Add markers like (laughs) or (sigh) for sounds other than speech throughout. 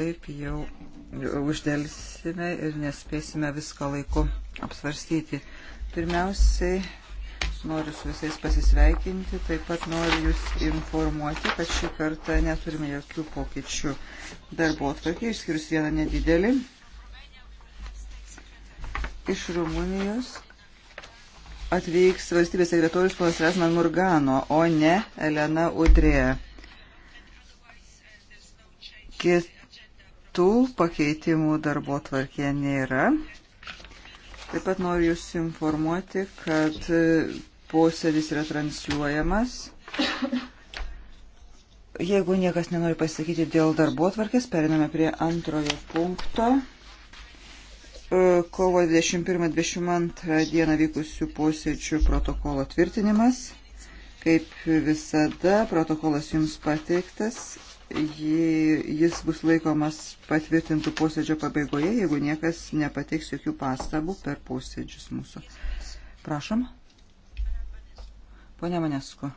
Taip jau uždėlsime ir nespėsime viską laiku apsvarstyti. Pirmiausiai noriu su visais pasisveikinti, taip pat noriu Jūs informuoti, kad šį kartą neturime jokių pokyčių darbo atvarkiai, išskyrus vieną nedidelį. Iš Rumunijos atvyks valstybės sekretorius ponas Rasman Murgano, o ne Elena Udrėja. Kit Kitų pakeitimų darbo tvarkė nėra. Taip pat noriu Jūs informuoti, kad posėdis yra transliuojamas. Jeigu niekas nenori pasakyti dėl darbo tvarkės, periname prie antrojo punkto e, kovo 21-22 dieną vykusių posėdžių protokolo tvirtinimas. Kaip visada, protokolas jums pateiktas jis bus laikomas patvirtintų posėdžio pabaigoje, jeigu niekas nepateiks jokių pastabų per posėdžius mūsų. Prašom. Pone Manesko.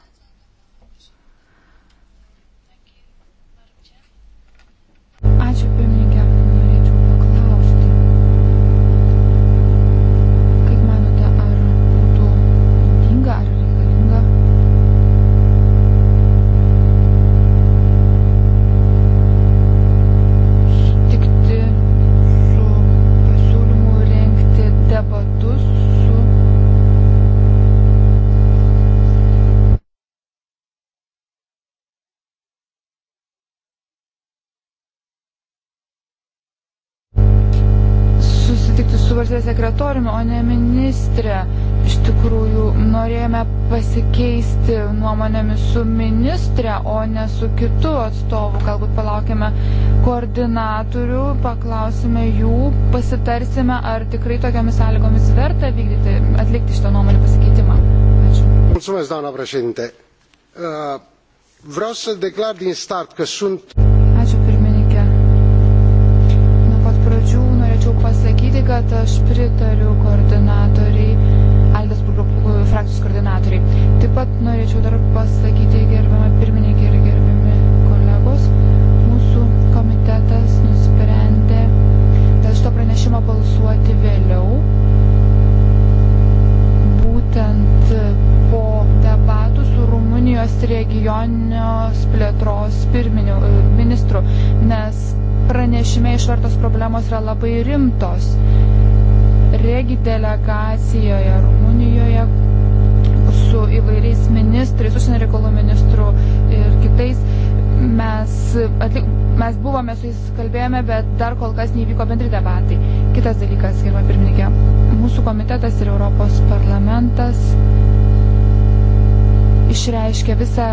sekretoriumi, o ne ministrė. Iš tikrųjų, norėjome pasikeisti nuomonėmis su ministrė, o ne su kitu atstovu. Galbūt palaukime koordinatorių, paklausime jų, pasitarsime, ar tikrai tokiamis sąlygomis verta vykdyti, atlikti šitą nuomonę pasikeitimą. Ačiū. Mulțumesc, doamna președinte. Uh, vreau să declar din start că sunt... kad aš pritariu koordinatoriai, Aldės uh, frakcijos koordinatoriai. Taip pat norėčiau dar pasakyti, gerbiamą pirmininkę ir gerbiami kolegos, mūsų komitetas nusprendė dėl šito pranešimo balsuoti būdamas regionios plėtros pirminiu, e, ministru, nes pranešime išvartos problemos yra labai rimtos. Regi delegacijoje Rumunijoje su įvairiais ministrais, užsienio reikalų ministru ir kitais mes, atlik, mes buvome su jais kalbėjome, bet dar kol kas neįvyko bendri debatai. Kitas dalykas, gerbama pirmininkė, mūsų komitetas ir Europos parlamentas išreiškė visą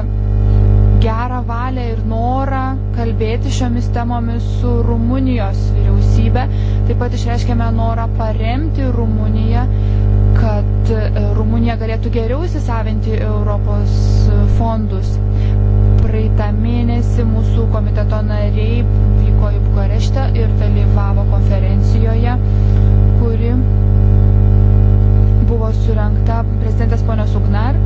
gerą valią ir norą kalbėti šiomis temomis su Rumunijos vyriausybė. Taip pat išreiškėme norą paremti Rumuniją, kad e, Rumunija galėtų geriau įsisavinti Europos fondus. Praeitą mėnesį mūsų komiteto nariai vyko į Bukareštą ir dalyvavo konferencijoje, kuri buvo surinkta prezidentės ponios Ugnar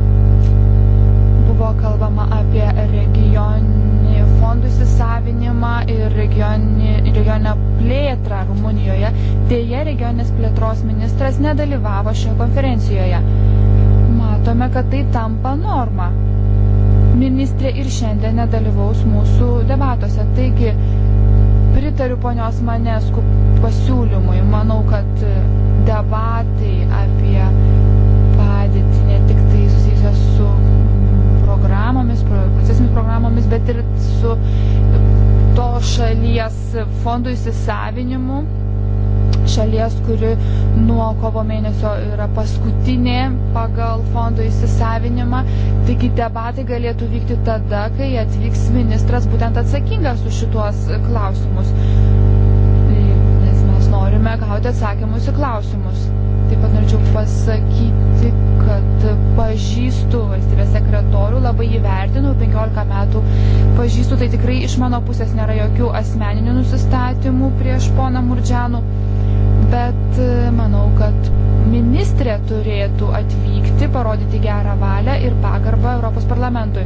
buvo kalbama apie regioninį fondų įsisavinimą ir regioninį, regioninę plėtrą Rumunijoje. Deja, regioninės plėtros ministras nedalyvavo šioje konferencijoje. Matome, kad tai tampa norma. Ministrė ir šiandien nedalyvaus mūsų debatuose. Taigi, pritariu ponios Manesku pasiūlymui. Manau, kad debatai apie finansinėmis programomis, bet ir su to šalies fondų įsisavinimu. Šalies, kuri nuo kovo mėnesio yra paskutinė pagal fondo įsisavinimą. Taigi debatai galėtų vykti tada, kai atvyks ministras būtent atsakingas už šituos klausimus norime gauti atsakymus į klausimus. Taip pat norėčiau pasakyti, kad pažįstu valstybės sekretorių, labai įvertinu, 15 metų pažįstu, tai tikrai iš mano pusės nėra jokių asmeninių nusistatymų prieš poną Murdžianų, bet e, manau, kad ministrė turėtų atvykti, parodyti gerą valią ir pagarbą Europos parlamentui.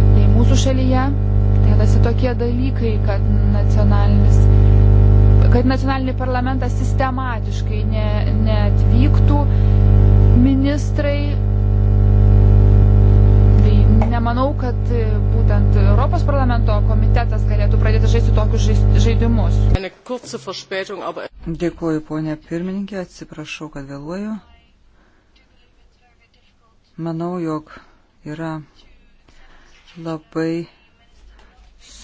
Tai mūsų šalyje dedasi tokie dalykai, kad nacionalinis kad nacionalinį parlamentą sistematiškai ne, neatvyktų ministrai. Tai nemanau, kad e, būtent Europos parlamento komitetas galėtų pradėti žaisti tokius žaidimus. Dėkuoju, ponė pirmininkė, atsiprašau, kad vėluoju. Manau, jog yra labai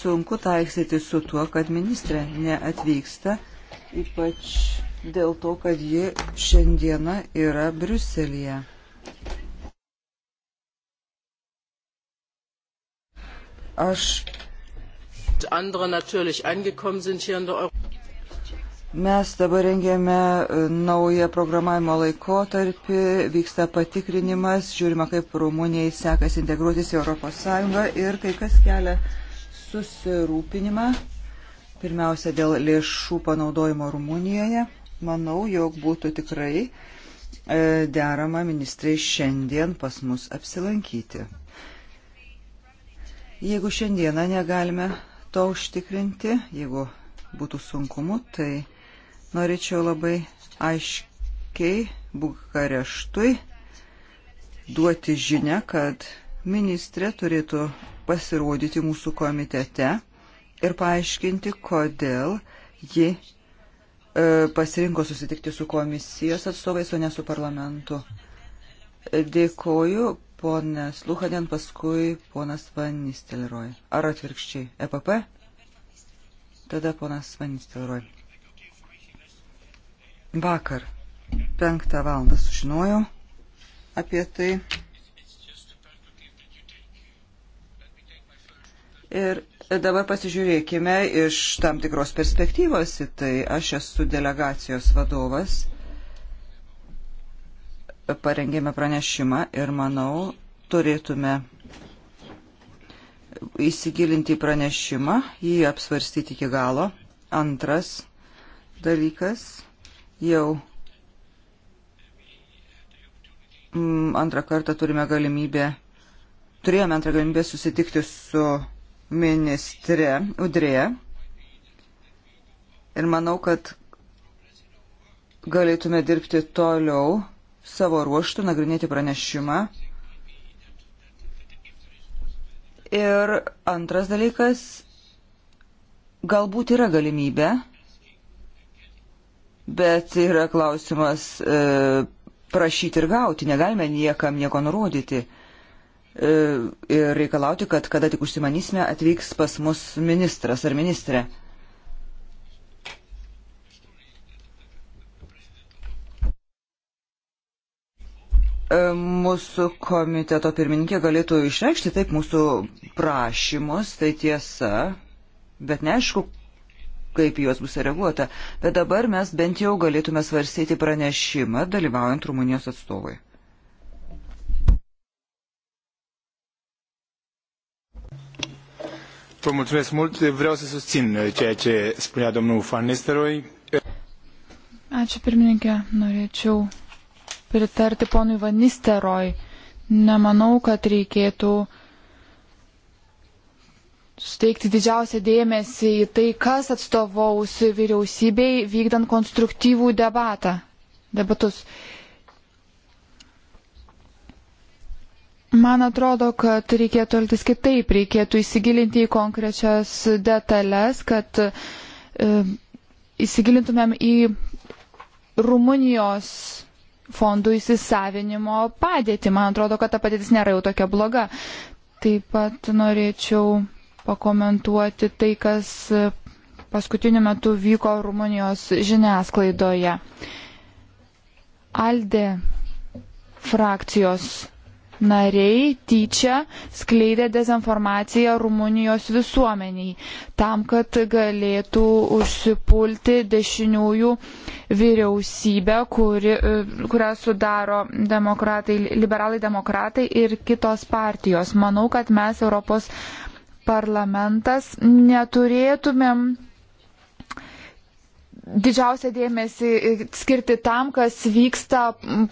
sunku taiksyti su tuo, kad ministrė neatvyksta, ypač dėl to, kad ji šiandieną yra Briuselėje. Aš. Andere natürlich angekommen sind hier in der Euro. Mes dabar rengėme e, naują programavimo laikotarpį, vyksta patikrinimas, žiūrima, kaip Rumunijai sekasi integruotis į ES ir kai kas kelia susirūpinimą, pirmiausia, dėl lėšų panaudojimo Rumunijoje. Manau, jog būtų tikrai e, derama ministrai šiandien pas mus apsilankyti. Jeigu šiandieną negalime to užtikrinti, jeigu būtų sunkumu, tai norėčiau labai aiškiai Bukareštui duoti žinę, kad ministrė turėtų pasirodyti mūsų komitete ir paaiškinti, kodėl ji e, pasirinko susitikti su komisijos atstovais, o ne su parlamentu. Dėkoju, ponas Luhanen, paskui ponas Vanistelroj. Ar atvirkščiai? EPP? Tada ponas Vanistelroj. Vakar penktą valandą sužinojau apie tai. Ir dabar pasižiūrėkime iš tam tikros perspektyvos į tai. Aš esu delegacijos vadovas. Parengėme pranešimą ir manau, turėtume įsigilinti į pranešimą, jį apsvarstyti iki galo. Antras dalykas jau mm, antrą kartą turime galimybę, turėjome antrą galimybę susitikti su ministre Udrėje. Ir manau, kad galėtume dirbti toliau savo ruoštų, nagrinėti pranešimą. Ir antras dalykas, galbūt yra galimybė, bet yra klausimas e, prašyti ir gauti, negalime niekam nieko nurodyti. E, E, ir reikalauti, kad kada tik užsimanysime, atvyks pas mus ministras ar ministrė. E, mūsų komiteto pirmininkė galėtų išreikšti taip mūsų prašymus, tai tiesa, bet neaišku, kaip juos bus reaguota. Bet dabar mes bent jau galėtume svarstyti pranešimą, dalyvaujant Rumunijos atstovui. Vă mulțumesc mult. Vreau să susțin uh, ceea ce spunea domnul Van Nistelrooy. Ačiū pirmininkė, norėčiau pritarti ponui Van Nistelrooy. Nemanau, kad reikėtų suteikti didžiausią dėmesį į tai, kas atstovaus vyriausybei vykdant konstruktyvų debatą, debatus. Man atrodo, kad reikėtų elgtis kitaip, reikėtų įsigilinti į konkrečias detalės, kad e, įsigilintumėm į Rumunijos fondų įsisavinimo padėtį. Man atrodo, kad ta padėtis nėra jau tokia bloga. Taip pat norėčiau pakomentuoti tai, kas paskutiniu metu vyko Rumunijos žiniasklaidoje. Alde frakcijos nariai tyčia skleidė dezinformaciją Rumunijos visuomeniai, tam, kad galėtų užsipulti dešiniųjų vyriausybę, kuri, e, kurią sudaro demokratai, liberalai demokratai ir kitos partijos. Manau, kad mes Europos parlamentas neturėtumėm didžiausią dėmesį skirti tam, kas vyksta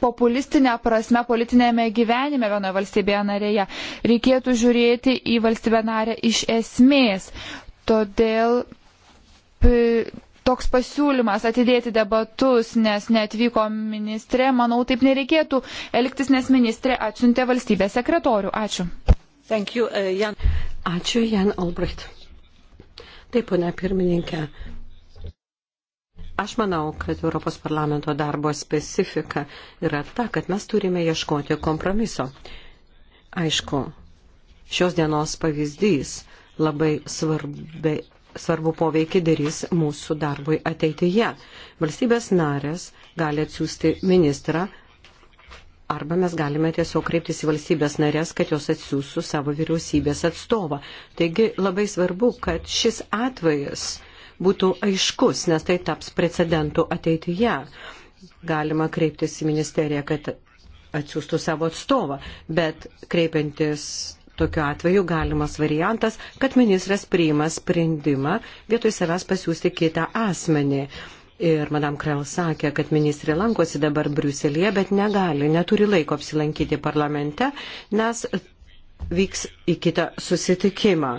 populistinė prasme politinėme gyvenime vienoje valstybėje narėje. Reikėtų žiūrėti į valstybę narę iš esmės. Todėl toks pasiūlymas atidėti debatus, nes netvyko ministrė, manau, taip nereikėtų elgtis, nes ministrė atsiuntė valstybės sekretorių. Ačiū. Thank you, uh, Jan. Ačiū, Jan Albrecht. Taip, ponia pirmininkė, Aš manau, kad Europos parlamento darbo specifika yra ta, kad mes turime ieškoti kompromiso. Aišku, šios dienos pavyzdys labai svarbi, svarbu poveikį darys mūsų darbui ateityje. Valstybės narės gali atsiųsti ministrą arba mes galime tiesiog kreiptis į valstybės narės, kad jos atsiųstų savo vyriausybės atstovą. Taigi labai svarbu, kad šis atvejas būtų aiškus, nes tai taps precedentų ateityje. Galima kreiptis į ministeriją, kad atsiųstų savo atstovą, bet kreipiantis Tokiu atveju galimas variantas, kad ministras priima sprendimą vietoj savęs pasiūsti kitą asmenį. Ir madam Krell sakė, kad ministrė lankosi dabar Briuselėje, bet negali, neturi laiko apsilankyti parlamente, nes vyks į kitą susitikimą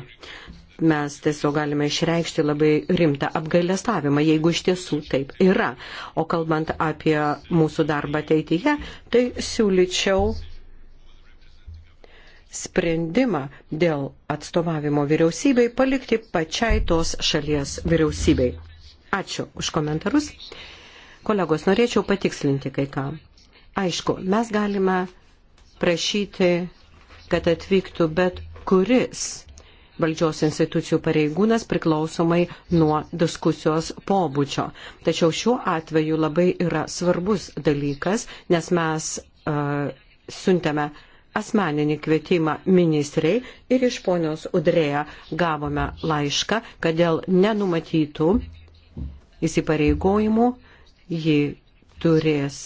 mes tiesiog galime išreikšti labai rimtą apgailestavimą, jeigu iš tiesų taip yra. O kalbant apie mūsų darbą ateityje, tai siūlyčiau sprendimą dėl atstovavimo vyriausybei palikti pačiai tos šalies vyriausybei. Ačiū už komentarus. Kolegos, norėčiau patikslinti kai ką. Aišku, mes galime prašyti, kad atvyktų bet kuris valdžios institucijų pareigūnas priklausomai nuo diskusijos pobūdžio. Tačiau šiuo atveju labai yra svarbus dalykas, nes mes uh, siuntėme asmeninį kvietimą ministrei ir iš ponios Udrėja gavome laišką, kad dėl nenumatytų įsipareigojimų ji turės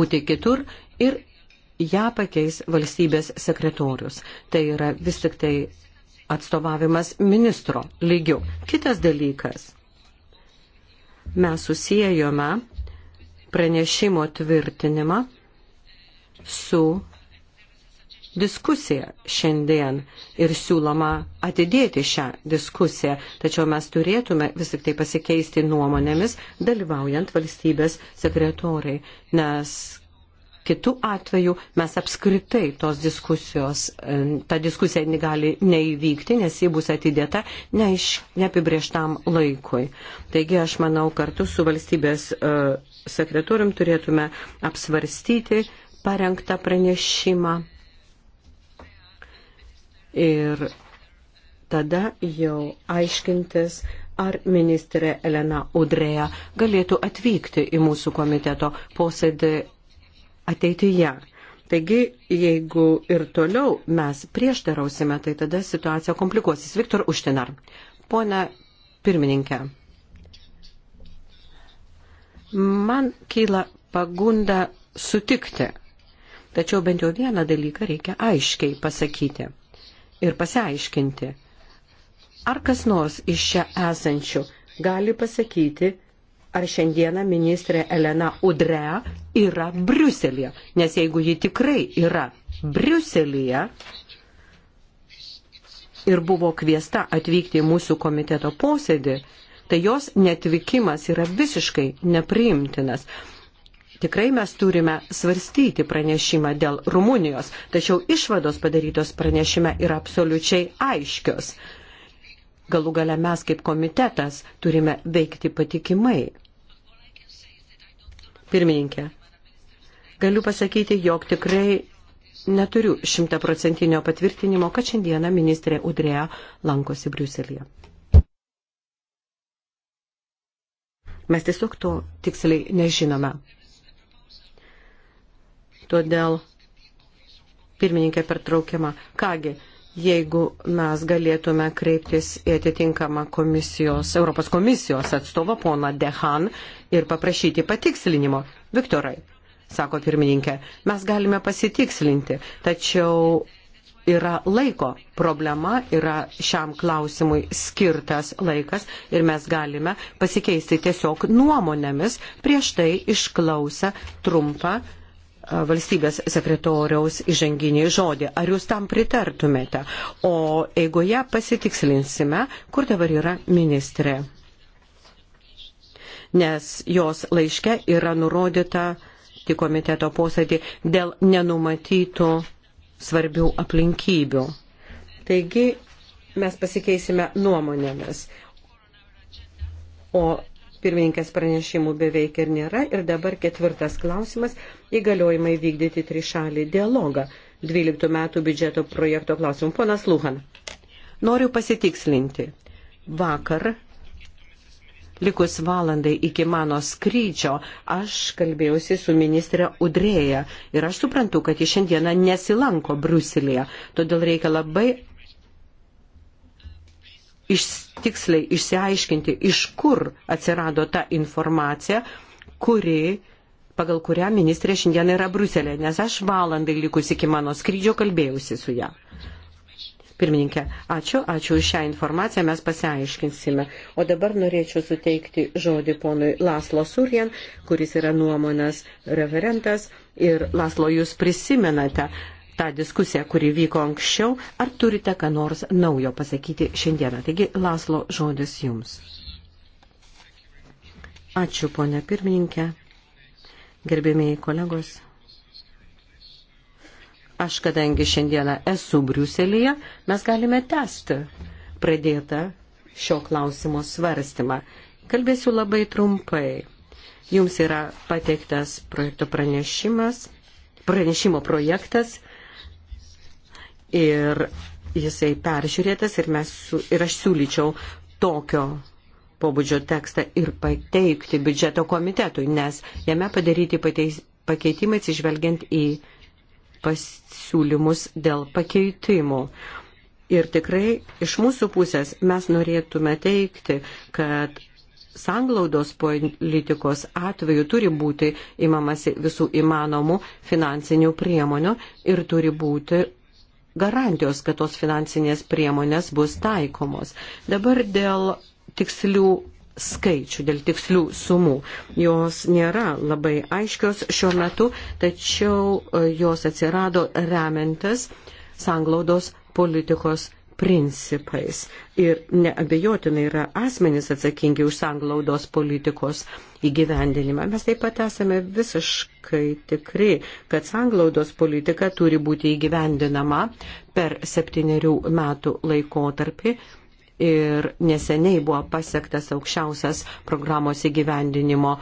būti kitur ir ją pakeis valstybės sekretorius. Tai yra vis tik tai atstovavimas ministro lygių. Kitas dalykas. Mes susijėjome pranešimo tvirtinimą su diskusija šiandien ir siūloma atidėti šią diskusiją, tačiau mes turėtume vis tik tai pasikeisti nuomonėmis, dalyvaujant valstybės sekretoriai, nes Kitu atveju mes apskritai tos diskusijos, e, ta diskusija negali neįvykti, nes ji bus atidėta neiš, neapibrieštam laikui. Taigi aš manau, kartu su valstybės e, sekretorium turėtume apsvarstyti parengtą pranešimą. Ir tada jau aiškintis, ar ministrė Elena Udrėja galėtų atvykti į mūsų komiteto posėdį ateityje. Taigi, jeigu ir toliau mes prieštarausime, tai tada situacija komplikuosis. Viktor Uštinar. Pone pirmininkė, man kyla pagunda sutikti, tačiau bent jau vieną dalyką reikia aiškiai pasakyti ir pasiaiškinti. Ar kas nors iš čia esančių gali pasakyti, ar šiandieną ministrė Elena Udrea yra Briuselėje. Nes jeigu ji tikrai yra Briuselėje ir buvo kviesta atvykti į mūsų komiteto posėdį, tai jos netvykimas yra visiškai nepriimtinas. Tikrai mes turime svarstyti pranešimą dėl Rumunijos, tačiau išvados padarytos pranešime yra absoliučiai aiškios galų gale mes kaip komitetas turime veikti patikimai. Pirmininkė, galiu pasakyti, jog tikrai neturiu šimtaprocentinio patvirtinimo, kad šiandieną ministrė Udrėja lankosi Briuselėje. Mes tiesiog to tiksliai nežinome. Todėl pirmininkė pertraukiama. Kągi, jeigu mes galėtume kreiptis į atitinkamą komisijos, Europos komisijos atstovą poną Dehan ir paprašyti patikslinimo. Viktorai, sako pirmininkė, mes galime pasitikslinti, tačiau yra laiko problema, yra šiam klausimui skirtas laikas ir mes galime pasikeisti tiesiog nuomonėmis prieš tai išklausę trumpą valstybės sekretoriaus įžanginį žodį. Ar jūs tam pritartumėte? O eigoje pasitikslinsime, kur dabar yra ministrė. Nes jos laiške yra nurodyta į komiteto posėdį dėl nenumatytų svarbių aplinkybių. Taigi mes pasikeisime nuomonėmis. O pirmininkės pranešimų beveik ir nėra. Ir dabar ketvirtas klausimas įgaliojimai vykdyti trišalį dialogą 12 metų biudžeto projekto klausimų. Ponas Luhan, noriu pasitikslinti. Vakar, likus valandai iki mano skrydžio, aš kalbėjausi su ministrė Udrėja ir aš suprantu, kad ji šiandieną nesilanko Bruselėje, todėl reikia labai iš, tiksliai išsiaiškinti, iš kur atsirado ta informacija, kuri pagal kurią ministrė šiandien yra Bruselė, nes aš valandai likus iki mano skrydžio kalbėjausi su ją. Pirmininkė, ačiū, ačiū už šią informaciją, mes pasiaiškinsime. O dabar norėčiau suteikti žodį ponui Laslo Surien, kuris yra nuomonės referentas. Ir Laslo, jūs prisimenate tą diskusiją, kuri vyko anksčiau, ar turite ką nors naujo pasakyti šiandieną. Taigi, Laslo, žodis jums. Ačiū, ponė pirmininkė gerbėmiai kolegos. Aš, kadangi šiandieną esu Briuselėje, mes galime tęsti pradėtą šio klausimo svarstymą. Kalbėsiu labai trumpai. Jums yra pateiktas projekto pranešimas, pranešimo projektas ir jisai peržiūrėtas ir, mes, ir aš siūlyčiau tokio pobūdžio tekstą ir pateikti biudžeto komitetui, nes jame padaryti pateis, pakeitimai atsižvelgiant į pasiūlymus dėl pakeitimų. Ir tikrai iš mūsų pusės mes norėtume teikti, kad sanglaudos politikos atveju turi būti imamasi visų įmanomų finansinių priemonių ir turi būti garantijos, kad tos finansinės priemonės bus taikomos. Dabar dėl tikslių skaičių, dėl tikslių sumų. Jos nėra labai aiškios šiuo metu, tačiau e, jos atsirado remiantis sanglaudos politikos principais. Ir neabejotinai yra asmenys atsakingi už sanglaudos politikos įgyvendinimą. Mes taip pat esame visiškai tikri, kad sanglaudos politika turi būti įgyvendinama per septyniarių metų laikotarpį ir neseniai buvo pasiektas aukščiausias programos įgyvendinimo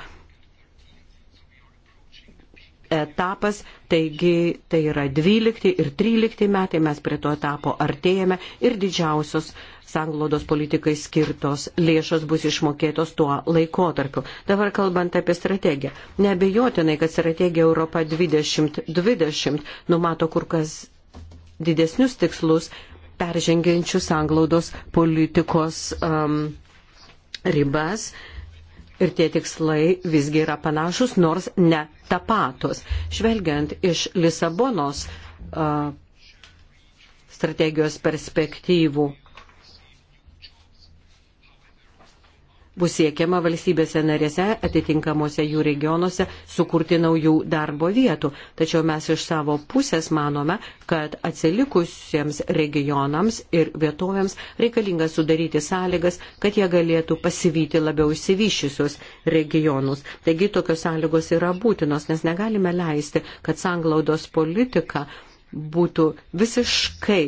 etapas, taigi tai yra 12 ir 13 metai, mes prie to etapo artėjame ir didžiausios sanglodos politikai skirtos lėšos bus išmokėtos tuo laikotarpiu. Dabar kalbant apie strategiją. Nebejotinai, kad strategija Europa 2020 numato kur kas didesnius tikslus peržengiančių sanglaudos politikos um, ribas. Ir tie tikslai visgi yra panašus, nors ne tapatos. Žvelgiant iš Lisabonos uh, strategijos perspektyvų bus siekiama valstybėse narėse, atitinkamuose jų regionuose sukurti naujų darbo vietų. Tačiau mes iš savo pusės manome, kad atsilikusiems regionams ir vietovėms reikalinga sudaryti sąlygas, kad jie galėtų pasivyti labiau įsivyšiusius regionus. Taigi tokios sąlygos yra būtinos, nes negalime leisti, kad sanglaudos politika būtų visiškai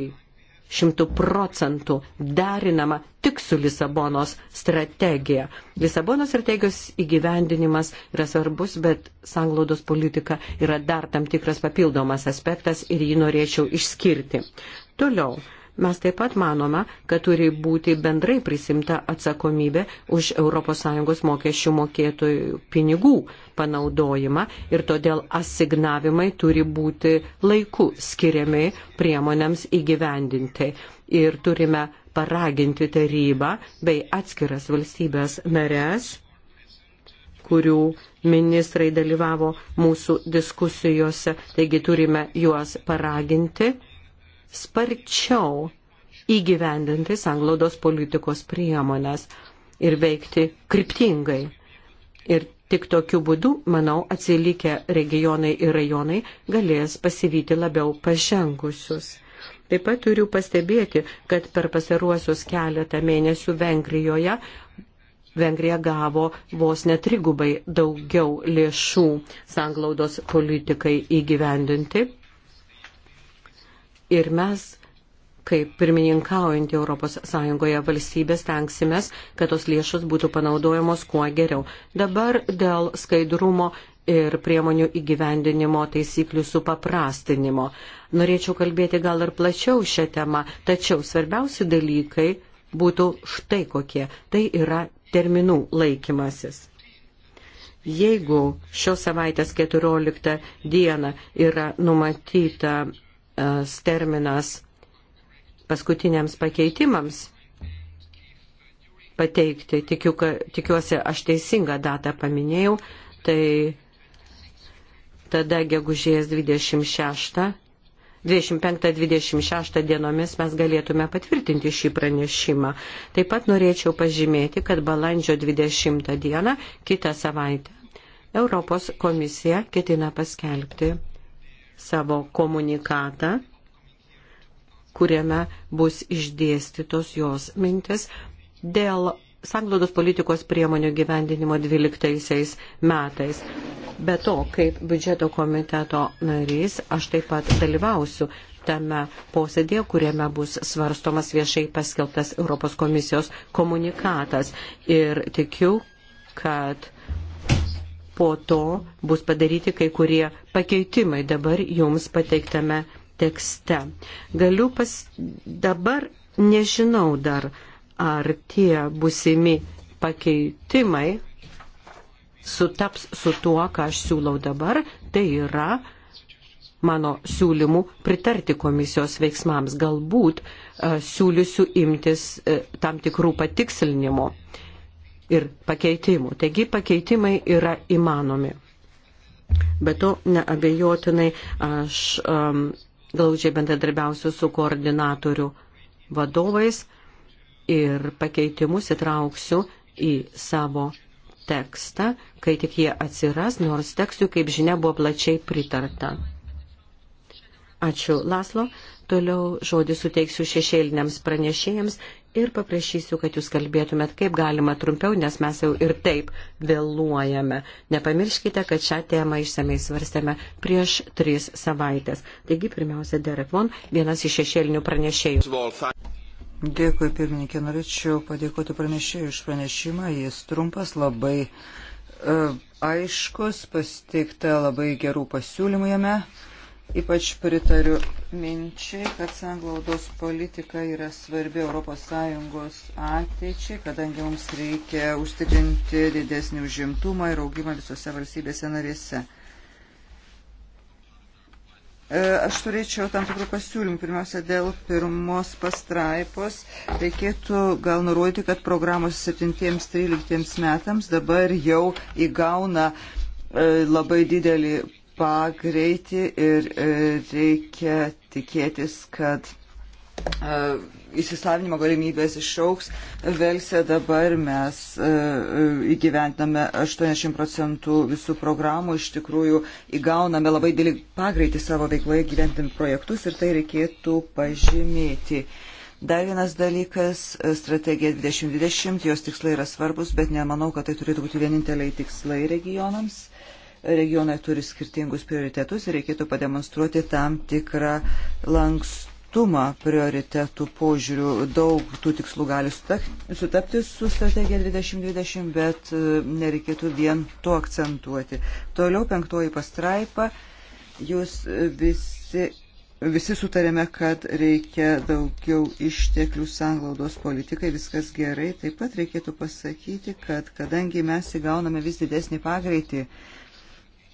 šimtų procentų derinama tik su Lisabonos strategija. Lisabonos strategijos įgyvendinimas yra svarbus, bet sanglaudos politika yra dar tam tikras papildomas aspektas ir jį norėčiau išskirti. Toliau, Mes taip pat manome, kad turi būti bendrai prisimta atsakomybė už ES mokesčių mokėtojų pinigų panaudojimą ir todėl asignavimai turi būti laiku skiriami priemonėms įgyvendinti. Ir turime paraginti tarybą bei atskiras valstybės narės kurių ministrai dalyvavo mūsų diskusijose, taigi turime juos paraginti sparčiau įgyvendinti sanglaudos politikos priemonės ir veikti kryptingai. Ir tik tokiu būdu, manau, atsilikę regionai ir rajonai galės pasivyti labiau pažengusius. Taip pat turiu pastebėti, kad per pasaruosius keletą mėnesių Vengrijoje Vengrija gavo vos netrigubai daugiau lėšų sanglaudos politikai įgyvendinti ir mes kaip pirmininkaujant ES valstybės tenksimės, kad tos lėšos būtų panaudojamos kuo geriau. Dabar dėl skaidrumo ir priemonių įgyvendinimo taisyklių supaprastinimo. Norėčiau kalbėti gal ir plačiau šią temą, tačiau svarbiausi dalykai būtų štai kokie. Tai yra terminų laikymasis. Jeigu šios savaitės 14 dieną yra numatyta terminas paskutiniams pakeitimams pateikti. Tikiu, ka, tikiuosi, aš teisingą datą paminėjau. Tai tada gegužės 26. 25-26 dienomis mes galėtume patvirtinti šį pranešimą. Taip pat norėčiau pažymėti, kad balandžio 20 dieną kitą savaitę Europos komisija ketina paskelbti savo komunikatą, kuriame bus išdėstytos jos mintis dėl sanglaudos politikos priemonių gyvendinimo 12 metais. Be to, kaip biudžeto komiteto narys, aš taip pat dalyvausiu tame posėdėje, kuriame bus svarstomas viešai paskelbtas Europos komisijos komunikatas. Ir tikiu, kad po to bus padaryti kai kurie pakeitimai dabar jums pateiktame tekste. Galiu pas... dabar nežinau dar, ar tie busimi pakeitimai sutaps su tuo, ką aš siūlau dabar, tai yra mano siūlymų pritarti komisijos veiksmams, galbūt e, siūlysiu imtis e, tam tikrų patikslinimų ir pakeitimų. Taigi pakeitimai yra įmanomi. Bet to neabejotinai aš um, glaudžiai bendradarbiausiu su koordinatorių vadovais ir pakeitimus įtrauksiu į savo tekstą, kai tik jie atsiras, nors tekstui, kaip žinia, buvo plačiai pritarta. Ačiū, Laslo. Toliau žodį suteiksiu šešėliniams pranešėjams ir paprašysiu, kad jūs kalbėtumėt kaip galima trumpiau, nes mes jau ir taip vėluojame. Nepamirškite, kad šią temą išsamei svarstėme prieš tris savaitės. Taigi, pirmiausia, Derek Von, vienas iš šešėlinių pranešėjų. Dėkui, pirmininkė. Norėčiau padėkoti pranešėjui už pranešimą. Jis trumpas, labai uh, aiškus, pasitikta labai gerų pasiūlymų jame. Uh, Ypač pritariu minčiai, kad sanglaudos politika yra svarbi ES ateičiai, kadangi mums reikia užtikrinti didesnį užimtumą ir augimą visose valstybėse narėse. E, aš turėčiau tam tikrų pasiūlymų. Pirmiausia, dėl pirmos pastraipos reikėtų gal nurodyti, kad programos 7-13 metams dabar jau įgauna e, labai didelį pagreitį ir e, reikia tikėtis, kad e, įsisavinimo galimybės išauks. Velsė dabar mes e, įgyventiname 80 procentų visų programų, iš tikrųjų įgauname labai didelį pagreitį savo veikloje gyventami projektus ir tai reikėtų pažymėti. Dar vienas dalykas - strategija 2020, jos tikslai yra svarbus, bet nemanau, kad tai turėtų būti vieninteliai tikslai regionams regionai turi skirtingus prioritetus ir reikėtų pademonstruoti tam tikrą lankstumą prioritetų požiūrių. Daug tų tikslų gali sutapti su strategija 2020, bet e, nereikėtų vien to akcentuoti. Toliau penktoji pastraipa. Jūs e, visi Visi sutarėme, kad reikia daugiau išteklių sanglaudos politikai, viskas gerai. Taip pat reikėtų pasakyti, kad kadangi mes įgauname vis didesnį pagreitį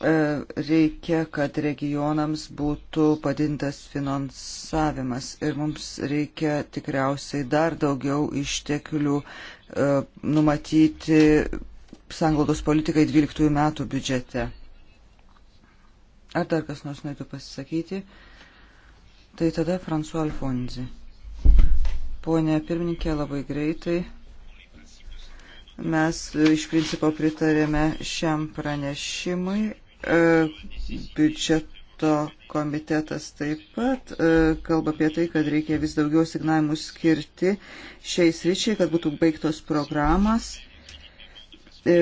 E, reikia, kad regionams būtų padintas finansavimas ir mums reikia tikriausiai dar daugiau išteklių e, numatyti sanglaudos politikai 12 metų biudžete. Ar dar kas nors norėtų pasisakyti? Tai tada Fransu Alfonzi. Pone pirmininkė, labai greitai. Mes iš principo pritarėme šiam pranešimui E, biudžeto komitetas taip pat e, kalba apie tai, kad reikia vis daugiau signavimų skirti šiais ryčiai, kad būtų baigtos programas e,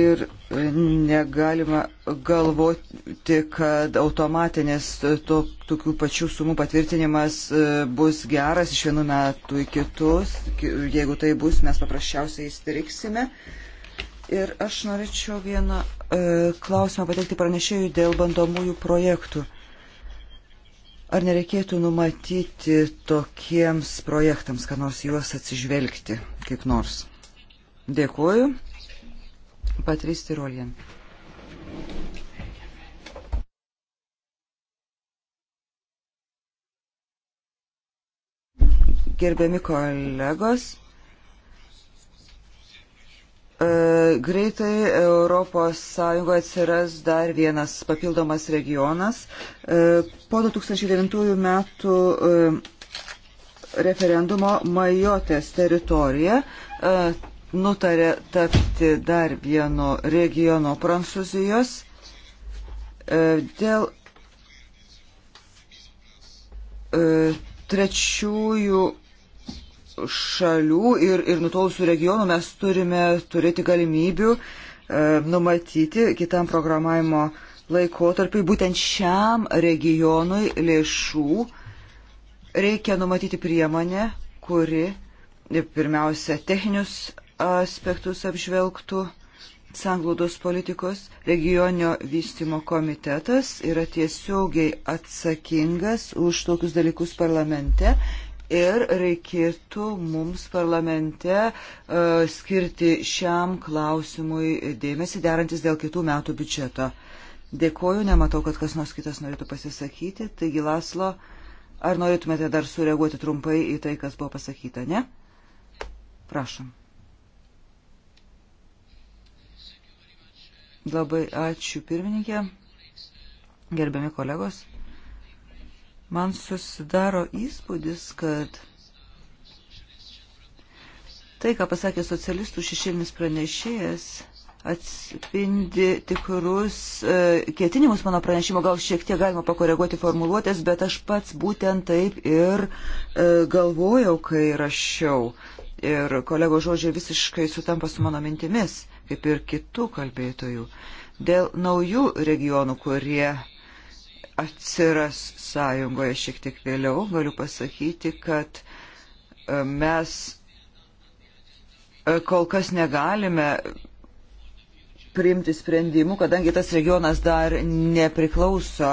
ir negalima galvoti, kad automatinės to, tokių pačių sumų patvirtinimas bus geras iš vienų metų į kitus. Jeigu tai bus, mes paprasčiausiai įstriksime. Uh, Ir aš norėčiau vieną e, klausimą pateikti pranešėjui dėl bandomųjų projektų. Ar nereikėtų numatyti tokiems projektams, kad nors juos atsižvelgti kaip nors? Dėkuoju. Patrys Tirolien. Gerbiami kolegos, E, greitai ES atsiras dar vienas papildomas regionas. E, po 2009 metų e, referendumo Majotės teritorija nutarė tapti dar vieno regiono Prancūzijos dėl trečiųjų šalių ir, ir nutolusių regionų mes turime turėti galimybių e, numatyti kitam programavimo laikotarpiai būtent šiam regionui lėšų reikia numatyti priemonę, kuri pirmiausia techninius aspektus apžvelgtų sanglaudos politikos. Regioninio vystimo komitetas yra tiesiogiai atsakingas už tokius dalykus parlamente ir reikėtų mums parlamente uh, skirti šiam klausimui dėmesį derantis dėl kitų metų biudžeto. Dėkoju, nematau, kad kas nors kitas norėtų pasisakyti. Taigi, Laslo, ar norėtumėte dar sureaguoti trumpai į tai, kas buvo pasakyta, ne? Prašom. Labai ačiū pirmininkė, gerbiami kolegos. Man susidaro įspūdis, kad tai, ką pasakė socialistų šešėlinis pranešėjas, atspindi tikrus e, ketinimus mano pranešimo, gal šiek tiek galima pakoreguoti formuluotės, bet aš pats būtent taip ir e, galvojau, kai rašiau. Ir kolego žodžiai visiškai sutampa su mano mintimis, kaip ir kitų kalbėtojų. Dėl naujų regionų, kurie atsiras sąjungoje šiek tiek vėliau. Galiu pasakyti, kad e, mes e, kol kas negalime priimti sprendimų, kadangi tas regionas dar nepriklauso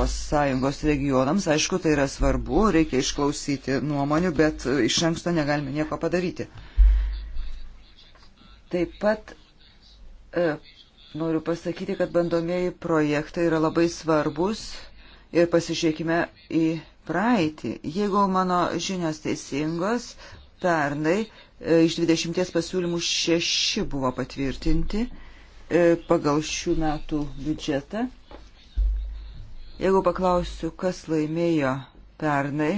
ES regionams. Aišku, tai yra svarbu, reikia išklausyti nuomonių, bet e, iš anksto negalime nieko padaryti. Taip pat e, noriu pasakyti, kad bandomieji projektai yra labai svarbus ir pasižiūrėkime į praeitį. Jeigu mano žinios teisingos, pernai e, iš 20 pasiūlymų 6 buvo patvirtinti e, pagal šių metų biudžetą. Jeigu paklausiu, kas laimėjo pernai,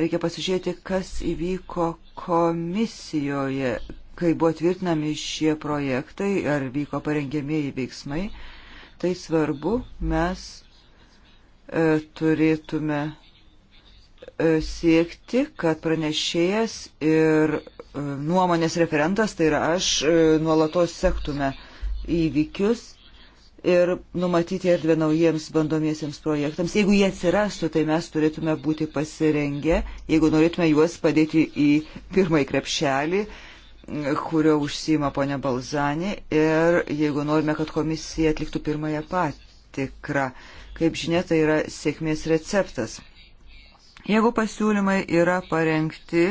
reikia pasižiūrėti, kas įvyko komisijoje, kai buvo tvirtinami šie projektai ar vyko parengiamieji veiksmai. Tai svarbu, mes E, turėtume e, siekti, kad pranešėjas ir e, nuomonės referentas, tai yra aš, nuolatos sektume įvykius ir numatyti erdvę naujiems bandomiesiems projektams. Jeigu jie atsirastų, tai mes turėtume būti pasirengę, jeigu norėtume juos padėti į pirmąjį krepšelį, kurio užsima ponia Balzani, ir jeigu norime, kad komisija atliktų pirmąją patikrą. Uh, Kaip žinia, tai yra sėkmės receptas. Jeigu pasiūlymai yra parengti,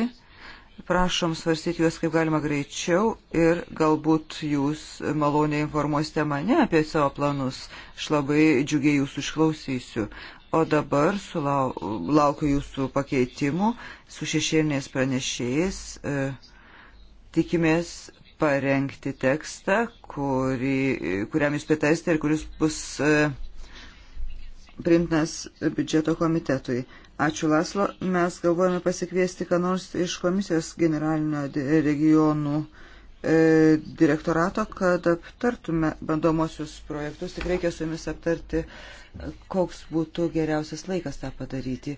prašom svarstyti juos kaip galima greičiau ir galbūt jūs maloniai informuosite mane apie savo planus. Aš labai džiugiai jūsų išklausysiu. O dabar sulau, laukiu jūsų pakeitimų su šešėlinės pranešėjais. E, tikimės parengti tekstą, kurį, kuriam jūs pritaisite ir kuris bus. E, primtinas biudžeto komitetui. Ačiū Laslo, mes galvojame pasikviesti, ką nors iš komisijos generalinio regionų e, direktorato, kad aptartume bandomosius projektus. Tik reikia su jumis aptarti, e, koks būtų geriausias laikas tą padaryti.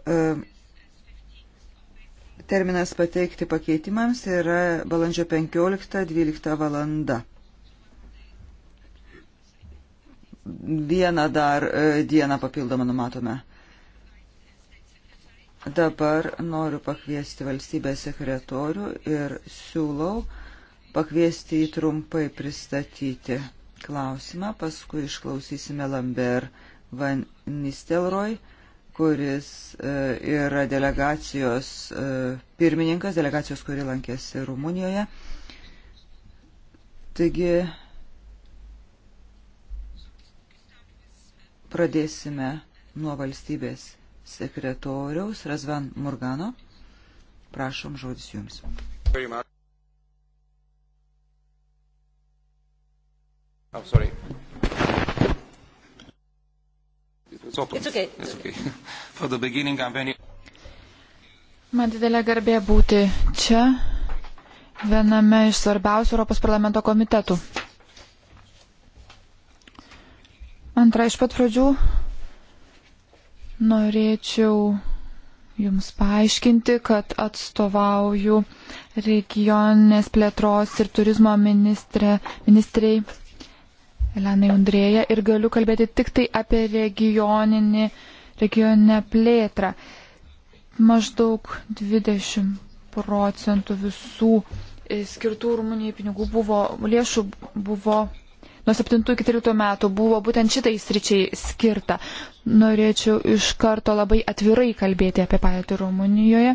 E, terminas pateikti pakeitimams yra balandžio 15-12 valanda. vieną dar e, dieną papildomą numatome. Dabar noriu pakviesti valstybės sekretorių ir siūlau pakviesti jį trumpai pristatyti klausimą, paskui išklausysime Lambert Van Nistelrooy, kuris e, yra delegacijos e, pirmininkas, delegacijos, kuri lankėsi Rumunijoje. Taigi Pradėsime nuo valstybės sekretoriaus Razvan Murgano. Prašom, žodis jums. Oh, sorry. It's open. It's okay. It's okay. (laughs) For the beginning, I'm very... Man didelė garbė būti čia, viename iš svarbiausių Europos parlamento komitetų. Antra, iš pat pradžių norėčiau Jums paaiškinti, kad atstovauju regioninės plėtros ir turizmo ministrė, ministrei Elenai Undrėja ir galiu kalbėti tik tai apie regioninį, regioninę plėtrą. Maždaug 20 procentų visų e, skirtų Rumunijai pinigų buvo, lėšų buvo nuo 7 iki 13 metų buvo būtent šitai sričiai skirta. Norėčiau iš karto labai atvirai kalbėti apie patį Rumunijoje,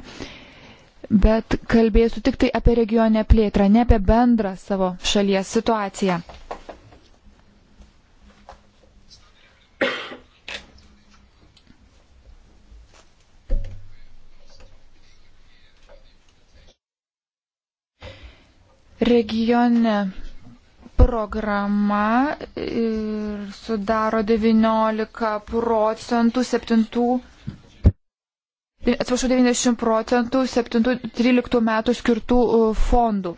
bet kalbėsiu tik tai apie regionę plėtrą, ne apie bendrą savo šalies situaciją. regioninė programa sudaro 19 procentų 7. Atsiprašau, 90 procentų 7-13 metų skirtų fondų.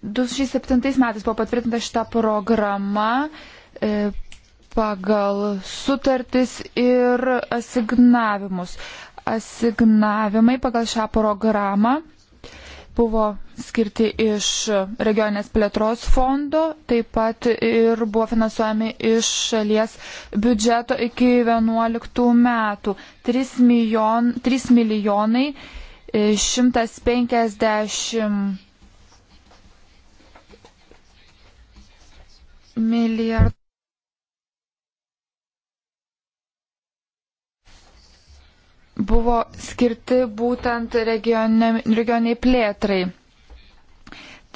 2007 metais buvo patvirtinta šita programa e, pagal sutartis ir asignavimus. Asignavimai pagal šią programą buvo skirti iš regioninės plėtros fondo, taip pat ir buvo finansuojami iš šalies biudžeto iki 11 metų. 3, milijon, 3 milijonai 150 e, milijardų. buvo skirti būtent regioniai, regioniai plėtrai.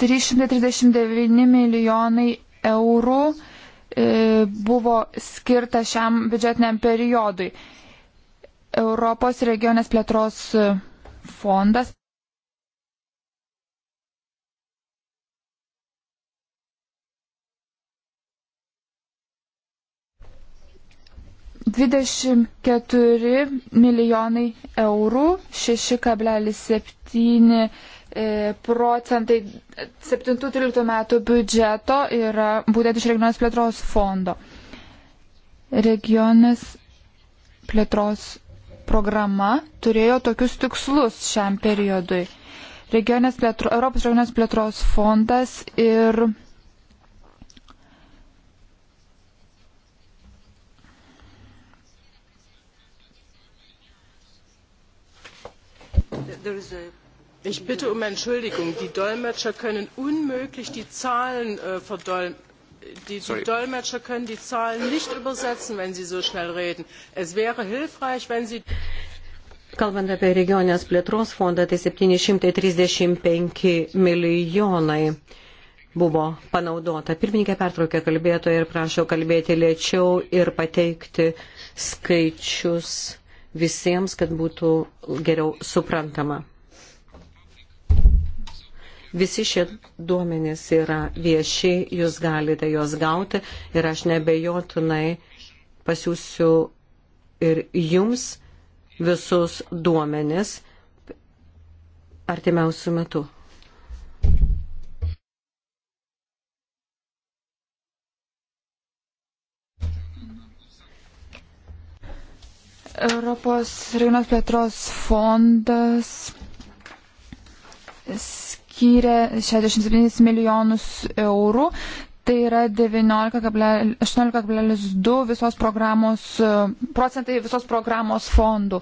339 milijonai eurų e, buvo skirta šiam biudžetiniam periodui. Europos regionės plėtros fondas 24 milijonai eurų, 6,7 e, procentai 7-13 metų biudžeto yra būtent iš regionės plėtros fondo. Regionės plėtros programa turėjo tokius tikslus šiam periodui. Regionės plėtro, Europos regionės plėtros fondas ir Ich bitte um Entschuldigung. Die Dolmetscher können unmöglich die Zahlen äh, verdolmetschen. Die, die Dolmetscher können die Zahlen nicht übersetzen, wenn sie so schnell reden. Es wäre hilfreich, wenn sie. Kalbant apie regionės plėtros fondą, tai 735 milijonai buvo panaudota. Pirmininkė pertraukė kalbėtoją ir prašo kalbėti lėčiau ir pateikti skaičius visiems, kad būtų geriau suprantama. Visi šie duomenys yra vieši, jūs galite juos gauti ir aš nebejotinai pasiūsiu ir jums visus duomenis artimiausių metų. Europos regionos plėtros fondas skyrė 67 milijonus eurų. Tai yra 18,2 visos programos, procentai visos programos fondų.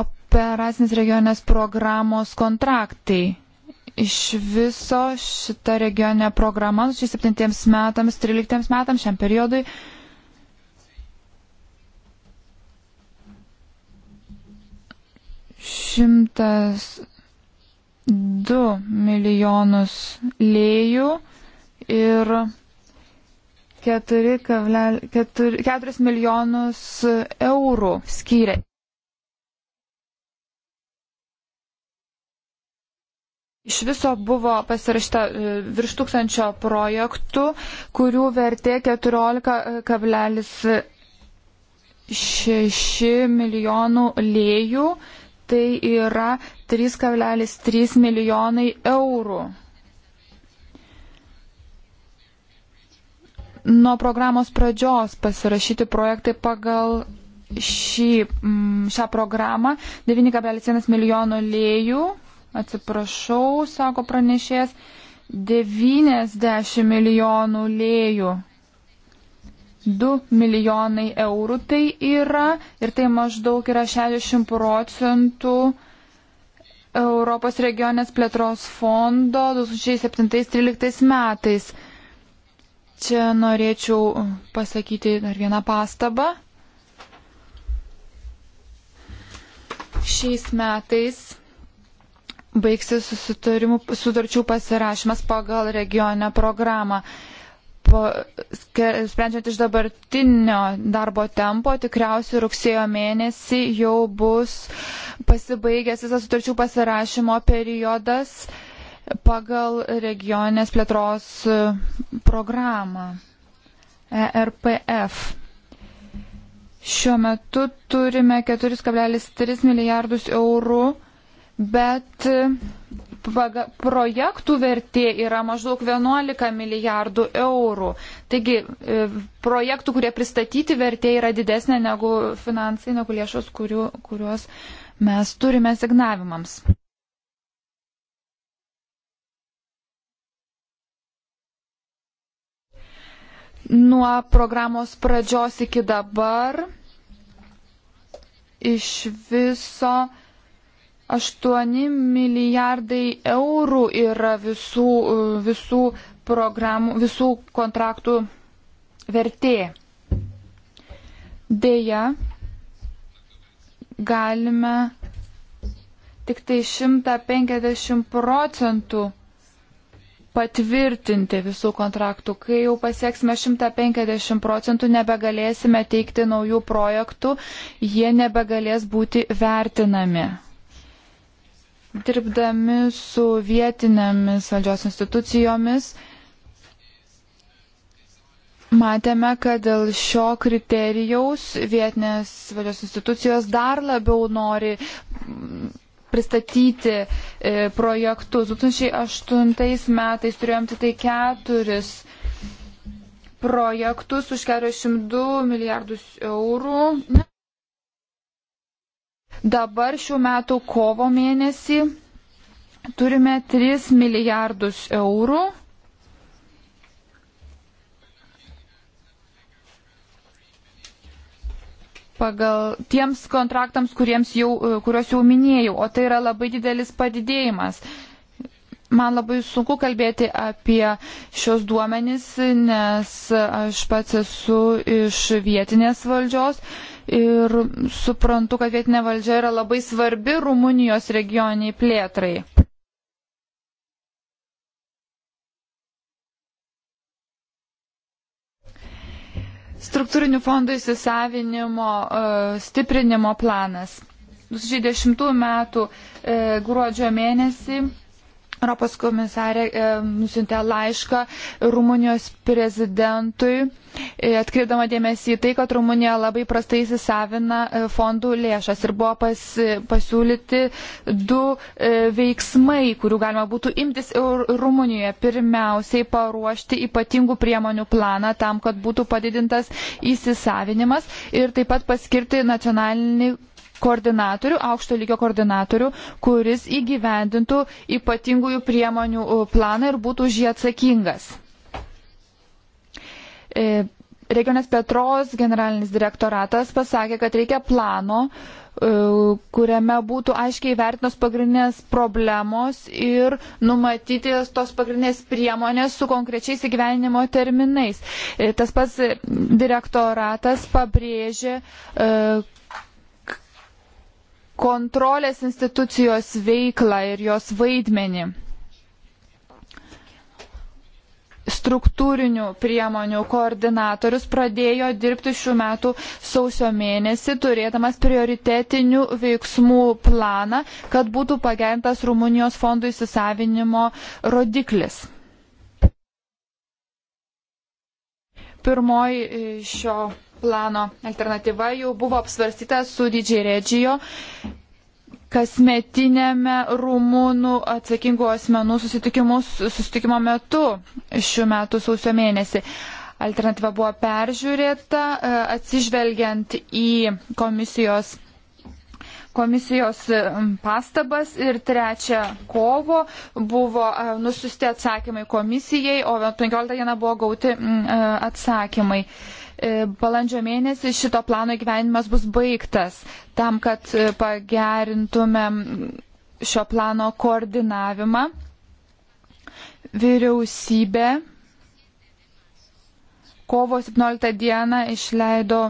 Operacinės regionės programos kontraktai iš viso šita regioninė programa 2007 metams, 2013 metams, šiam periodui 102 milijonus lėjų ir 4, 4, 4 milijonus eurų skyrė. Iš viso buvo pasirašta e, virš tūkstančio projektų, kurių vertė 14,6 e, milijonų lėjų Tai yra 3,3 milijonai eurų. Nuo programos pradžios pasirašyti projektai pagal šį, mm, šią programą 9,1 milijono lėjų, atsiprašau, sako pranešėjas, 90 milijonų lėjų 2 milijonai eurų tai yra ir tai maždaug yra 60 procentų Europos regionės plėtros fondo 2007-2013 metais. Čia norėčiau pasakyti dar vieną pastabą. Šiais metais baigsis sutarčių pasirašymas pagal regionę programą po, sprendžiant iš dabartinio darbo tempo, tikriausiai rugsėjo mėnesį jau bus pasibaigęs visas sutarčių pasirašymo periodas pagal regioninės plėtros e, programą ERPF. Šiuo metu turime 4,3 milijardus eurų, bet projektų vertė yra maždaug 11 milijardų eurų. Taigi e, projektų, kurie pristatyti vertė yra didesnė negu finansai, negu lėšos, kuriu, kuriuos mes turime signavimams. Nuo programos pradžios iki dabar iš viso 8 milijardai eurų yra visų, visų programų, visų kontraktų vertė. Deja, galime tik tai 150 procentų patvirtinti visų kontraktų. Kai jau pasieksime 150 procentų, nebegalėsime teikti naujų projektų, jie nebegalės būti vertinami dirbdami su vietinėmis valdžios institucijomis, matėme, kad dėl šio kriterijaus vietinės valdžios institucijos dar labiau nori mm, pristatyti e, projektus. 2008 metais turėjom tik tai keturis projektus už 402 milijardus eurų. Dabar šių metų kovo mėnesį turime 3 milijardus eurų. pagal tiems kontraktams, jau, e, kuriuos jau minėjau, o tai yra labai didelis padidėjimas. Man labai sunku kalbėti apie šios duomenys, nes aš pats esu iš vietinės valdžios ir suprantu, kad vietinė valdžia yra labai svarbi Rumunijos regioniai plėtrai. Struktūrinių fondų įsisavinimo e, stiprinimo planas. 2010 m. E, gruodžio mėnesį Europos komisarė e, nusintė laišką Rumunijos prezidentui, e, atkreipdama dėmesį į tai, kad Rumunija labai prastai įsisavina e, fondų lėšas ir buvo pas, pasiūlyti du veiksmai, kurių galima būtų imtis Rumunijoje. Pirmiausiai paruošti ypatingų priemonių planą tam, kad būtų padidintas įsisavinimas ir taip pat paskirti nacionalinį koordinatorių, aukšto lygio koordinatorių, kuris įgyvendintų ypatingųjų priemonių e, planą ir būtų už jį atsakingas. E, regionės Petros generalinis direktoratas pasakė, kad reikia plano, e, kuriame būtų aiškiai vertinos pagrindinės problemos ir numatytis tos pagrindinės priemonės su konkrečiais įgyvenimo terminais. Tas pats direktoratas pabrėžė, kontrolės institucijos veiklą ir jos vaidmenį struktūrinių priemonių koordinatorius pradėjo dirbti šių metų sausio mėnesį, turėdamas prioritetinių veiksmų planą, kad būtų pagerintas Rumunijos fondų įsisavinimo rodiklis. Pirmoji šio plano alternatyva jau buvo apsvarstyta su Didžiai Redžijo kasmetinėme rumūnų atsakingų asmenų susitikimo metu šių metų sausio mėnesį. Alternatyva buvo peržiūrėta e, atsižvelgiant į komisijos komisijos e, pastabas ir 3 kovo buvo e, nusiusti atsakymai komisijai, o 15 dieną buvo gauti atsakymai. Uh, E, balandžio mėnesį šito plano gyvenimas bus baigtas tam, kad e, pagerintumėm šio plano koordinavimą. Vyriausybė kovo 17 dieną išleido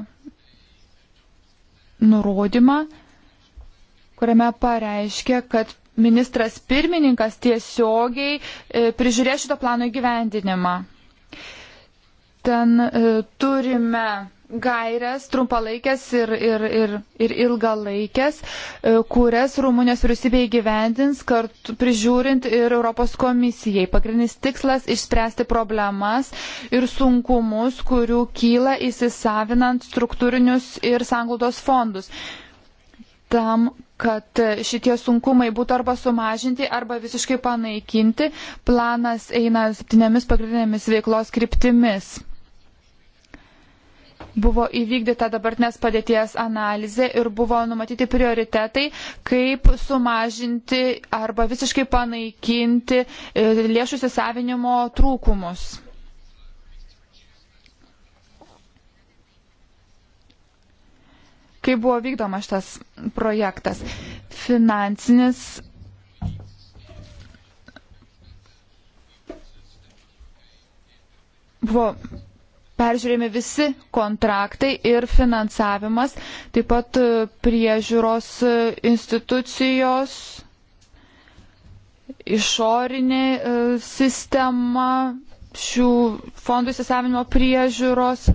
nurodymą, kuriame pareiškė, kad ministras pirmininkas tiesiogiai e, prižiūrės šito plano įgyvendinimą ten e, turime gairias trumpalaikės ir, ir, ir, ir ilgalaikės, e, kurias Rumunijos vyriausybė įgyvendins kartu prižiūrint ir Europos komisijai. Pagrindinis tikslas - išspręsti problemas ir sunkumus, kurių kyla įsisavinant struktūrinius ir sanglaudos fondus. Tam, kad šitie sunkumai būtų arba sumažinti, arba visiškai panaikinti, planas eina septynėmis pagrindinėmis veiklos kryptimis buvo įvykdyta dabartinės padėties analizė ir buvo numatyti prioritetai, kaip sumažinti arba visiškai panaikinti e, lėšų įsisavinimo trūkumus. Kaip buvo vykdoma šitas projektas? Finansinis buvo peržiūrėjami visi kontraktai ir finansavimas, taip pat e, priežiūros e, institucijos, išorinė e, sistema, šių fondų įsisavinimo priežiūros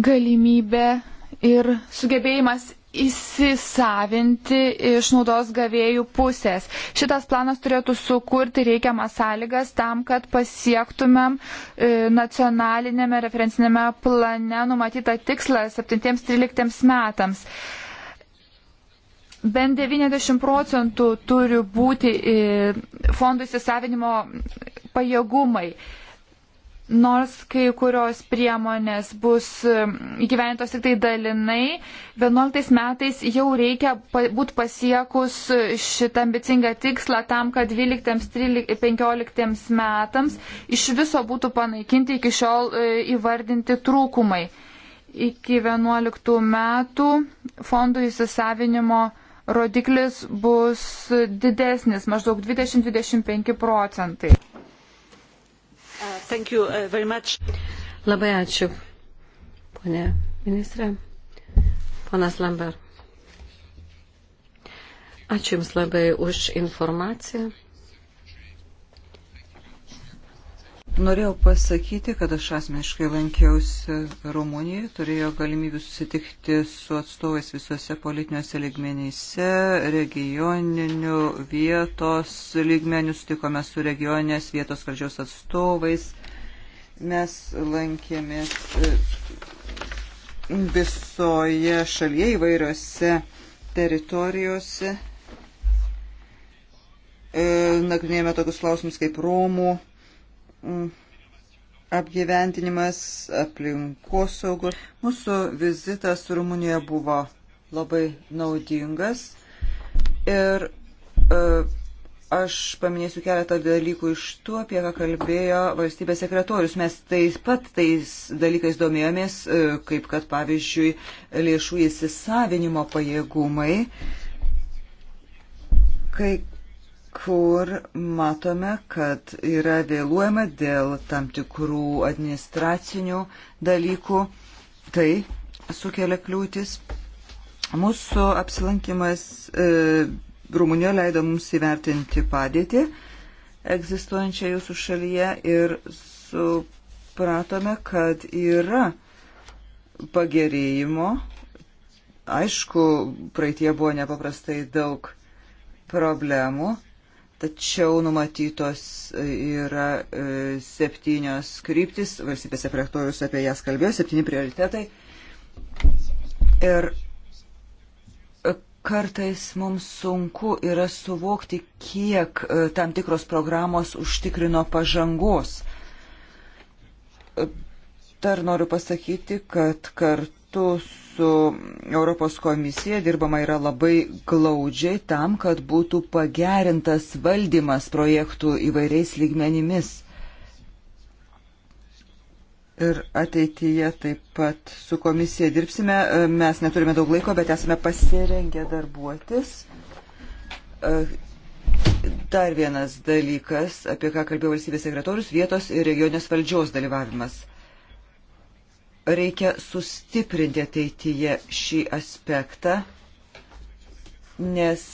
galimybė ir sugebėjimas įsisavinti iš naudos gavėjų pusės. Šitas planas turėtų sukurti reikiamas sąlygas tam, kad pasiektumėm e, nacionalinėme referencinėme plane numatytą tikslą 7-13 metams. Bent 90 procentų turi būti e, fondų įsisavinimo pajėgumai. Nors kai kurios priemonės bus um, įgyventos tik tai dalinai, 11 metais jau reikia būti pasiekus šitą ambicingą tikslą tam, kad 12-15 metams iš viso būtų panaikinti iki šiol e, įvardinti trūkumai. Iki 11 metų fondų įsisavinimo rodiklis bus didesnis, maždaug 20-25 procentai. Uh, labai ačiū, ponė ministrė. Ponas Lambert. Ačiū Jums labai už informaciją. Norėjau pasakyti, kad aš asmeniškai lankiausi Rumunijoje, turėjau galimybę susitikti su atstovais visuose politiniuose ligmenyse, regioninių vietos ligmenių, sutikome su regioninės vietos valdžios atstovais. Mes lankėmės e, visoje šalyje įvairiose teritorijose. E, nagrinėjome tokius klausimus kaip Romų apgyventinimas, aplinkosaugos. Mūsų vizitas Rumunijoje buvo labai naudingas ir e, aš paminėsiu keletą dalykų iš tų, apie ką kalbėjo valstybės sekretorius. Mes taip pat tais dalykais domėjomės, e, kaip kad pavyzdžiui lėšų įsisavinimo pajėgumai. Kai kur matome, kad yra vėluojama dėl tam tikrų administracinių dalykų. Tai sukelia kliūtis. Mūsų apsilankimas e, Rumunijoje leido mums įvertinti padėtį egzistuojančią jūsų šalyje ir supratome, kad yra pagerėjimo. Aišku, praeitie buvo nepaprastai daug problemų, Tačiau numatytos e, yra e, septynios kryptis, valstybės sekretorius apie jas kalbėjo, septyni prioritetai. Ir e, kartais mums sunku yra suvokti, kiek tam tikros programos užtikrino pažangos. Dar noriu pasakyti, kad kartu su Europos komisija dirbama yra labai glaudžiai tam, kad būtų pagerintas valdymas projektų įvairiais lygmenimis. Ir ateityje taip pat su komisija dirbsime. Mes neturime daug laiko, bet esame pasirengę darbuotis. Dar vienas dalykas, apie ką kalbėjo valstybės sekretorius - vietos ir regionės valdžios dalyvavimas reikia sustiprinti ateityje šį aspektą, nes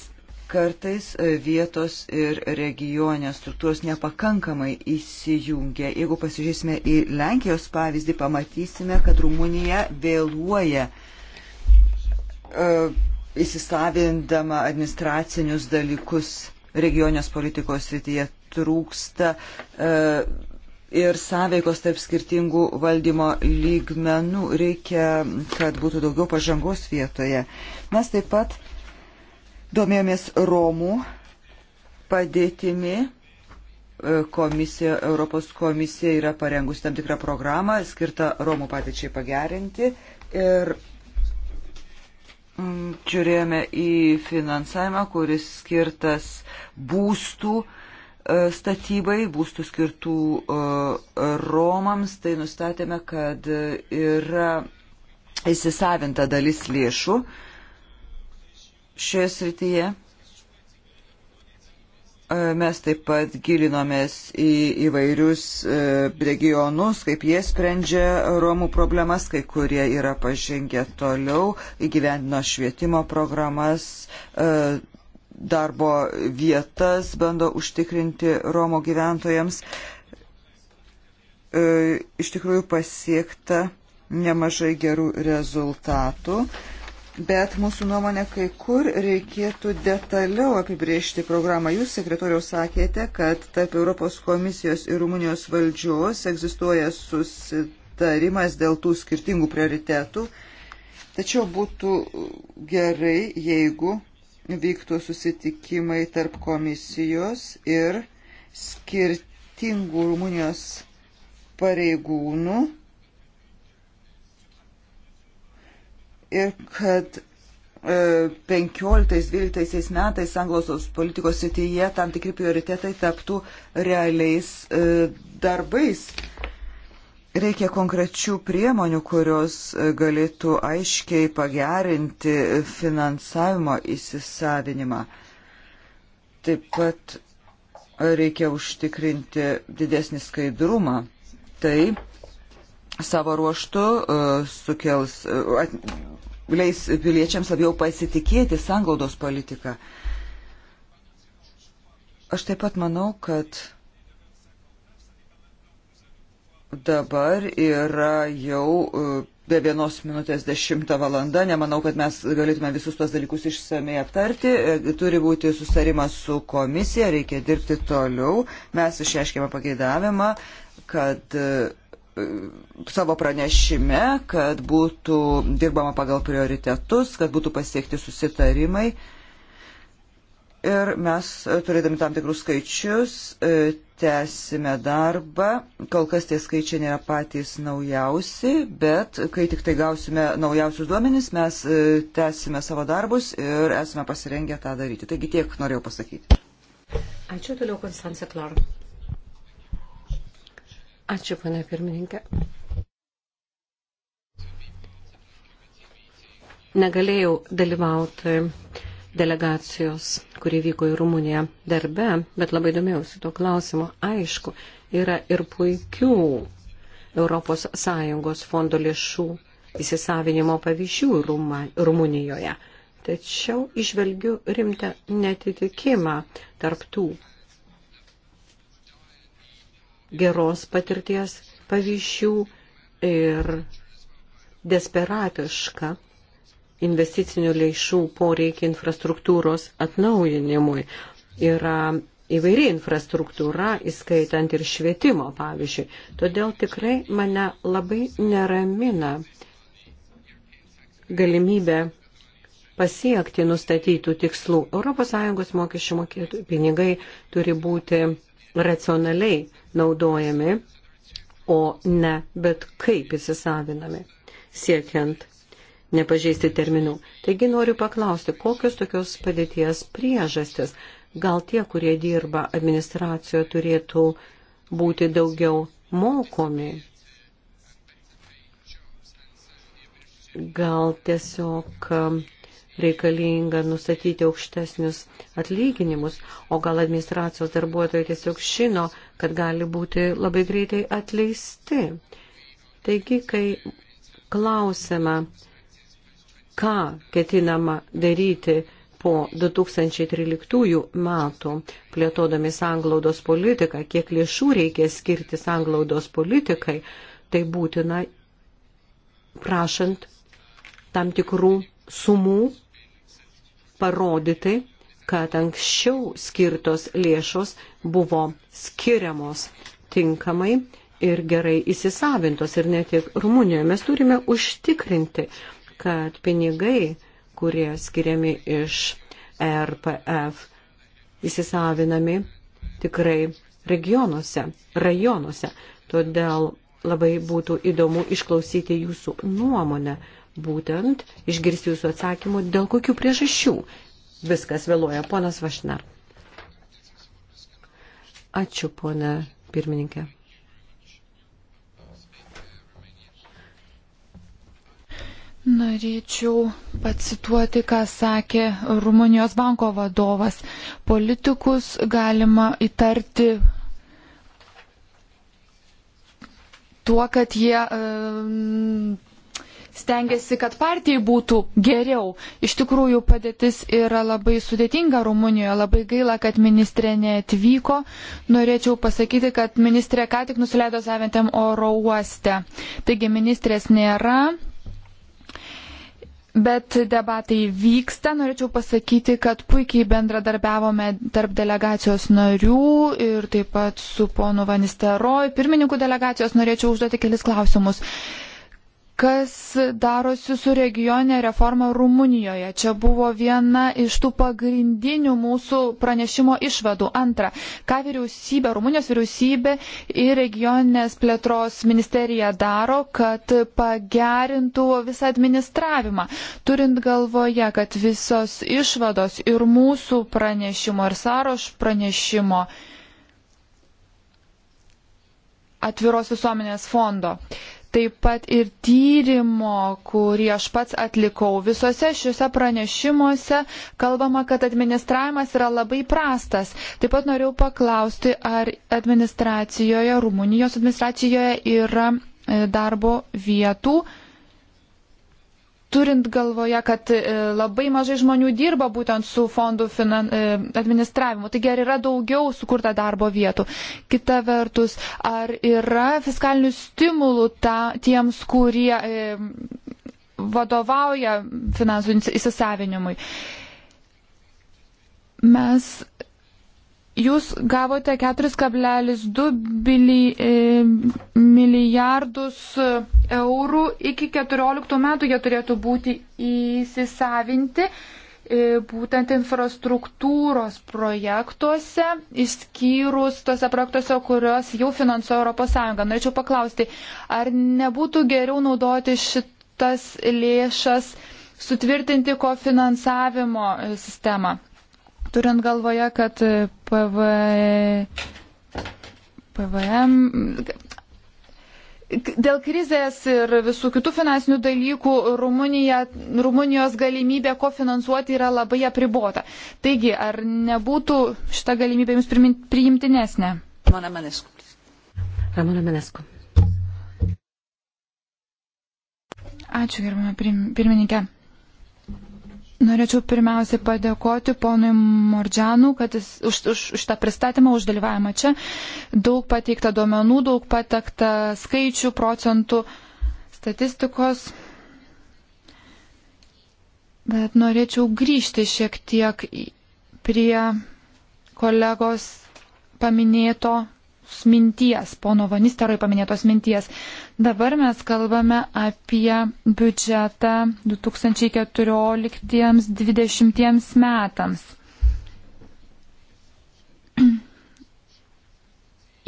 kartais e, vietos ir regionės struktūros nepakankamai įsijungia. Jeigu pasižiūrėsime į Lenkijos pavyzdį, pamatysime, kad Rumunija vėluoja uh, įsisavindama administracinius dalykus regionės politikos srityje trūksta uh, ir sąveikos tarp skirtingų valdymo lygmenų. Reikia, kad būtų daugiau pažangos vietoje. Mes taip pat domėjomės Romų padėtimi. E, komisija, Europos komisija yra parengusi tam tikrą programą skirtą Romų patyčiai pagerinti. Ir mm, žiūrėjome į finansavimą, kuris skirtas būstų uh, E, statybai, būstų skirtų e, Romams, tai nustatėme, kad yra įsisavinta dalis lėšų šioje srityje. E, mes taip pat gilinomės į įvairius regionus, kaip jie sprendžia Romų problemas, kai kurie yra pažengę toliau, įgyvendino švietimo programas, darbo vietas bando užtikrinti Romo gyventojams. E, iš tikrųjų pasiekta nemažai gerų rezultatų, bet mūsų nuomonė kai kur reikėtų detaliau apibriežti programą. Jūs, sekretoriau, sakėte, kad tarp Europos komisijos ir Rumunijos valdžios egzistuoja susitarimas dėl tų skirtingų prioritetų. Tačiau būtų gerai, jeigu vyktų susitikimai tarp komisijos ir skirtingų Rumunijos pareigūnų ir kad 15-12 e, metais anglosos politikos sityje tam tikri prioritetai taptų realiais e, darbais. Reikia konkrečių priemonių, kurios e, galėtų aiškiai pagerinti finansavimo įsisavinimą. Taip pat reikia užtikrinti didesnį skaidrumą. Tai savo ruoštų e, sukels, e, at, leis piliečiams labiau pasitikėti sanglaudos politiką. Aš taip pat manau, kad dabar yra jau e, be vienos minutės dešimtą valandą. Nemanau, kad mes galėtume visus tuos dalykus išsamei aptarti. E, turi būti susitarimas su komisija, reikia dirbti toliau. Mes išreiškėme pageidavimą, kad e, savo pranešime, kad būtų dirbama pagal prioritetus, kad būtų pasiekti susitarimai. Ir mes, e, turėdami tam tikrus skaičius, e, tęsime darbą. Kol kas tie skaičiai nėra patys naujausi, bet kai tik tai gausime naujausius duomenys, mes e, tęsime savo darbus ir esame pasirengę tą daryti. Taigi tiek norėjau pasakyti. Ačiū toliau, Konstancija Klar. Ačiū, pane pirmininkė. Negalėjau dalyvauti delegacijos, kurie vyko į Rumuniją darbe, bet labai domėjausi tuo klausimu. Aišku, yra ir puikių ES fondo lėšų įsisavinimo pavyzdžių Rumunijoje. Tačiau išvelgiu rimtą netitikimą tarptų geros patirties pavyzdžių ir desperatišką investicinių lėšų poreikį infrastruktūros atnaujinimui. Yra įvairi infrastruktūra, įskaitant ir švietimo, pavyzdžiui. Todėl tikrai mane labai neramina galimybė pasiekti nustatytų tikslų. ES mokesčių mokėtojų pinigai turi būti racionaliai naudojami, o ne bet kaip įsisavinami, siekiant nepažeisti terminų. Taigi noriu paklausti, kokios tokios padėties priežastis. Gal tie, kurie dirba administracijoje, turėtų būti daugiau mokomi? Gal tiesiog um, reikalinga nustatyti aukštesnius atlyginimus, o gal administracijos darbuotojai tiesiog žino, kad gali būti labai greitai atleisti. Taigi, kai klausime, ką ketinama daryti po 2013 metų, plėtodami sanglaudos politiką, kiek lėšų reikia skirti sanglaudos politikai, tai būtina prašant tam tikrų sumų parodyti, kad anksčiau skirtos lėšos buvo skiriamos tinkamai ir gerai įsisavintos ir ne tik Rumunijoje. Mes turime užtikrinti, kad pinigai, kurie skiriami iš RPF, įsisavinami tikrai regionuose, rajonuose. Todėl labai būtų įdomu išklausyti jūsų nuomonę, būtent išgirsti jūsų atsakymų, dėl kokių priežasčių viskas vėluoja. Ponas Vašnar. Ačiū, ponė pirmininkė. Norėčiau pacituoti, ką sakė Rumunijos banko vadovas. Politikus galima įtarti tuo, kad jie stengiasi, kad partijai būtų geriau. Iš tikrųjų, padėtis yra labai sudėtinga Rumunijoje. Labai gaila, kad ministrė neatvyko. Norėčiau pasakyti, kad ministrė ką tik nusileido Zaventėm oro uoste. Taigi ministrės nėra. Bet debatai vyksta. Norėčiau pasakyti, kad puikiai bendradarbiavome tarp delegacijos narių ir taip pat su ponu Vanisteroj, pirmininku delegacijos. Norėčiau užduoti kelis klausimus kas darosi su regione reforma Rumunijoje. Čia buvo viena iš tų pagrindinių mūsų pranešimo išvadų. Antra, ką vyriausybė, Rumunijos vyriausybė ir regioninės plėtros ministerija daro, kad pagerintų visą administravimą. Turint galvoje, kad visos išvados ir mūsų pranešimo, ir Saroš pranešimo atviros visuomenės fondo. Uh, taip pat ir tyrimo, kurį aš pats atlikau. Visose šiuose pranešimuose kalbama, kad administravimas yra labai prastas. Taip pat norėjau paklausti, ar administracijoje, Rumunijos administracijoje yra e, darbo vietų, turint galvoje, kad e, labai mažai žmonių dirba būtent su fondų finan, e, administravimu. Taigi ar yra daugiau sukurta darbo vietų? Kita vertus, ar yra fiskalinių stimulų ta, tiems, kurie e, vadovauja finansų įsisavinimui? Mes Jūs gavote 4,2 e, milijardus eurų iki 14 metų jie turėtų būti įsisavinti e, būtent infrastruktūros projektuose, išskyrus tose projektuose, kurios jau finansuoja ES. Norėčiau paklausti, ar nebūtų geriau naudoti šitas lėšas sutvirtinti kofinansavimo sistemą? turint galvoje, kad PV, PVM. Dėl krizės ir visų kitų finansinių dalykų Rumunija, Rumunijos galimybė kofinansuoti yra labai apribota. Taigi, ar nebūtų šita galimybė jums priimtinesnė? Ramona Menesku. Ramona Menesku. Ačiū, gerbama pirmininkė. Norėčiau pirmiausiai padėkoti ponui Mordžianų, kad jis už, už, už tą pristatymą, už dalyvavimą čia. Daug pateikta duomenų, daug patekta skaičių, procentų, statistikos. Bet norėčiau grįžti šiek tiek prie kolegos paminėto minties, pono Vanisteroj paminėtos minties. Dabar mes kalbame apie biudžetą 2014-2020 metams. (clears throat)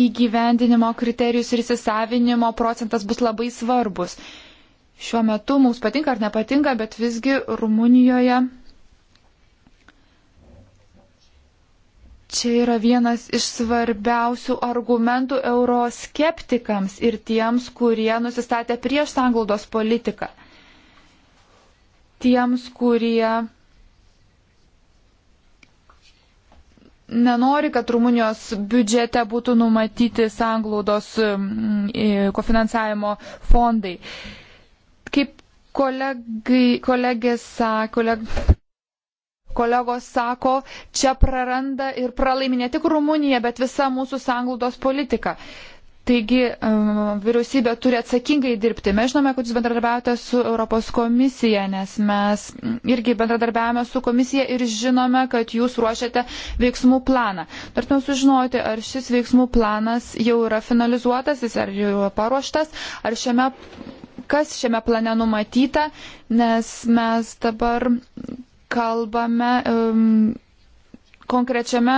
Įgyvendinimo kriterijus ir įsisavinimo procentas bus labai svarbus. Šiuo metu mums patinka ar nepatinka, bet visgi Rumunijoje čia yra vienas iš svarbiausių argumentų euroskeptikams ir tiems, kurie nusistatė prieš sanglaudos politiką. Tiems, kurie nenori, kad Rumunijos biudžete būtų numatyti sanglaudos mm, kofinansavimo fondai. Kaip kolegai, kolegė sa, koleg, kolegos sako, čia praranda ir pralaimi ne tik Rumunija, bet visa mūsų sanglaudos politika. Taigi um, vyriausybė turi atsakingai dirbti. Mes žinome, kad jūs bendradarbiavote su Europos komisija, nes mes irgi bendradarbiavame su komisija ir žinome, kad jūs ruošiate veiksmų planą. Tartum sužinoti, ar šis veiksmų planas jau yra finalizuotas, jis ar jau paruoštas, ar šiame kas šiame plane numatyta, nes mes dabar kalbame um, konkrečiame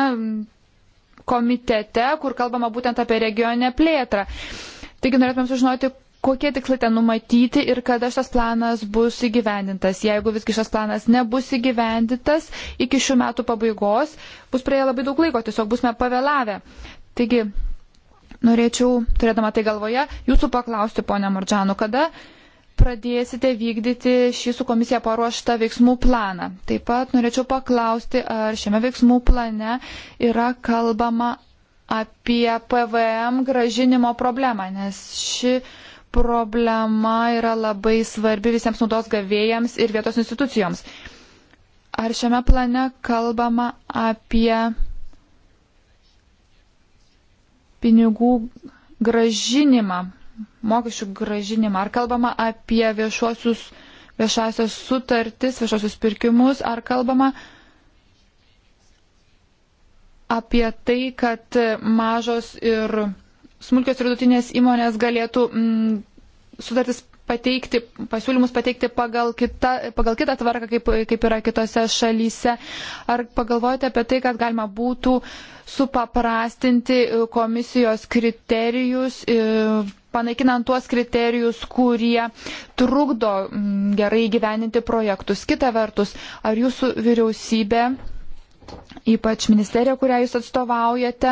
komitete, kur kalbama būtent apie regioninę plėtrą. Taigi norėtumėm sužinoti, kokie tikslai ten numatyti ir kada šitas planas bus įgyvendintas. Jeigu visgi šitas planas nebus įgyvendintas iki šių metų pabaigos, bus prieėję labai daug laiko, tiesiog busime pavėlavę. Taigi, norėčiau, turėdama tai galvoje, jūsų paklausti, ponia Mardžanu, kada pradėsite vykdyti šį su komisija paruoštą veiksmų planą. Taip pat norėčiau paklausti, ar šiame veiksmų plane yra kalbama apie PVM gražinimo problemą, nes ši problema yra labai svarbi visiems naudos gavėjams ir vietos institucijoms. Ar šiame plane kalbama apie pinigų gražinimą mokesčių gražinimą? Ar kalbama apie viešuosius, viešasios sutartis, viešuosius pirkimus, ar kalbama apie tai, kad mažos ir smulkios ir vidutinės įmonės galėtų mm, sutartis pateikti, pasiūlymus pateikti pagal, kita, pagal kitą tvarką, kaip, kaip yra kitose šalyse. Ar pagalvojate apie tai, kad galima būtų supaprastinti e, komisijos kriterijus, e, panaikinant tuos kriterijus, kurie trukdo gerai gyveninti projektus? Kita vertus, ar jūsų vyriausybė ypač ministerija, kurią jūs atstovaujate,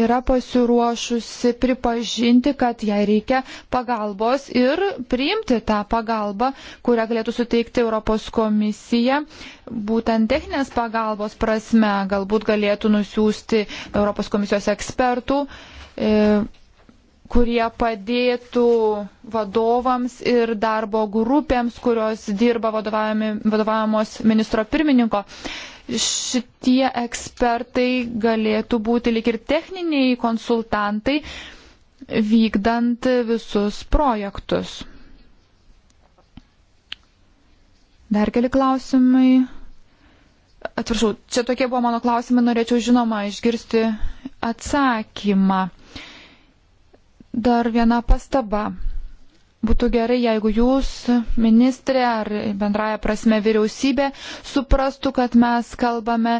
yra pasiruošusi pripažinti, kad jai reikia pagalbos ir priimti tą pagalbą, kurią galėtų suteikti Europos komisija. Būtent techninės pagalbos prasme galbūt galėtų nusiųsti Europos komisijos ekspertų. E, kurie padėtų vadovams ir darbo grupėms, kurios dirba vadovavimus ministro pirmininko. Šitie ekspertai galėtų būti lik ir techniniai konsultantai vykdant visus projektus. Dar keli klausimai. Atsiprašau, čia tokie buvo mano klausimai, norėčiau žinoma išgirsti atsakymą. Uh, Dar viena pastaba. Būtų gerai, jeigu jūs, ministrė ar bendraja prasme vyriausybė, suprastų, kad mes kalbame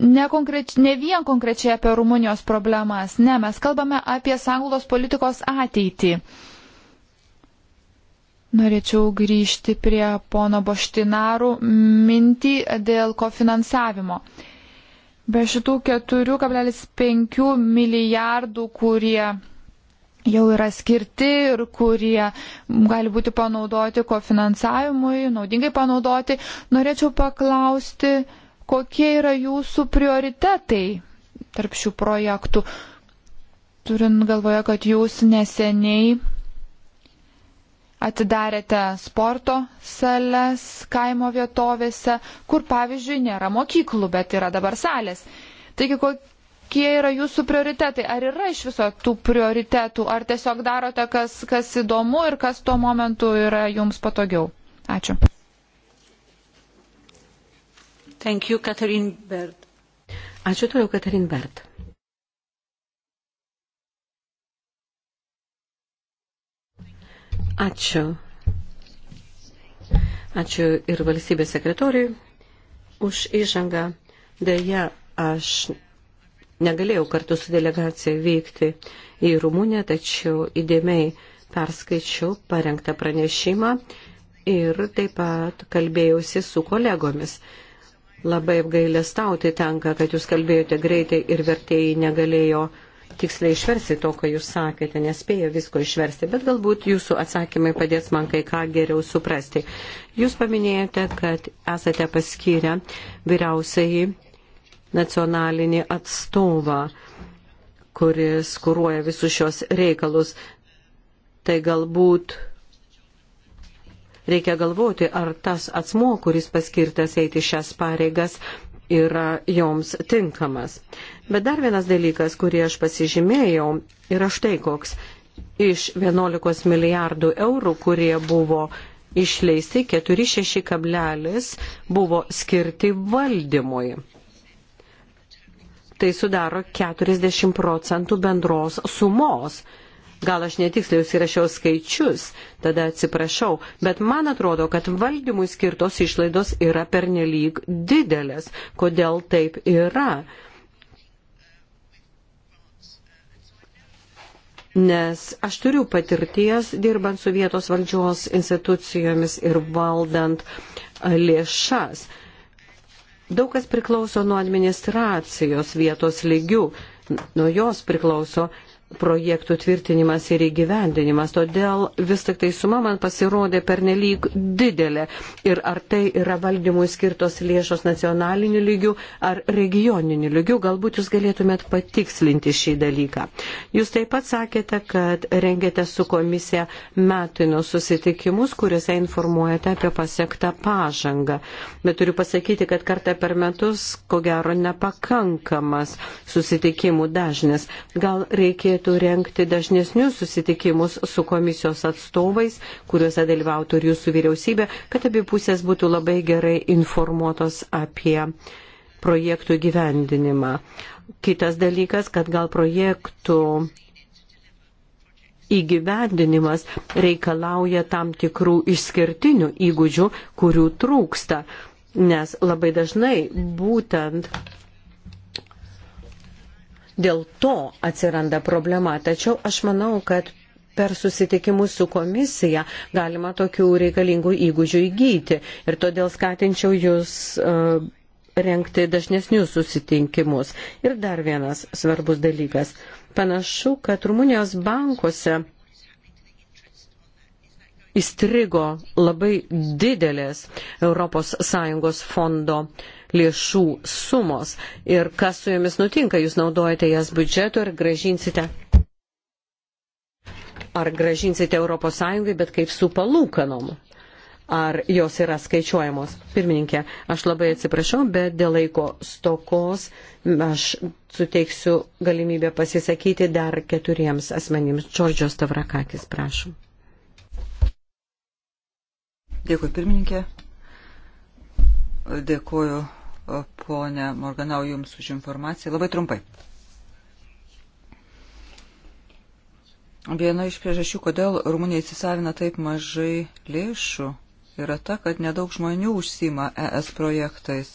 ne, konkreč, ne vien konkrečiai apie Rumunijos problemas, ne, mes kalbame apie sanglaudos politikos ateitį. Norėčiau grįžti prie pono Boštinarų mintį dėl kofinansavimo. Be šitų 4,5 milijardų, kurie jau yra skirti ir kurie gali būti panaudoti kofinansavimui, naudingai panaudoti. Norėčiau paklausti, kokie yra jūsų prioritetai tarp šių projektų, turint galvoje, kad jūs neseniai atidarėte sporto sales kaimo vietovėse, kur pavyzdžiui nėra mokyklų, bet yra dabar salės. Taigi, kokie kokie yra jūsų prioritetai? Ar yra iš viso tų prioritetų, ar tiesiog darote, kas, kas įdomu ir kas tuo momentu yra jums patogiau? Ačiū. Thank you, Catherine Bird. Ačiū toliau, Catherine Bird. Ačiū. Ačiū ir valstybės sekretoriui už įžangą. Deja, aš negalėjau kartu su delegacija vykti į Rumuniją, tačiau įdėmiai perskaičiau parengtą pranešimą ir taip pat kalbėjausi su kolegomis. Labai apgailestauti tenka, kad jūs kalbėjote greitai ir vertėjai negalėjo tiksliai išversti to, ką jūs sakėte, nespėjo visko išversti, bet galbūt jūsų atsakymai padės man kai ką geriau suprasti. Jūs paminėjote, kad esate paskyrę vyriausiai nacionalinį atstovą, kuris kūruoja visus šios reikalus. Tai galbūt reikia galvoti, ar tas atsmo, kuris paskirtas eiti šias pareigas, yra joms tinkamas. Bet dar vienas dalykas, kurį aš pasižymėjau, yra štai koks. Iš 11 milijardų eurų, kurie buvo išleisti, 4,6 kablelis buvo skirti valdymui tai sudaro 40 procentų bendros sumos. Gal aš netiksliai užsirašiau skaičius, tada atsiprašau, bet man atrodo, kad valdymui skirtos išlaidos yra pernelyg didelės. Kodėl taip yra? nes aš turiu patirties dirbant su vietos valdžios institucijomis ir valdant lėšas. Daug kas priklauso nuo administracijos vietos lygių, nuo jos priklauso projektų tvirtinimas ir įgyvendinimas. Todėl vis tik tai suma man pasirodė pernelyg didelė. Ir ar tai yra valdymui skirtos lėšos nacionaliniu lygiu ar regioniniu lygiu, galbūt jūs galėtumėt patikslinti šį dalyką. Jūs taip pat sakėte, kad rengėte su komisija metinius susitikimus, kuriuose informuojate apie pasiektą pažangą. Bet turiu pasakyti, kad kartą per metus, ko gero, nepakankamas susitikimų dažnis. Gal reikia reikėtų renkti dažnesnius susitikimus su komisijos atstovais, kuriuose dalyvautų ir jūsų vyriausybė, kad abi pusės būtų labai gerai informuotos apie projektų gyvendinimą. Kitas dalykas, kad gal projektų įgyvendinimas reikalauja tam tikrų išskirtinių įgūdžių, kurių trūksta, nes labai dažnai būtent Dėl to atsiranda problema. Tačiau aš manau, kad per susitikimus su komisija galima tokių reikalingų įgūdžių įgyti. Ir todėl skatinčiau jūs uh, e, renkti dažnesnius susitinkimus. Ir dar vienas svarbus dalykas. Panašu, kad Rumunijos bankuose įstrigo labai didelės ES fondo uh, lėšų sumos ir kas su jomis nutinka, jūs naudojate jas biudžetu ir gražinsite. Ar gražinsite ES, bet kaip su palūkanom? Ar jos yra skaičiuojamos? Pirmininkė, aš labai atsiprašau, bet dėl laiko stokos aš suteiksiu galimybę pasisakyti dar keturiems asmenims. Džordžios Tavrakakis, prašom. Dėkui, pirmininkė. Dėkuoju, e, ponė Morganau, Jums už informaciją. Labai trumpai. Viena iš priežasčių, kodėl Rumunija įsisavina taip mažai lėšų, yra ta, kad nedaug žmonių užsima ES projektais.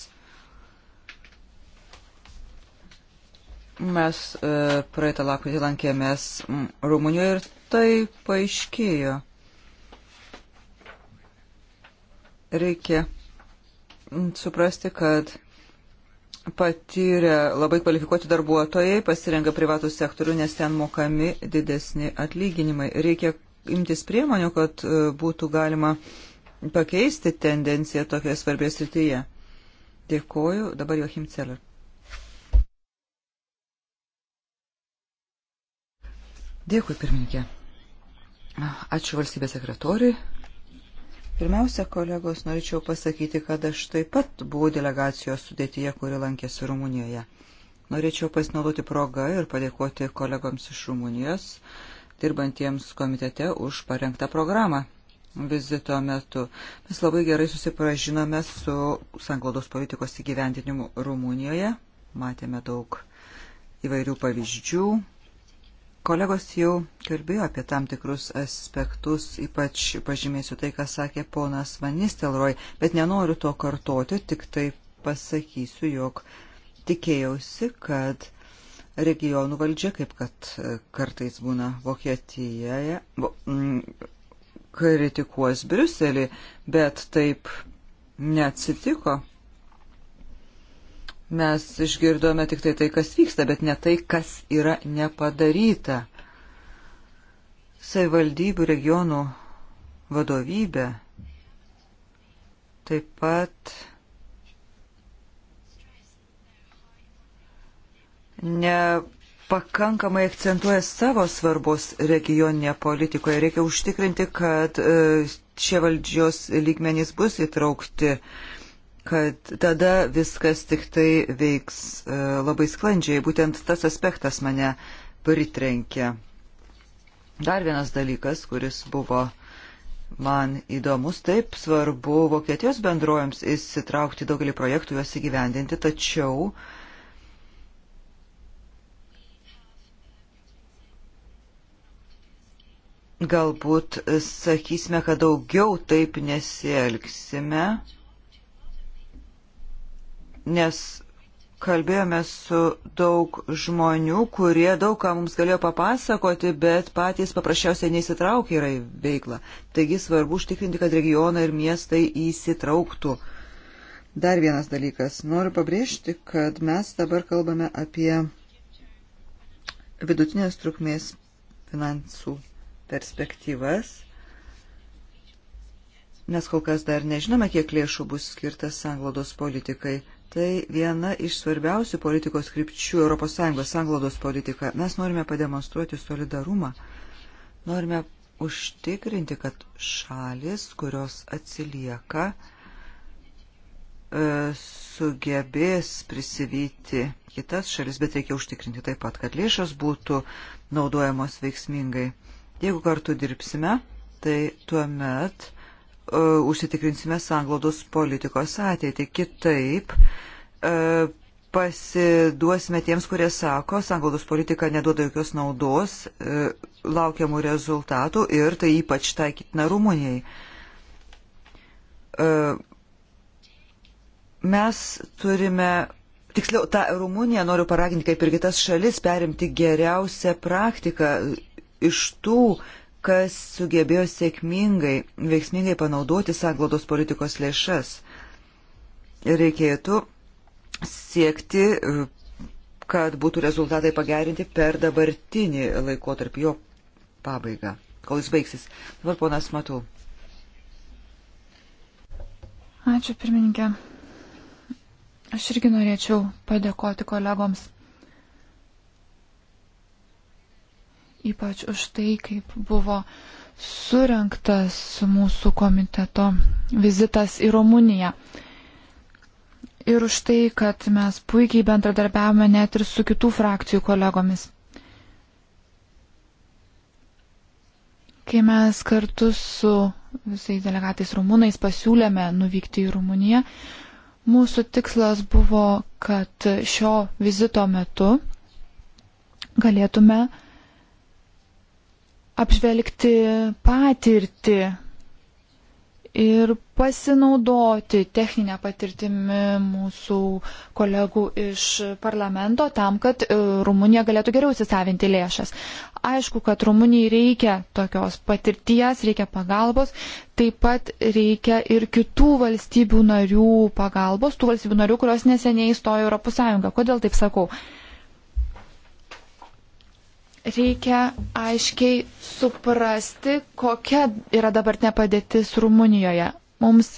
Mes e, praeitą lapkritį lankėmės Rumunijoje ir tai paaiškėjo. Reikia suprasti, kad patyrę labai kvalifikuoti darbuotojai pasirenka privatų sektorių, nes ten mokami didesni atlyginimai. Reikia imtis priemonių, kad e, būtų galima pakeisti tendenciją tokioje svarbioje srityje. Dėkoju, dabar Joachim Celler. Dėkui, pirmininkė. Ačiū valstybės sekretoriui Pirmiausia, kolegos, norėčiau pasakyti, kad aš taip pat buvau delegacijos sudėtyje, kuri lankėsi Rumunijoje. Norėčiau pasinaudoti progą ir padėkoti kolegoms iš Rumunijos, dirbantiems komitete už parengtą programą vizito metu. Mes labai gerai susipažinome su sanglaudos politikos įgyvendinimu Rumunijoje, matėme daug įvairių pavyzdžių, Kolegos jau kalbėjo apie tam tikrus aspektus, ypač pažymėsiu tai, ką sakė ponas Vanistelroj, bet nenoriu to kartoti, tik tai pasakysiu, jog tikėjausi, kad regionų valdžia, kaip kad e, kartais būna Vokietijoje, kritikuos Briuselį, bet taip neatsitiko. Mes išgirdome tik tai tai, kas vyksta, bet ne tai, kas yra nepadaryta. Savivaldybių regionų vadovybė taip pat nepakankamai akcentuoja savo svarbos regioninėje politikoje. Reikia užtikrinti, kad e, šie valdžios lygmenys bus įtraukti kad tada viskas tik tai veiks e, labai sklandžiai. Būtent tas aspektas mane pritrenkė. Dar vienas dalykas, kuris buvo man įdomus, taip svarbu Vokietijos bendrojams įsitraukti daugelį projektų, juos įgyvendinti, tačiau galbūt sakysime, kad daugiau taip nesielgsime nes kalbėjome su daug žmonių, kurie daug ką mums galėjo papasakoti, bet patys paprasčiausiai neįsitraukia yra į veiklą. Taigi svarbu užtikrinti, kad regionai ir miestai įsitrauktų. Dar vienas dalykas. Noriu pabrėžti, kad mes dabar kalbame apie vidutinės trukmės finansų perspektyvas, nes kol kas dar nežinome, kiek lėšų bus skirtas sanglodos politikai. Tai viena iš svarbiausių politikos krypčių ES sanglaudos politika. Mes norime pademonstruoti solidarumą. Norime užtikrinti, kad šalis, kurios atsilieka, e, sugebės prisivyti kitas šalis, bet reikia užtikrinti taip pat, kad lėšos būtų naudojamos veiksmingai. Jeigu kartu dirbsime, tai tuomet uh, užsitikrinsime sanglaudos politikos ateitį. Kitaip uh, E, pasiduosime tiems, kurie sako, sanglaudos politika neduoda jokios naudos, e, laukiamų rezultatų ir tai ypač taikytina Rumunijai. E, mes turime, tiksliau, tą Rumuniją noriu paraginti, kaip ir kitas šalis, perimti geriausią praktiką iš tų, kas sugebėjo sėkmingai, veiksmingai panaudoti sanglaudos politikos lėšas. Reikėtų siekti, kad būtų rezultatai pagerinti per dabartinį laikotarpį jo pabaigą, kol jis baigsis. Dabar ponas Matau. Ačiū pirmininkė. Aš irgi norėčiau padėkoti kolegoms. Ypač už tai, kaip buvo surinktas mūsų komiteto vizitas į Rumuniją ir už tai, kad mes puikiai bendradarbiavome net ir su kitų frakcijų kolegomis. Kai mes kartu su visais delegatais rumūnais pasiūlėme nuvykti į Rumuniją, mūsų tikslas buvo, kad šio vizito metu galėtume apžvelgti patirtį ir pasinaudoti techninę patirtimį mūsų kolegų iš parlamento tam, kad e, Rumunija galėtų geriau įsisavinti lėšas. Aišku, kad Rumunijai reikia tokios patirties, reikia pagalbos, taip pat reikia ir kitų valstybių narių pagalbos, tų valstybių narių, kurios neseniai įstojo Europos Sąjungą. Kodėl taip sakau? reikia aiškiai suprasti, kokia yra dabartinė padėtis Rumunijoje. Mums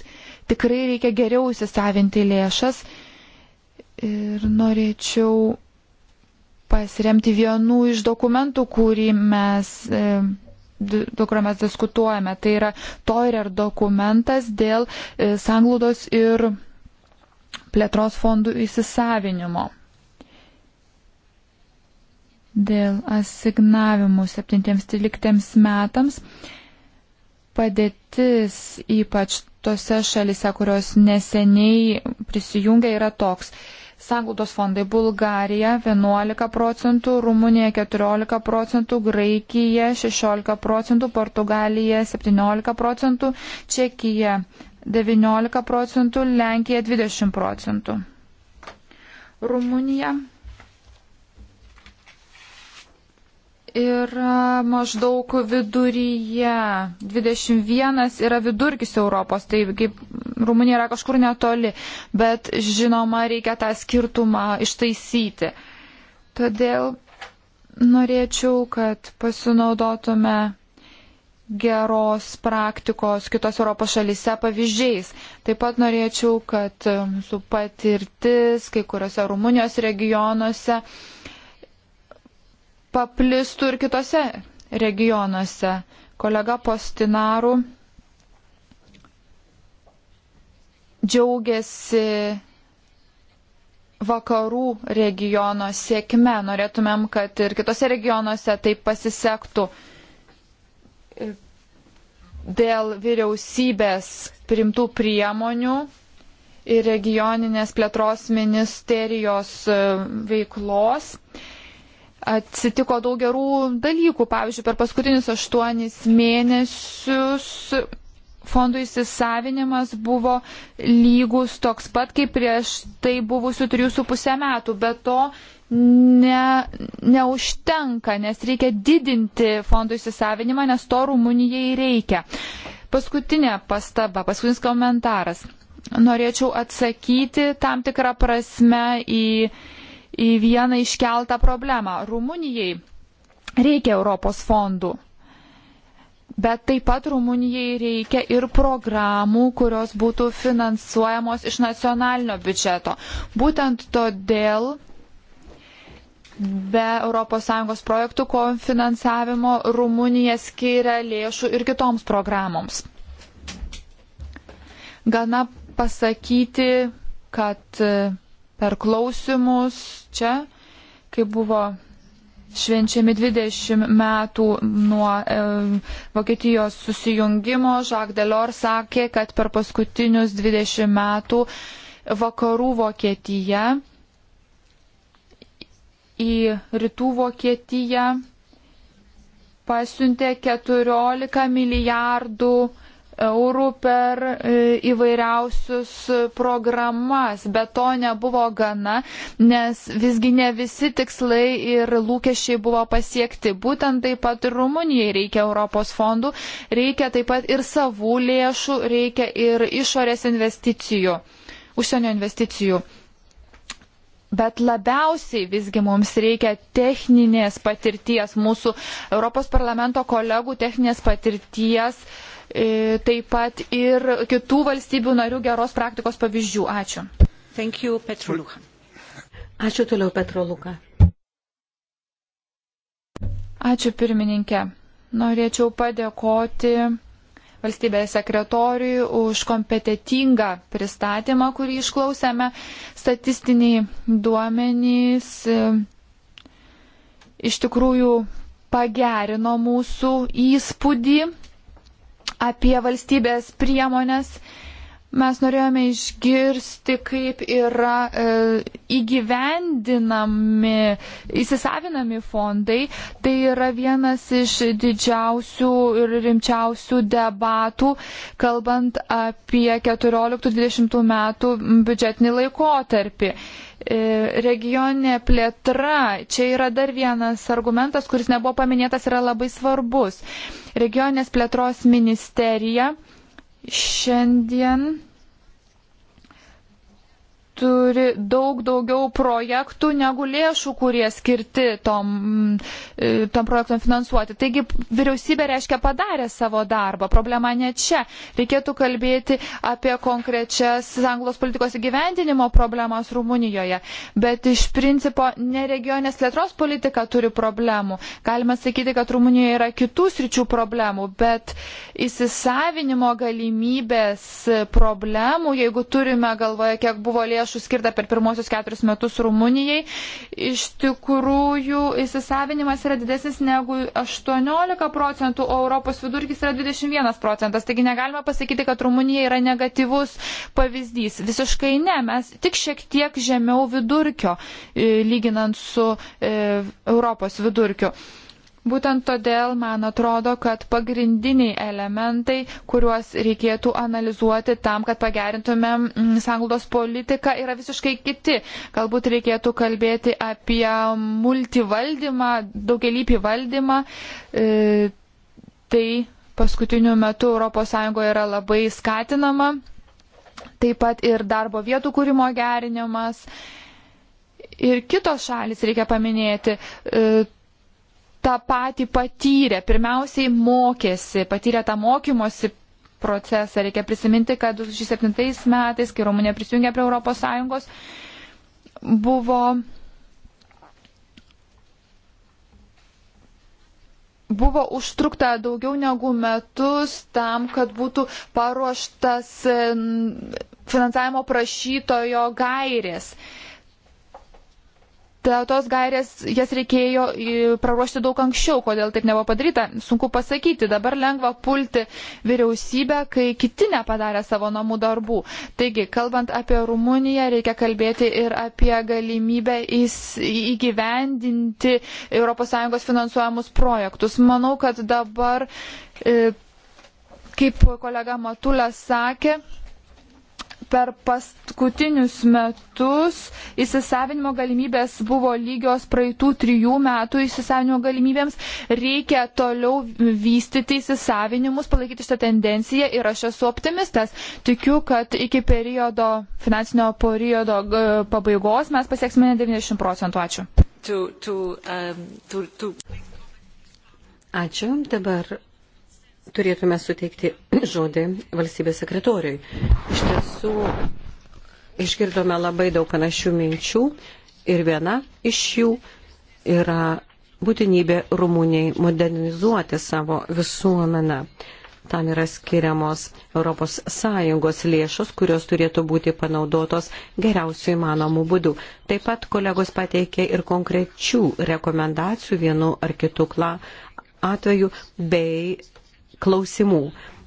tikrai reikia geriau įsisavinti lėšas ir norėčiau pasiremti vienu iš dokumentų, kurį mes. E, dėl kurio mes diskutuojame. Tai yra Toirer dokumentas dėl e, sanglaudos ir plėtros fondų įsisavinimo. Dėl asignavimų 7-13 metams padėtis ypač tose šalise, kurios neseniai prisijungia, yra toks. Sanglaudos fondai Bulgarija 11 procentų, Rumunija 14 procentų, Graikija 16 procentų, Portugalija 17 procentų, Čekija 19 procentų, Lenkija 20 procentų. Rumunija yra maždaug viduryje. 21 yra vidurkis Europos, tai kaip Rumunija yra kažkur netoli, bet žinoma, reikia tą skirtumą ištaisyti. Todėl norėčiau, kad pasinaudotume geros praktikos kitos Europos šalyse pavyzdžiais. Taip pat norėčiau, kad mūsų patirtis kai kuriuose Rumunijos regionuose uh, paplistų ir kitose regionuose. Kolega Postinarų džiaugiasi vakarų regiono sėkme. Norėtumėm, kad ir kitose regionuose taip pasisektų dėl vyriausybės primtų priemonių ir regioninės plėtros ministerijos e, veiklos atsitiko daug gerų dalykų. Pavyzdžiui, per paskutinius aštuonis mėnesius fondų įsisavinimas buvo lygus toks pat, kaip prieš tai buvusių 3,5 metų. Be to ne, neužtenka, nes reikia didinti fondų įsisavinimą, nes to Rumunijai reikia. Paskutinė pastaba, paskutinis komentaras. Norėčiau atsakyti tam tikrą prasme į į vieną iškeltą problemą. Rumunijai reikia Europos fondų. Bet taip pat Rumunijai reikia ir programų, kurios būtų finansuojamos iš nacionalinio biudžeto. Būtent todėl be ES projektų kofinansavimo Rumunija skiria lėšų ir kitoms programoms. Gana pasakyti, kad per klausimus čia, kai buvo švenčiami 20 metų nuo e, Vokietijos susijungimo. Jacques Delors sakė, kad per paskutinius 20 metų vakarų Vokietija į rytų Vokietiją pasiuntė 14 milijardų eurų per e, įvairiausius programas, bet to nebuvo gana, nes visgi ne visi tikslai ir lūkesčiai buvo pasiekti. Būtent taip pat ir Rumunijai reikia Europos fondų, reikia taip pat ir savų lėšų, reikia ir išorės investicijų, užsienio investicijų. Bet labiausiai visgi mums reikia techninės patirties, mūsų Europos parlamento kolegų techninės patirties uh, E, taip pat ir kitų valstybių narių geros praktikos pavyzdžių. Ačiū. Thank you, Petro Luka. Ačiū toliau, Petro Luka. Ačiū pirmininkė. Norėčiau padėkoti valstybės sekretoriui už kompetitingą pristatymą, kurį išklausėme. Statistiniai duomenys e, iš tikrųjų pagerino mūsų įspūdį apie valstybės priemonės. Mes norėjome išgirsti, kaip yra e, įgyvendinami, įsisavinami fondai. Tai yra vienas iš didžiausių ir rimčiausių debatų, kalbant apie 14-20 metų biudžetinį laikotarpį. E, regioninė plėtra, čia yra dar vienas argumentas, kuris nebuvo paminėtas, yra labai svarbus. Regioninės plėtros ministerija šiandien turi daug daugiau projektų negu lėšų, kurie skirti tom, e, tom projektom finansuoti. Taigi vyriausybė reiškia padarė savo darbą. Problema ne čia. Reikėtų kalbėti apie konkrečias anglos politikos įgyvendinimo problemas Rumunijoje. Bet iš principo ne regionės plėtros politika turi problemų. Galime sakyti, kad Rumunijoje yra kitų sričių problemų, bet įsisavinimo galimybės problemų, jeigu turime galvoje, kiek buvo lėšų, lėšų skirta per pirmosius keturis metus Rumunijai, iš tikrųjų įsisavinimas yra didesnis negu 18 procentų, o Europos vidurkis yra 21 procentas. Taigi negalime pasakyti, kad Rumunija yra negatyvus pavyzdys. Visiškai ne, mes tik šiek tiek žemiau vidurkio e, lyginant su e, Europos vidurkiu. Būtent todėl, man atrodo, kad pagrindiniai elementai, kuriuos reikėtų analizuoti tam, kad pagerintumėm mm, sanglaudos politiką, yra visiškai kiti. Galbūt reikėtų kalbėti apie multivaldymą, daugelįpį valdymą. E, tai paskutiniu metu ES yra labai skatinama. Taip pat ir darbo vietų kūrimo gerinimas. Ir kitos šalis reikia paminėti. E, tą patį patyrė, pirmiausiai mokėsi, patyrė tą mokymosi procesą. Reikia prisiminti, kad 2007 metais, kai Rumunija prisijungė prie ES, buvo, buvo užtrukta daugiau negu metus tam, kad būtų paruoštas finansavimo prašytojo gairės. Uh, ta, tos gairės, jas reikėjo praruošti daug anksčiau, kodėl taip nebuvo padaryta, sunku pasakyti. Dabar lengva pulti vyriausybę, kai kiti nepadarė savo namų darbų. Taigi, kalbant apie Rumuniją, reikia kalbėti ir apie galimybę įgyvendinti ES finansuojamus projektus. Manau, kad dabar, e, kaip kolega Matulė sakė, per paskutinius metus įsisavinimo galimybės buvo lygios praeitų trijų metų įsisavinimo galimybėms. Reikia toliau vystyti įsisavinimus, palaikyti šitą tendenciją ir aš esu optimistas. Tikiu, kad iki periodo, finansinio periodo pabaigos mes pasieksime 90 procentų. Ačiū. To, to, um, to, to. Ačiū. Dabar turėtume suteikti (clears throat) žodį valstybės sekretoriui. Iš tiesų, išgirdome labai daug panašių minčių ir viena iš jų yra būtinybė Rumunijai modernizuoti savo visuomenę. Tam yra skiriamos ES lėšos, kurios turėtų būti panaudotos geriausių įmanomų būdų. Taip pat kolegos pateikė ir konkrečių rekomendacijų vienu ar kitu atveju bei klausimų.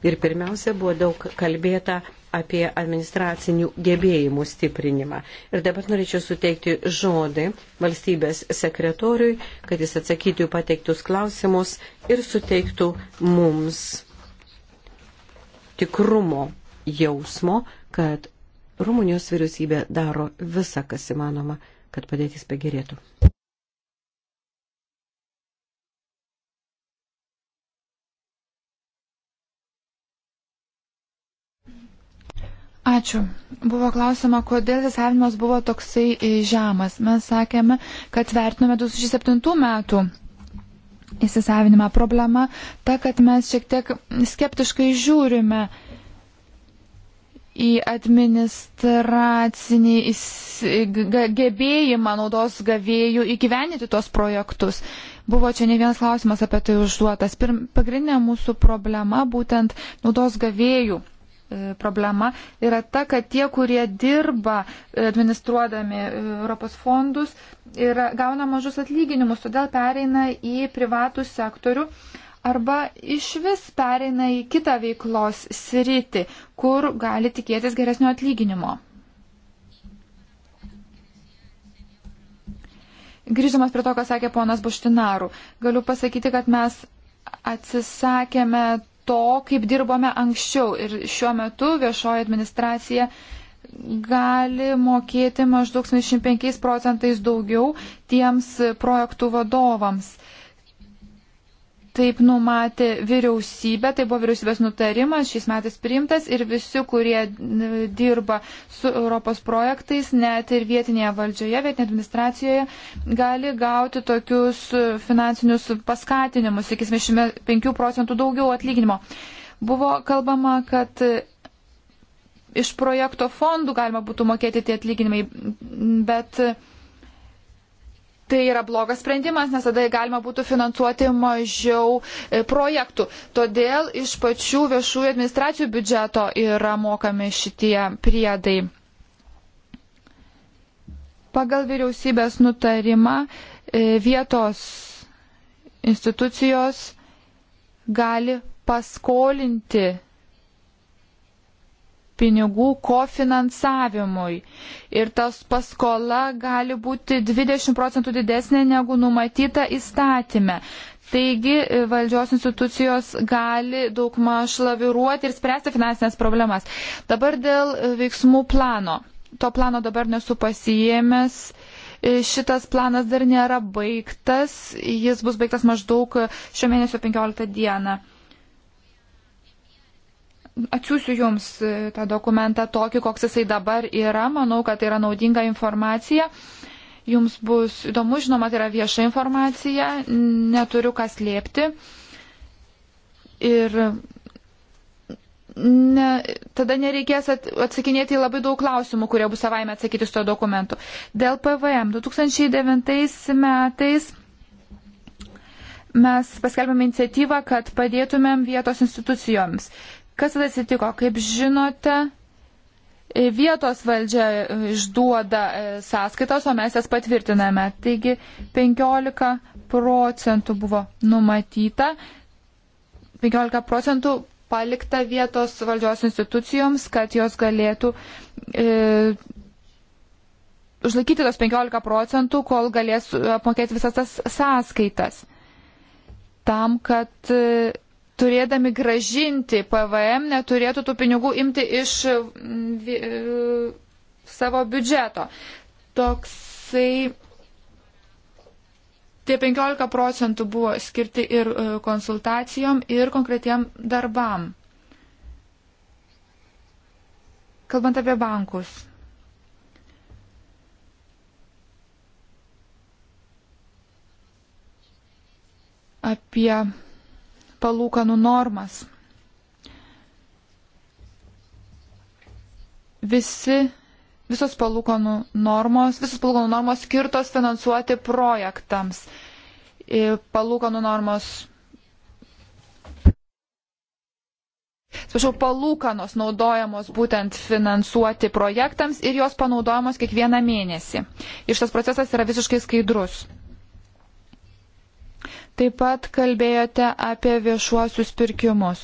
Ir pirmiausia, buvo daug kalbėta apie administracinių gebėjimų stiprinimą. Ir dabar norėčiau suteikti žodį valstybės sekretoriui, kad jis atsakytų į pateiktus klausimus ir suteiktų mums tikrumo jausmo, kad Rumunijos vyriausybė daro visą, kas įmanoma, kad padėtis pagerėtų. Ačiū. Buvo klausima, kodėl įsavinimas buvo toksai žemas. Mes sakėme, kad vertinome 2007 metų įsisavinimą. Problema ta, kad mes šiek tiek skeptiškai žiūrime į administracinį gebėjimą naudos gavėjų įgyveninti tos projektus. Buvo čia ne vienas klausimas apie tai užduotas. Pagrindinė mūsų problema būtent naudos gavėjų E, problema yra ta, kad tie, kurie dirba administruodami e, Europos fondus, yra, gauna mažus atlyginimus, todėl pereina į privatų sektorių arba iš vis pereina į kitą veiklos sritį, kur gali tikėtis geresnio atlyginimo. Grįždamas prie to, ką sakė ponas Buštinarų, galiu pasakyti, kad mes atsisakėme to, kaip dirbome anksčiau. Ir šiuo metu viešoji administracija gali mokėti maždaug 75 procentais daugiau tiems projektų vadovams taip numatė vyriausybė, tai buvo vyriausybės nutarimas, šiais metais priimtas ir visi, kurie dirba su Europos projektais, net ir vietinėje valdžioje, vietinėje administracijoje, gali gauti tokius finansinius paskatinimus, sakysime, 5 procentų daugiau atlyginimo. Buvo kalbama, kad iš projekto fondų galima būtų mokėti tie atlyginimai, bet Tai yra blogas sprendimas, nes tada galima būtų finansuoti mažiau e, projektų. Todėl iš pačių viešųjų administracijų biudžeto yra mokami šitie priedai. Pagal vyriausybės nutarimą e, vietos institucijos gali paskolinti pinigų kofinansavimui. Ir tas paskola gali būti 20 procentų didesnė negu numatyta įstatymė. Taigi e, valdžios institucijos gali daugma šlaviruoti ir spręsti finansinės problemas. Dabar dėl e, veiksmų plano. To plano dabar nesu pasijėmęs e, šitas planas dar nėra baigtas, jis bus baigtas maždaug šio mėnesio 15 dieną. Atsiųsiu Jums e, tą dokumentą tokį, koks jisai dabar yra. Manau, kad tai yra naudinga informacija. Jums bus įdomu, žinoma, tai yra vieša informacija, neturiu ką slėpti. Ir ne, tada nereikės atsakinėti į labai daug klausimų, kurie bus savaime atsakyti su to dokumentu. Dėl PVM 2009 metais mes paskelbėme iniciatyvą, kad padėtumėm vietos institucijoms. Uh, Kas tada atsitiko? Kaip žinote, e, vietos valdžia e, išduoda e, sąskaitas, o mes jas patvirtiname. Taigi 15 procentų buvo numatyta, 15 procentų palikta vietos valdžios institucijoms, kad jos galėtų e, užlaikyti tos 15 procentų, kol galės apmokėti visas tas sąskaitas. Tam, kad e, turėdami gražinti PVM, neturėtų tų pinigų imti iš e, savo biudžeto. Toksai. Tie 15 procentų buvo skirti ir e, konsultacijom, ir konkretiem darbam. Kalbant apie bankus. Apie palūkanų normas. Visi, visos palūkanų normos, visos palūkanų normos skirtos finansuoti projektams. E, palūkanų normos Atsiprašau, palūkanos naudojamos būtent finansuoti projektams ir jos panaudojamos kiekvieną mėnesį. Ir šitas procesas yra visiškai skaidrus. Taip pat kalbėjote apie viešuosius pirkimus.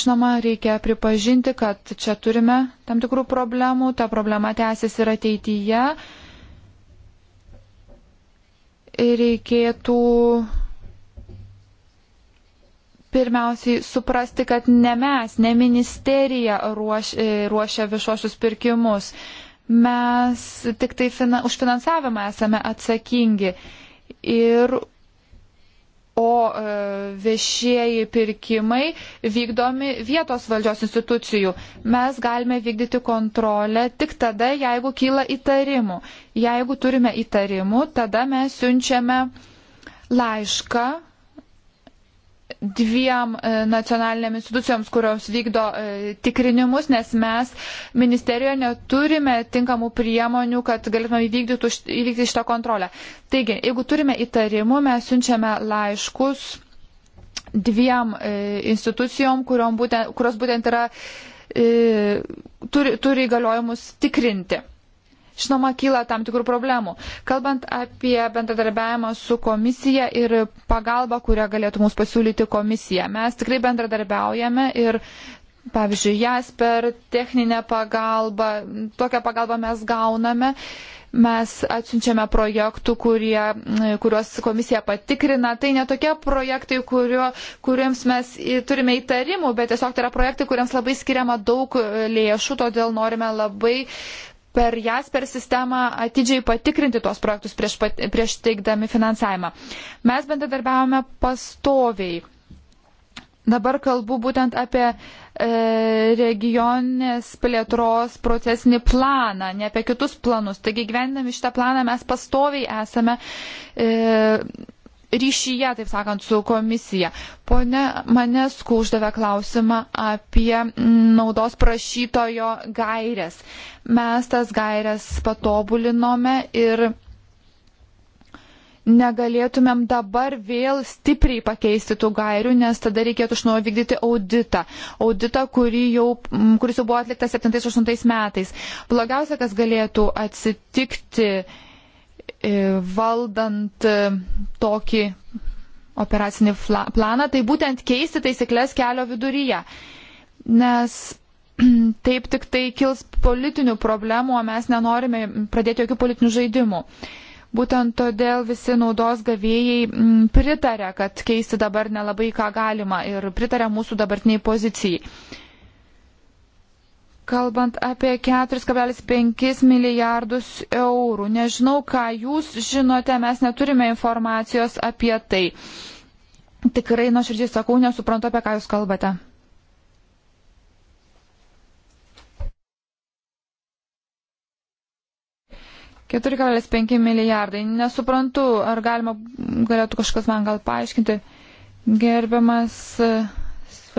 Žinoma, reikia pripažinti, kad čia turime tam tikrų problemų, ta problema tęsis ir ateityje. Reikėtų pirmiausiai suprasti, kad ne mes, ne ministerija ruoš, ruošia viešuosius pirkimus. Mes tik tai fina, už finansavimą esame atsakingi ir o e, viešieji pirkimai vykdomi vietos valdžios institucijų. Mes galime vykdyti kontrolę tik tada, jeigu kyla įtarimų. Jeigu turime įtarimų, tada mes siunčiame laišką dviem e, nacionalinėm institucijoms, kurios vykdo e, tikrinimus, nes mes ministerijoje neturime tinkamų priemonių, kad galėtume įvykdyti šitą kontrolę. Taigi, jeigu turime įtarimų, mes siunčiame laiškus dviem e, institucijom, būtent, kurios būtent yra, turi, turi įgaliojimus tikrinti žinoma, kyla tam tikrų problemų. Kalbant apie bendradarbiavimą su komisija ir pagalbą, kurią galėtų mums pasiūlyti komisija, mes tikrai bendradarbiaujame ir Pavyzdžiui, jas per techninę pagalbą, tokią pagalbą mes gauname mes atsiunčiame projektų, kurie, kuriuos komisija patikrina. Tai ne tokie projektai, kurio, kuriems mes turime įtarimų, bet tiesiog tai yra projektai, kuriems labai skiriama daug lėšų, todėl norime labai per jas, per sistemą atidžiai patikrinti tos projektus prieš, pat, prieš teikdami finansavimą. Mes bendradarbiavome pastoviai. Dabar kalbu būtent apie e, regioninės plėtros procesinį planą, ne apie kitus planus. Taigi gyvendami šitą planą mes pastoviai esame. E, ryšyje, taip sakant, su komisija. Pone Manesku uždavė klausimą apie naudos prašytojo gairias. Mes tas gairias patobulinome ir negalėtumėm dabar vėl stipriai pakeisti tų gairių, nes tada reikėtų iš naujo vykdyti auditą. Auditą, jau, kuris jau buvo atliktas 7-8 metais. Blogiausia, kas galėtų atsitikti E, valdant e, tokį operacinį planą, tai būtent keisti taisyklės kelio viduryje. Nes (clears throat) taip tik tai kils politinių problemų, o mes nenorime pradėti jokių politinių žaidimų. Būtent todėl visi naudos gavėjai mm, pritarė, kad keisti dabar nelabai ką galima ir pritarė mūsų dabartiniai pozicijai kalbant apie 4,5 milijardus eurų. Nežinau, ką jūs žinote, mes neturime informacijos apie tai. Tikrai nuoširdžiai sakau, nesuprantu, apie ką jūs kalbate. Keturi kablelis penki milijardai. Nesuprantu, ar galima, galėtų kažkas man gal paaiškinti. Gerbiamas uh,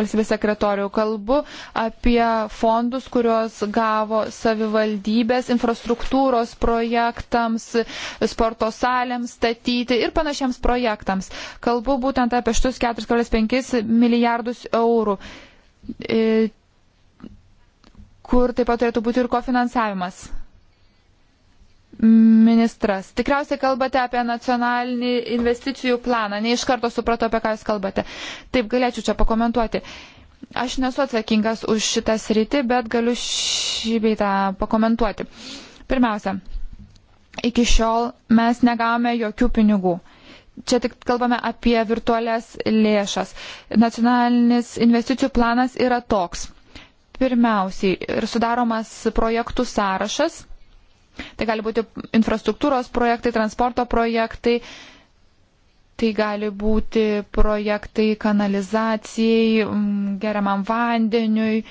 valstybės sekretorių. Kalbu apie fondus, kuriuos gavo savivaldybės infrastruktūros projektams, sporto salėms statyti ir panašiems projektams. Kalbu būtent apie šitus 4,5 milijardus eurų e, kur taip pat turėtų būti ir kofinansavimas ministras. Tikriausiai kalbate apie nacionalinį investicijų planą. Ne iš karto supratau, apie ką jūs kalbate. Taip, galėčiau čia pakomentuoti. Aš nesu atsakingas už šitą sritį, bet galiu šį beitą pakomentuoti. Pirmiausia, iki šiol mes negavome jokių pinigų. Čia tik kalbame apie virtualias lėšas. Nacionalinis investicijų planas yra toks. Pirmiausiai, ir sudaromas projektų sąrašas Tai gali būti infrastruktūros projektai, transporto projektai, tai gali būti projektai kanalizacijai, mm, geriamam vandeniui.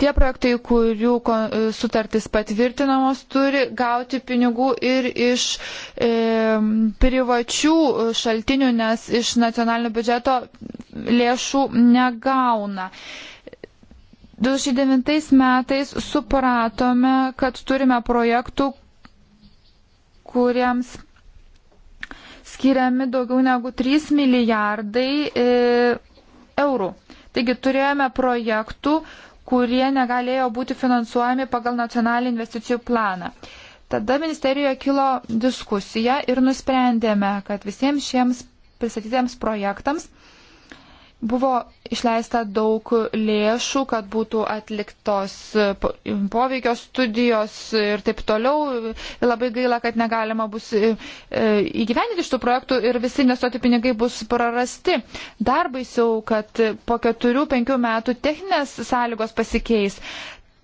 Tie projektai, kurių e, sutartis patvirtinamos, turi gauti pinigų ir iš e, privačių šaltinių, nes iš nacionalinio biudžeto lėšų negauna. E, 2009 metais supratome, kad turime projektų, kuriems skiriami daugiau negu 3 milijardai e, eurų. Taigi turėjome projektų, kurie negalėjo būti finansuojami pagal nacionalinį investicijų planą. Tada ministerijoje kilo diskusija ir nusprendėme, kad visiems šiems pristatytiems projektams Buvo išleista daug lėšų, kad būtų atliktos e, poveikio studijos ir taip toliau. Labai gaila, kad negalima bus e, e, įgyveninti šitų projektų ir visi investuoti pinigai bus prarasti. Dar baisiau, kad po keturių, penkių metų techninės sąlygos pasikeis.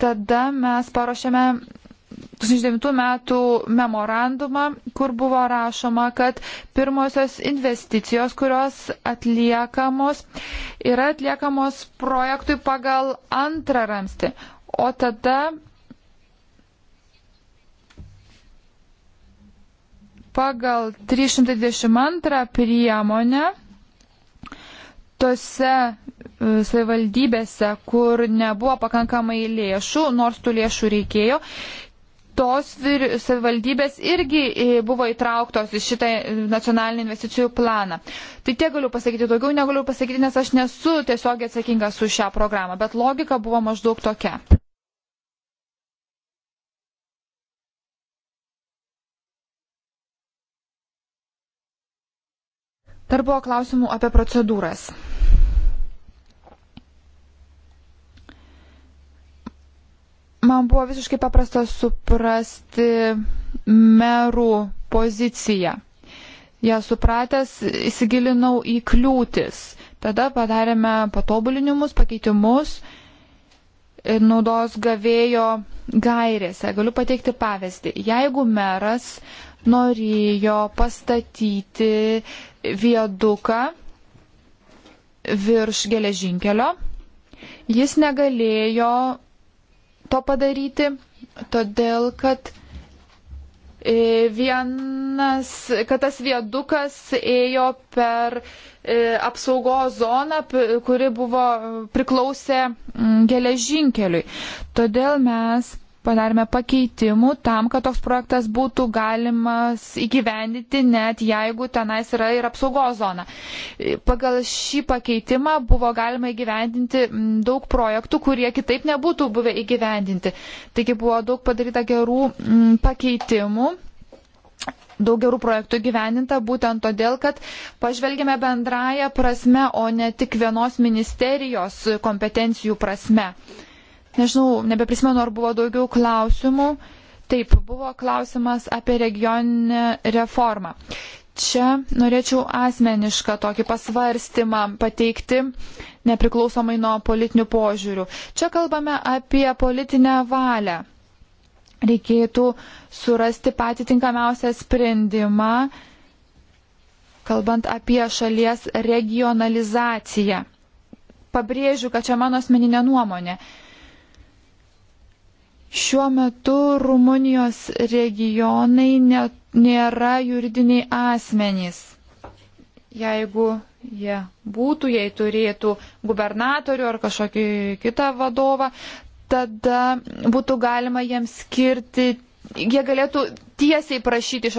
Tada mes paruošėme 2009 metų memorandumą, kur buvo rašoma, kad pirmosios investicijos, kurios atliekamos, yra atliekamos projektui pagal antrą ramstį. O tada pagal 322 priemonę tose e, savivaldybėse, kur nebuvo pakankamai lėšų, nors tų lėšų reikėjo, tos savivaldybės irgi e, buvo įtrauktos į šitą nacionalinį investicijų planą. Tai tiek galiu pasakyti, daugiau negaliu pasakyti, nes aš nesu tiesiog atsakingas už šią programą, bet logika buvo maždaug tokia. Dar buvo klausimų apie procedūras. man buvo visiškai paprasta suprasti merų poziciją. Ja supratęs, įsigilinau į kliūtis. Tada padarėme patobulinimus, pakeitimus naudos gavėjo gairėse. Galiu pateikti pavyzdį. Jeigu meras norėjo pastatyti vieduką virš geležinkelio, jis negalėjo to padaryti, todėl kad e, vienas, kad tas viedukas ėjo per e, apsaugos zoną, kuri buvo priklausė geležinkeliui. Todėl mes padarėme pakeitimų tam, kad toks projektas būtų galimas įgyvendyti, net jeigu tenais yra ir apsaugos zona. Pagal šį pakeitimą buvo galima įgyvendinti mm, daug projektų, kurie kitaip nebūtų buvę įgyvendinti. Taigi buvo daug padaryta gerų m, mm, pakeitimų daug gerų projektų gyveninta, būtent todėl, kad pažvelgėme bendrąją prasme, o ne tik vienos ministerijos kompetencijų prasme. Nežinau, nebeprisimenu, ar buvo daugiau klausimų. Taip, buvo klausimas apie regioninę reformą. Čia norėčiau asmenišką tokį pasvarstymą pateikti, nepriklausomai nuo politinių požiūrių. Čia kalbame apie politinę valią. Reikėtų surasti patį tinkamiausią sprendimą, kalbant apie šalies regionalizaciją. Pabrėžiu, kad čia mano asmeninė nuomonė. Uh, Šiuo metu Rumunijos regionai ne, nėra juridiniai asmenys. Jeigu jie būtų, jei turėtų gubernatorių ar kažkokį kitą vadovą, tada būtų galima jiems skirti, jie galėtų tiesiai prašyti iš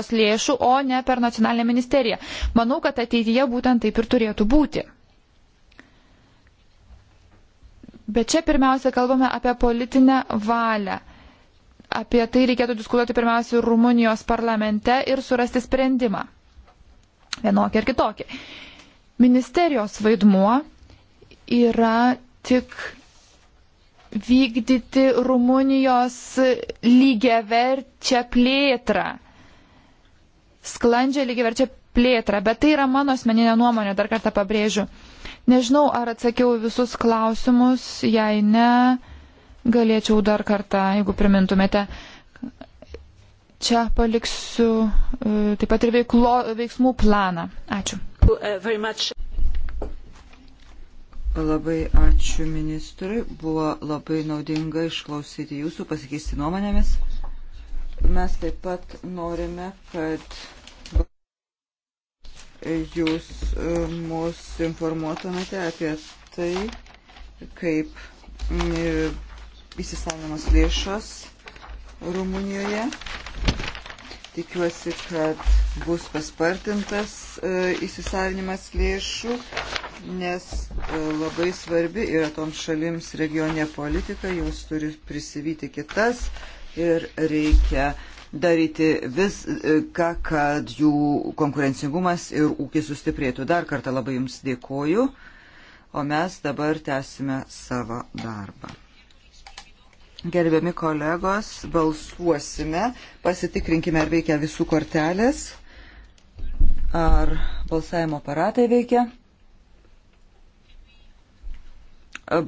ES lėšų, o ne per nacionalinę ministeriją. Manau, kad ateityje būtent taip ir turėtų būti. Bet čia pirmiausia kalbame apie politinę valią. Apie tai reikėtų diskutuoti pirmiausia Rumunijos parlamente ir surasti sprendimą. Vienokį ir kitokį. Ministerijos vaidmuo yra tik vykdyti Rumunijos lygiaverčią plėtrą. Sklandžią lygiaverčią plėtrą. Bet tai yra mano asmeninė nuomonė, dar kartą pabrėžiu. Nežinau, ar atsakiau visus klausimus, jei ne, galėčiau dar kartą, jeigu primintumėte. Čia paliksiu e, taip pat ir veiklo, veiksmų planą. Ačiū. Labai ačiū ministrui. Buvo labai naudinga išklausyti jūsų, pasikeisti nuomonėmis. Mes taip pat norime, kad jūs e, mus informuotumėte apie tai, kaip e, įsisavinamos lėšos Rumunijoje. Tikiuosi, kad bus paspartintas e, įsisavinimas lėšų, nes labai svarbi yra toms šalims regionė politika, jos turi prisivyti kitas ir reikia uh, daryti viską, e, kad jų konkurencingumas ir ūkis sustiprėtų. Dar kartą labai Jums dėkoju, o mes dabar tęsime savo darbą. Gerbiami kolegos, balsuosime, pasitikrinkime, ar veikia visų kortelės, ar balsavimo aparatai veikia.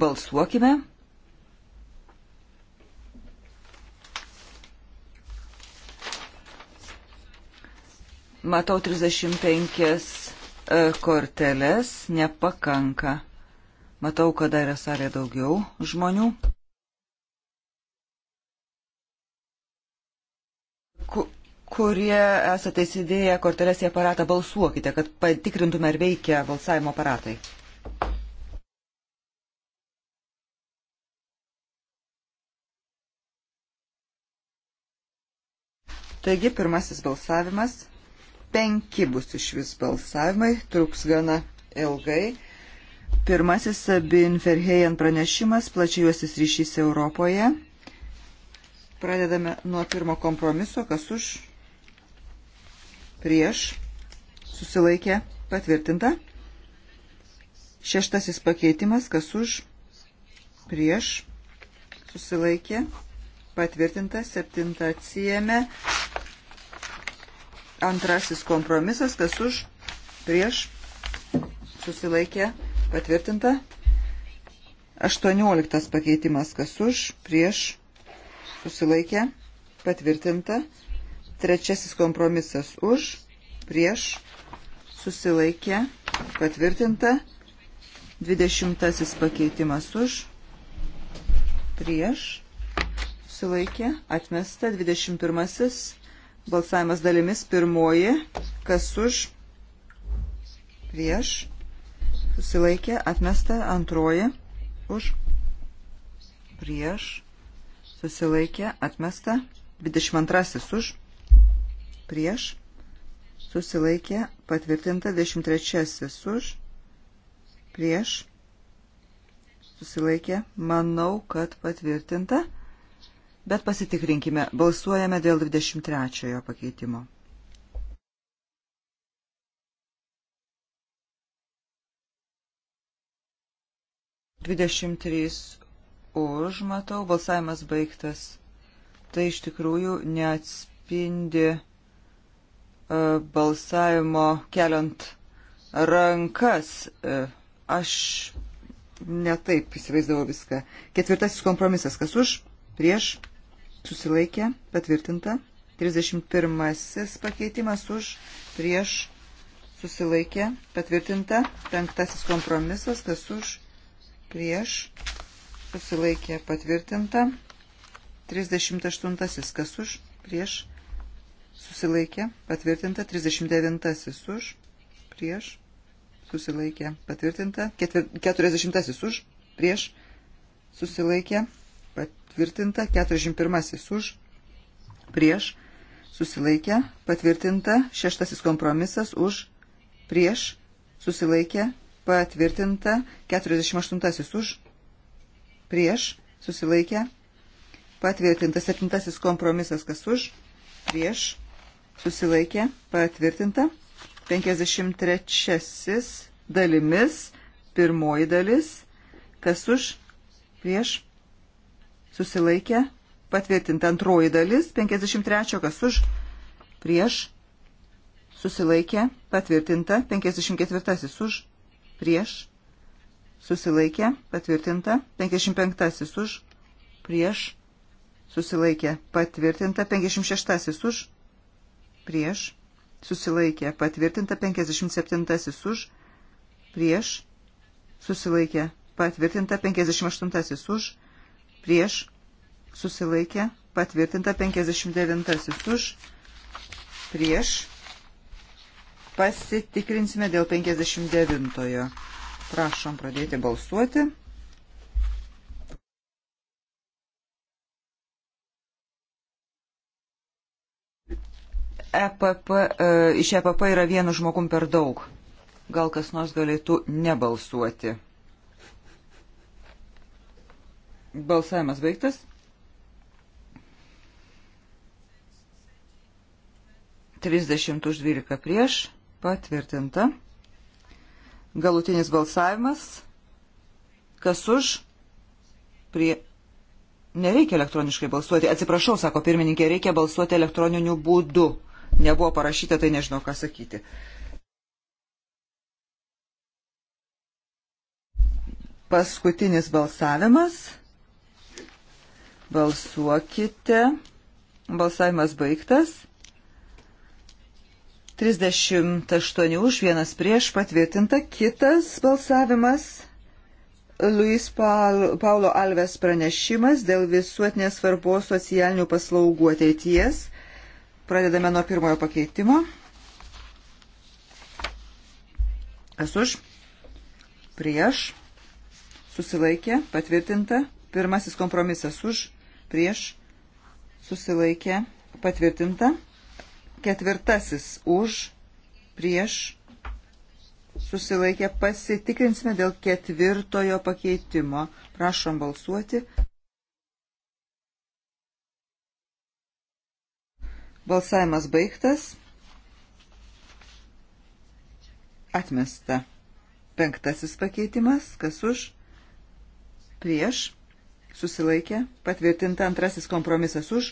Balsuokime. Matau 35 e, korteles, nepakanka. Matau, kad dar yra salė daugiau žmonių. Ku, kurie esate įsidėję korteles į aparatą, balsuokite, kad patikrintume, ar veikia balsavimo aparatai. Taigi, pirmasis balsavimas. Penki bus iš vis balsavimai, truks gana ilgai. Pirmasis Sabin Ferhejan pranešimas, plačiuosis ryšys Europoje. Pradedame nuo pirmo kompromiso, kas už, prieš, susilaikė, patvirtinta. Šeštasis pakeitimas, kas už, prieš, susilaikė, patvirtinta, septinta atsijėmė, Antrasis kompromisas, kas už, prieš, susilaikė, patvirtinta. Aštuonioliktas pakeitimas, kas už, prieš, susilaikė, patvirtinta. Trečiasis kompromisas už, prieš, susilaikė, patvirtinta. Dvidešimtasis pakeitimas už, prieš, susilaikė, atmesta. Dvidešimt pirmasis Balsavimas dalimis pirmoji, kas už, prieš, susilaikė, atmesta, antroji, už, prieš, susilaikė, atmesta, 22 už, prieš, susilaikė, patvirtinta, 23 už, prieš, susilaikė, manau, kad patvirtinta bet pasitikrinkime, balsuojame dėl 23 pakeitimo. Dvidešimt trys už, matau, balsavimas baigtas. Tai iš tikrųjų neatspindi e, balsavimo keliant rankas. E, aš netaip įsivaizdavau viską. Ketvirtasis kompromisas. Kas už? Prieš? susilaikė, patvirtinta. 31 pakeitimas už, prieš, susilaikė, patvirtinta. Penktasis kompromisas, kas už, prieš, susilaikė, patvirtinta. 38 kas už, prieš, susilaikė, patvirtinta. 39 už, prieš, susilaikė, patvirtinta. 40 už, prieš, susilaikė, patvirtinta, 41 už, prieš, susilaikė, patvirtinta, 6 kompromisas už, prieš, susilaikė, patvirtinta, 48 už, prieš, susilaikė, patvirtinta, 7 kompromisas kas už, prieš, susilaikė, patvirtinta, 53 dalimis, pirmoji dalis, kas už, prieš, susilaikė, patvirtinta antroji dalis, 53 kas už, prieš, susilaikė, patvirtinta, 54 už, prieš, susilaikė, patvirtinta, 55 už, prieš, susilaikė, patvirtinta, 56 už, prieš, susilaikė, patvirtinta, 57 už, prieš, susilaikė, patvirtinta, 58 už, prieš, prieš susilaikė patvirtinta 59 už prieš pasitikrinsime dėl 59 -ojo. prašom pradėti balsuoti EPP, e, iš EPP yra vienu žmogum per daug. Gal kas nors galėtų nebalsuoti. Balsavimas baigtas. Trisdešimt už dvylika prieš. Patvirtinta. Galutinis balsavimas. Kas už? Prie... Nereikia elektroniškai balsuoti. Atsiprašau, sako pirmininkė, reikia balsuoti elektroniniu būdu. Nebuvo parašyta, tai nežinau, ką sakyti. Paskutinis balsavimas. Balsuokite. Balsavimas baigtas. 38 už, vienas prieš patvirtinta. Kitas balsavimas. Luis Paulo Alves pranešimas dėl visuotinės svarbos socialinių paslaugų ateities. Pradedame nuo pirmojo pakeitimo. Kas už? Prieš. Susilaikė. Patvirtinta. Pirmasis kompromisas už prieš susilaikė patvirtinta. Ketvirtasis už prieš susilaikė pasitikrinsime dėl ketvirtojo pakeitimo. Prašom balsuoti. Balsavimas baigtas. Atmesta. Penktasis pakeitimas. Kas už? Prieš susilaikė, patvirtinta antrasis kompromisas už,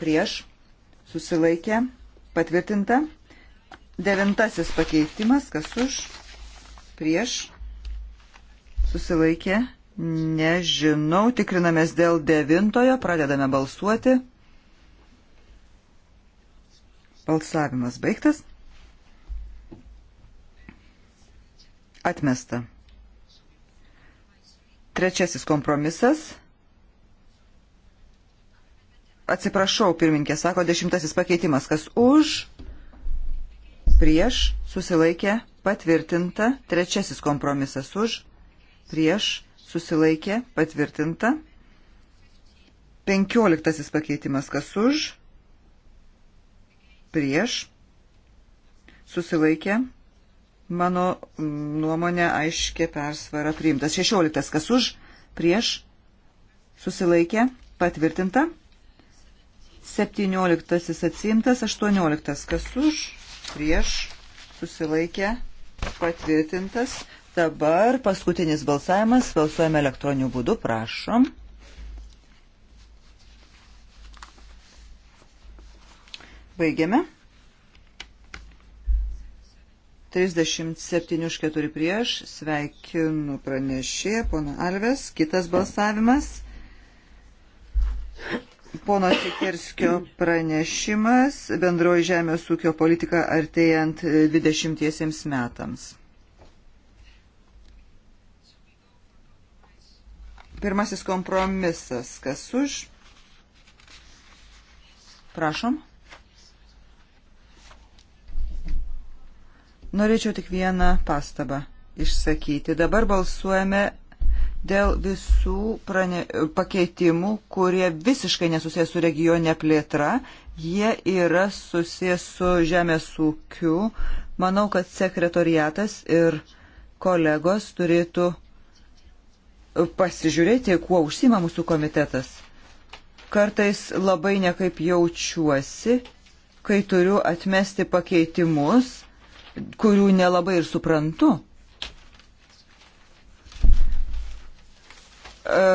prieš, susilaikė, patvirtinta devintasis pakeitimas, kas už, prieš, susilaikė, nežinau, tikrinamės dėl devintojo, pradedame balsuoti. Balsavimas baigtas. Atmesta. Trečiasis kompromisas. Atsiprašau, pirminkė sako, dešimtasis pakeitimas. Kas už, prieš, susilaikė, patvirtinta. Trečiasis kompromisas už, prieš, susilaikė, patvirtinta. Penkioliktasis pakeitimas. Kas už, prieš, susilaikė, patvirtinta mano nuomonė aiškiai persvara priimtas. 16. Kas už, prieš, susilaikė, patvirtinta. 17. Atsimtas, 18. Kas už, prieš, susilaikė, patvirtintas. Dabar paskutinis balsavimas, balsuojame elektroniniu būdu, prašom. Baigiame. 37 už 4 prieš. Sveikinu pranešė, pono Alves. Kitas balsavimas. Pono Sikerskio pranešimas bendroji žemės ūkio politika artėjant 20 metams. Pirmasis kompromisas. Kas už? Prašom. Norėčiau tik vieną pastabą išsakyti. Dabar balsuojame dėl visų prane, pakeitimų, kurie visiškai nesusijęs su regione plėtra, jie yra susijęs su žemės ūkiu. Manau, kad sekretoriatas ir kolegos turėtų pasižiūrėti, kuo užsima mūsų komitetas. Kartais labai nekaip jaučiuosi, kai turiu atmesti pakeitimus kurių nelabai ir suprantu. E,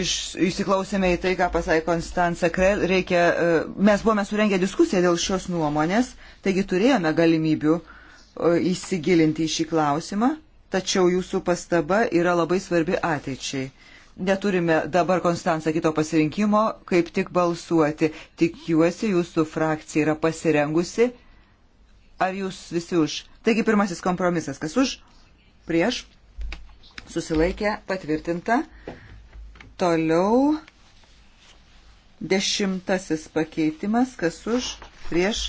iš, įsiklausėme į tai, ką pasakė Konstanca Krell. Reikia, e, mes buvome surengę diskusiją dėl šios nuomonės, taigi turėjome galimybių e, įsigilinti į šį klausimą, tačiau jūsų pastaba yra labai svarbi ateičiai. Neturime dabar, Konstanca, kito pasirinkimo, kaip tik balsuoti. Tikiuosi, jūsų frakcija yra pasirengusi Ar jūs visi už? Taigi pirmasis kompromisas. Kas už? Prieš. Susilaikė. Patvirtinta. Toliau. Dešimtasis pakeitimas. Kas už? Prieš.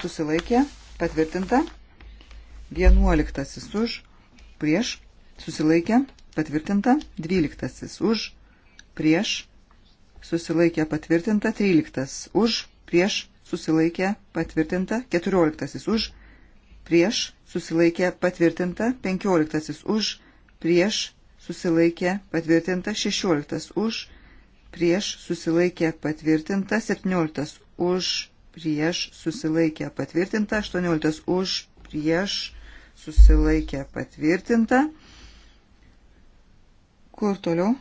Susilaikė. Patvirtinta. Vienuoliktasis už. Prieš. Susilaikė. Patvirtinta. Dvyliktasis už. Prieš. Susilaikė. Patvirtinta. Tryliktas už. Prieš susilaikė patvirtinta, 14 už, prieš susilaikė patvirtinta, 15 už, prieš susilaikė patvirtinta, 16 už, prieš susilaikė patvirtinta, 17 už, prieš susilaikė patvirtinta, 18 už, prieš susilaikė patvirtinta. Kur toliau?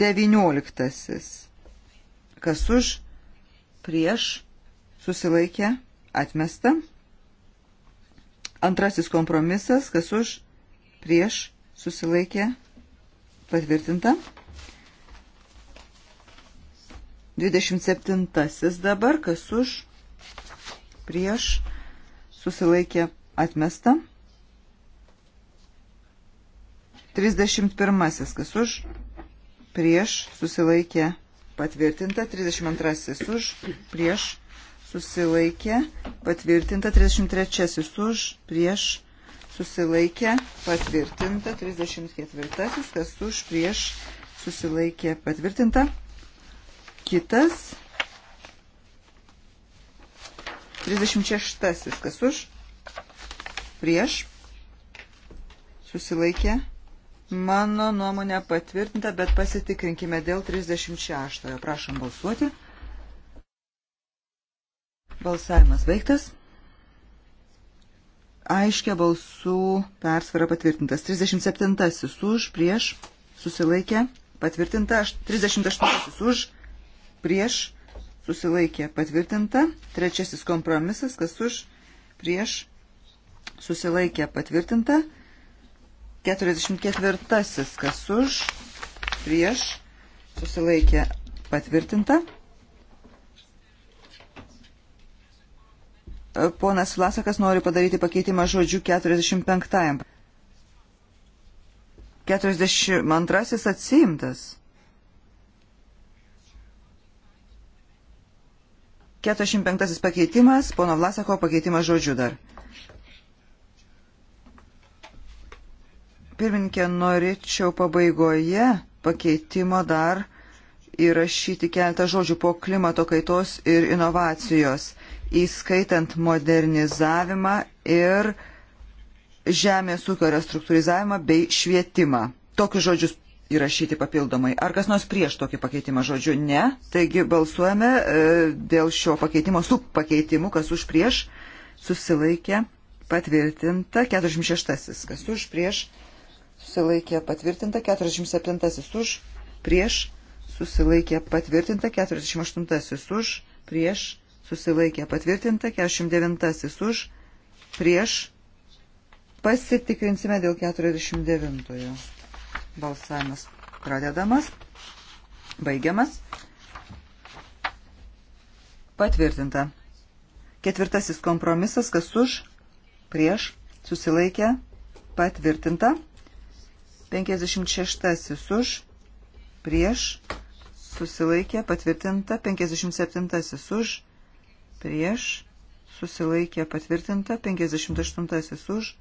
Devynioliktasis. Kas už? prieš, susilaikė, atmesta. Antrasis kompromisas, kas už, prieš, susilaikė, patvirtinta. 27 dabar, kas už, prieš, susilaikė, atmesta. 31 kas už, prieš, susilaikė, atmesta patvirtinta, 32 už, prieš, susilaikė, patvirtinta, 33 už, prieš, susilaikė, patvirtinta, 34, kas už, prieš, susilaikė, patvirtinta. Kitas, 36, kas už, prieš, susilaikė, patvirtinta Mano nuomonė patvirtinta, bet pasitikrinkime dėl 36. Prašom balsuoti. Balsavimas baigtas. Aiškia balsų persvara patvirtintas. 37. už, prieš, susilaikė, patvirtinta. 38. už, prieš, susilaikė, patvirtinta. Trečiasis kompromisas, kas už, prieš, susilaikė, patvirtinta. 44. Kas už, prieš, susilaikė patvirtinta. Ponas Vlasakas nori padaryti pakeitimą žodžių 45. 42 atsiimtas. 45 pakeitimas, pono Vlasako pakeitimas žodžių dar. Pirminkė, norėčiau pabaigoje pakeitimo dar įrašyti keletą žodžių po klimato kaitos ir inovacijos, įskaitant modernizavimą ir žemės ūkio restruktūrizavimą bei švietimą. Tokius žodžius įrašyti papildomai. Ar kas nors prieš tokį pakeitimą žodžiu? Ne. Taigi balsuojame e, dėl šio pakeitimo su pakeitimu, kas už prieš susilaikė patvirtinta 46. Kas už prieš susilaikė patvirtinta, 47 už, prieš susilaikė patvirtinta, 48 už, prieš susilaikė patvirtinta, 49 už, prieš pasitikrinsime dėl 49. Balsavimas pradedamas, baigiamas, patvirtinta. Ketvirtasis kompromisas, kas už, prieš, susilaikė, patvirtinta. 56 už, prieš, susilaikė, patvirtinta, 57 už, prieš, susilaikė, patvirtinta, 58 už,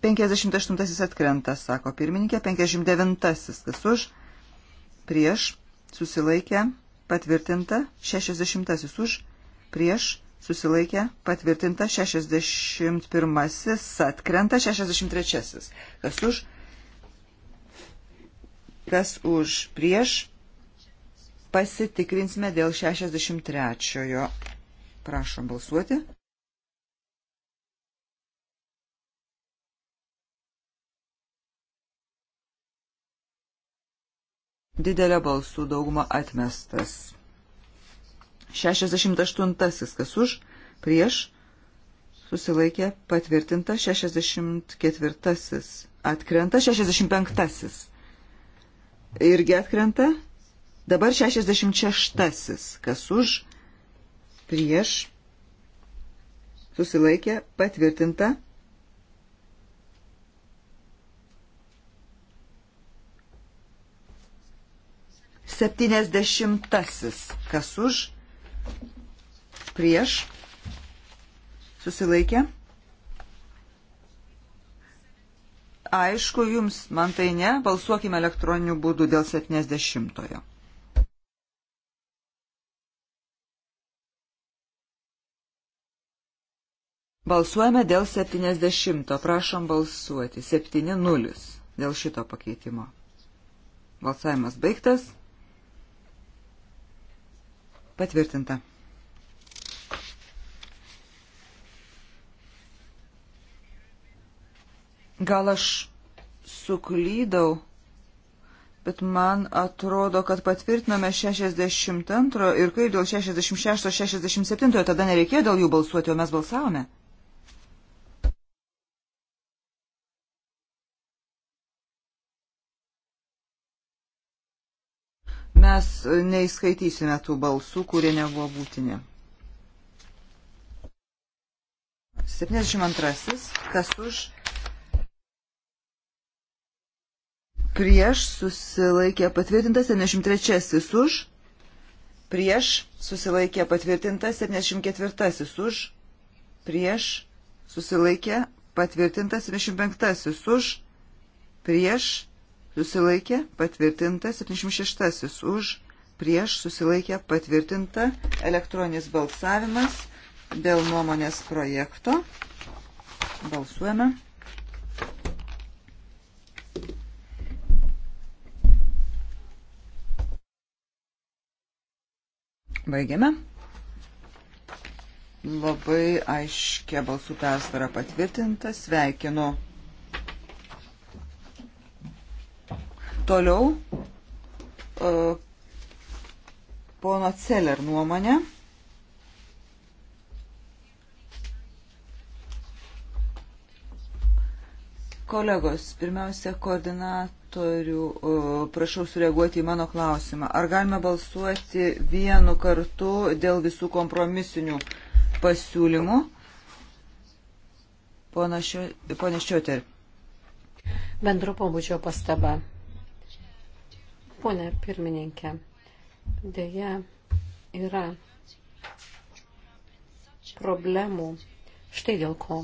58 atkrenta, sako pirmininkė, 59 kas už, prieš, susilaikė, patvirtinta, 60 už, prieš, susilaikė, patvirtinta 61, atkrenta 63, kas už, Kas už prieš? Pasitikrinsime dėl 63-ojo. Prašom balsuoti. Didelė balsų dauguma atmestas. 68-asis kas už prieš? susilaikė patvirtinta 64-asis, atkrenta 65-asis irgi atkrenta. Dabar 66. Kas už, prieš, susilaikė, patvirtinta. Septyniasdešimtasis. Kas už, prieš, susilaikė, patvirtinta aišku jums, man tai ne, balsuokime elektroniniu būdu dėl 70-ojo. Balsuojame dėl 70, prašom balsuoti, 7-0 dėl šito pakeitimo. Balsavimas baigtas. Patvirtinta. Gal aš suklydau, bet man atrodo, kad patvirtinome 62 ir kai dėl 66-67, tada nereikėjo dėl jų balsuoti, o mes balsavome. mes neįskaitysime tų balsų, kurie nebuvo būtini. 72. Kas už? prieš susilaikė patvirtintas 73 už, prieš susilaikė patvirtintas 74 už, prieš susilaikė patvirtintas 75 už, prieš susilaikė patvirtintas 76 už, prieš susilaikė patvirtinta elektroninis balsavimas dėl nuomonės projekto. Balsuojame. Baigiame. Labai aiškia balsų persvara patvirtinta. Sveikinu. Toliau e, pono Celer nuomonę. Kolegos, pirmiausia, koordinat koordinatorių prašau sureaguoti į mano klausimą. Ar galime balsuoti vienu kartu dėl visų kompromisinių pasiūlymų? Pone Ščioter. Bendro pobūdžio pastaba. Pone pirmininkė, dėja yra problemų. Štai dėl ko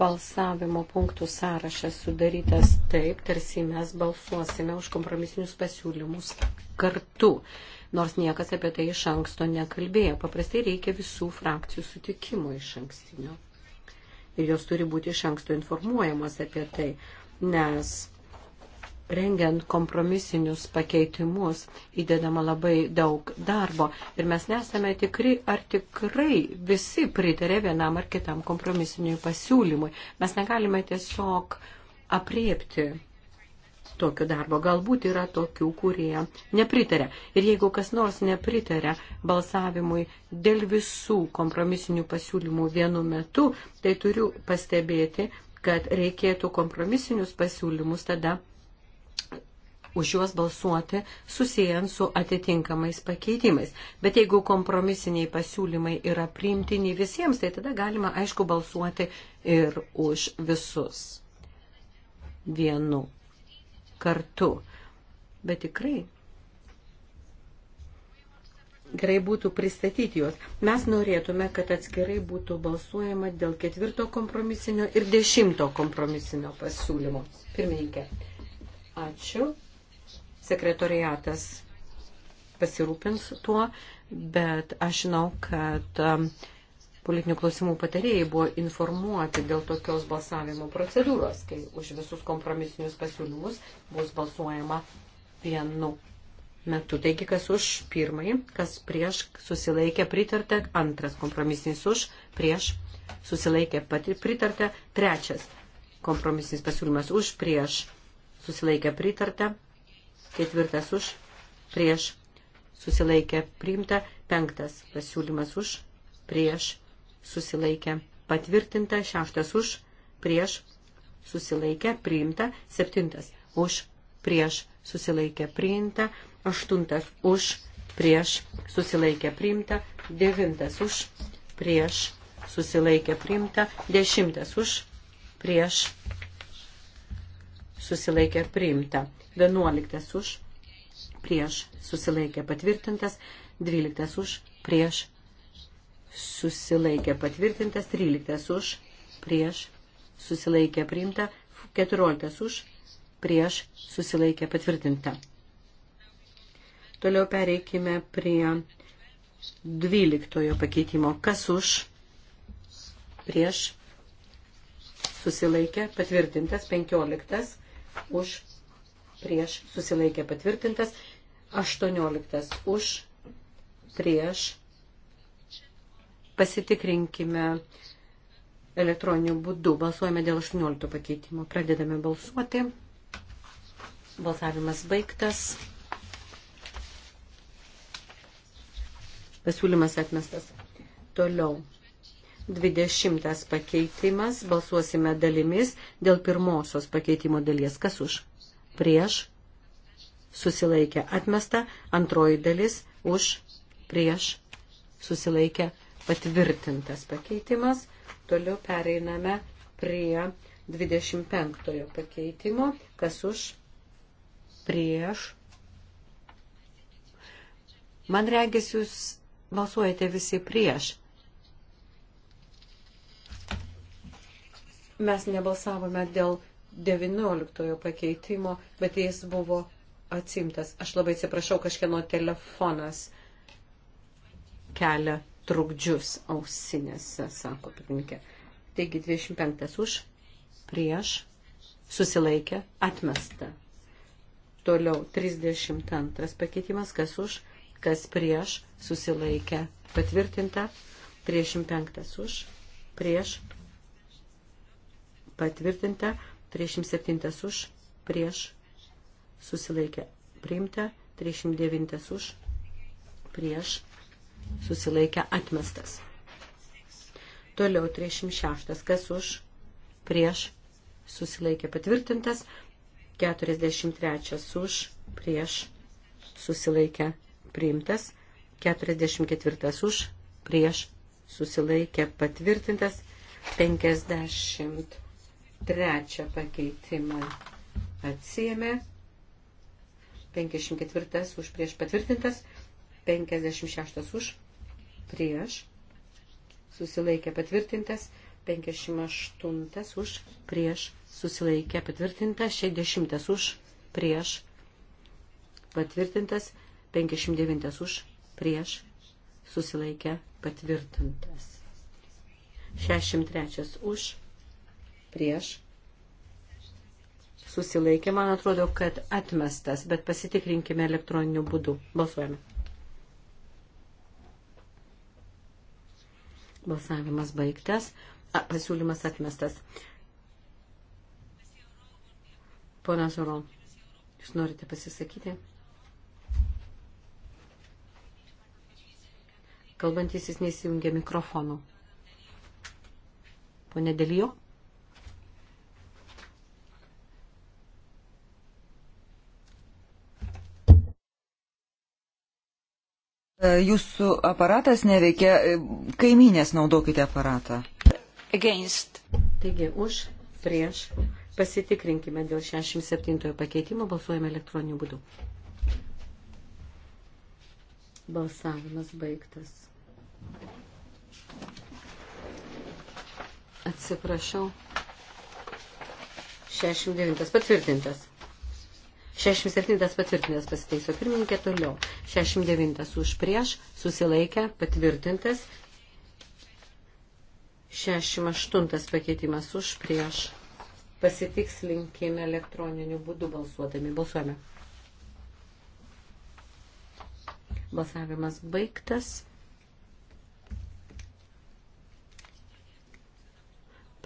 balsavimo punktų sąrašas sudarytas taip, tarsi mes balsuosime už kompromisinius pasiūlymus kartu, nors niekas apie tai iš anksto nekalbėjo. Paprastai reikia visų frakcijų sutikimo iš ankstinio. Ir jos turi būti iš anksto informuojamos apie tai, nes rengiant kompromisinius pakeitimus įdedama labai daug darbo ir mes nesame tikri, ar tikrai visi pritarė vienam ar kitam kompromisiniui pasiūlymui. Mes negalime tiesiog apriepti tokio darbo. Galbūt yra tokių, kurie nepritarė. Ir jeigu kas nors nepritarė balsavimui dėl visų kompromisinių pasiūlymų vienu metu, tai turiu pastebėti, kad reikėtų kompromisinius pasiūlymus tada už juos balsuoti susijęs su atitinkamais pakeitimais. Bet jeigu kompromisiniai pasiūlymai yra priimtini visiems, tai tada galima, aišku, balsuoti ir už visus vienu kartu. Bet tikrai gerai būtų pristatyti juos. Mes norėtume, kad atskirai būtų balsuojama dėl ketvirto kompromisinio ir dešimto kompromisinio pasiūlymo. Pirmininkė. Ačiū. Sekretoriatas pasirūpins tuo, bet aš žinau, kad um, politinių klausimų patarėjai buvo informuoti dėl tokios balsavimo procedūros, kai už visus kompromisinius pasiūlymus bus balsuojama vienu metu. Taigi, kas už pirmąjį, kas prieš susilaikė pritartę, antras kompromisinis už, prieš susilaikė pritartę, trečias kompromisinis pasiūlymas už, prieš susilaikė pritarta, ketvirtas už, prieš, susilaikė priimta, penktas pasiūlymas už, prieš, susilaikė patvirtinta, šeštas už, prieš, susilaikė priimta, septintas už, prieš, susilaikė priimta, aštuntas už, prieš, susilaikė priimta, devintas už, prieš, susilaikė priimta, dešimtas už, prieš, susilaikė priimta, 11 už, prieš susilaikė patvirtintas, 12 už, prieš susilaikė patvirtintas, 13 už, prieš susilaikė priimta, 14 už, prieš susilaikė patvirtinta. Toliau pereikime prie 12 pakeitimo. Kas už, prieš susilaikė patvirtintas, 15 už prieš susilaikė patvirtintas, 18 už prieš pasitikrinkime elektroniniu būdu. Balsuojame dėl 18 pakeitimo. Pradedame balsuoti. Balsavimas baigtas. Pasiūlymas atmestas. Toliau. 20 pakeitimas. Balsuosime dalimis dėl pirmosios pakeitimo dalies. Kas už? Prieš. Susilaikė atmesta. Antroji dalis. Už. Prieš. Susilaikė patvirtintas pakeitimas. Toliau pereiname prie 25 pakeitimo. Kas už? Prieš. Man regis, jūs balsuojate visi prieš. Mes nebalsavome dėl 19 pakeitimo, bet jis buvo atsimtas. Aš labai atsiprašau, kažkieno telefonas kelia trukdžius ausinėse, sako pirmininkė. Taigi 25 už, prieš, susilaikė, atmesta. Toliau 32 pakeitimas, kas už, kas prieš, susilaikė, patvirtinta. 35 už, prieš, patvirtinta, 37 už, prieš, susilaikė, priimta, 39 už, prieš, susilaikė, atmestas. Toliau 36, kas už, prieš, susilaikė, patvirtintas, 43 už, prieš, susilaikė, priimtas, 44 už, prieš, susilaikė, patvirtintas, 50 Trečią pakeitimą atsijėmė. 54 už prieš patvirtintas. 56 už prieš. Susilaikė patvirtintas. 58 už prieš. Susilaikė patvirtintas. 60 už prieš. Patvirtintas. 59 už prieš. Susilaikė patvirtintas. 63 už prieš susilaikė. Man atrodo, kad atmestas, bet pasitikrinkime elektroniniu būdu. Balsuojame. Balsavimas baigtas. A, pasiūlymas atmestas. Ponas Oro, jūs norite pasisakyti? Kalbantysis nesijungia mikrofonų. Pone Delijo? E, jūsų aparatas neveikia, e, kaiminės naudokite aparatą. Against. Taigi, už, prieš. Pasitikrinkime dėl 67 pakeitimo, balsuojame elektroniniu būdu. Balsavimas baigtas. Atsiprašau. 69 patvirtintas. 67 patvirtintas pasiteiso pirmininkė toliau. 69 už prieš susilaikę patvirtintas. 68 pakeitimas už prieš. Pasitikslinkime elektroniniu būdu balsuodami. Balsuojame. Balsavimas baigtas.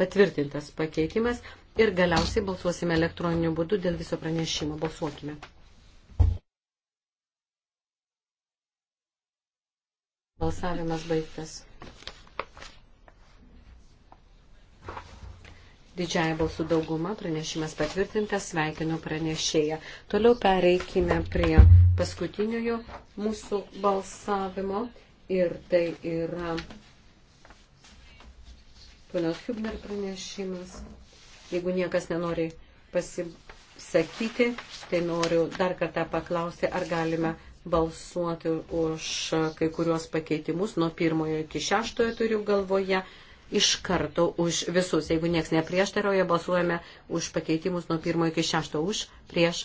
Patvirtintas pakeitimas ir galiausiai balsuosime elektroniniu būdu dėl viso pranešimo. Balsuokime. Balsavimas baigtas. Didžiaja balsų dauguma pranešimas patvirtintas, sveikinu pranešėją. Toliau pereikime prie paskutiniojo mūsų balsavimo ir tai yra ponios Hübner pranešimas. Jeigu niekas nenori pasisakyti, tai noriu dar kartą paklausti, ar galime balsuoti už kai kuriuos pakeitimus nuo pirmojo iki šeštojo turiu galvoje iš karto už visus. Jeigu nieks neprieštarauja, balsuojame už pakeitimus nuo 1 iki 6 už, prieš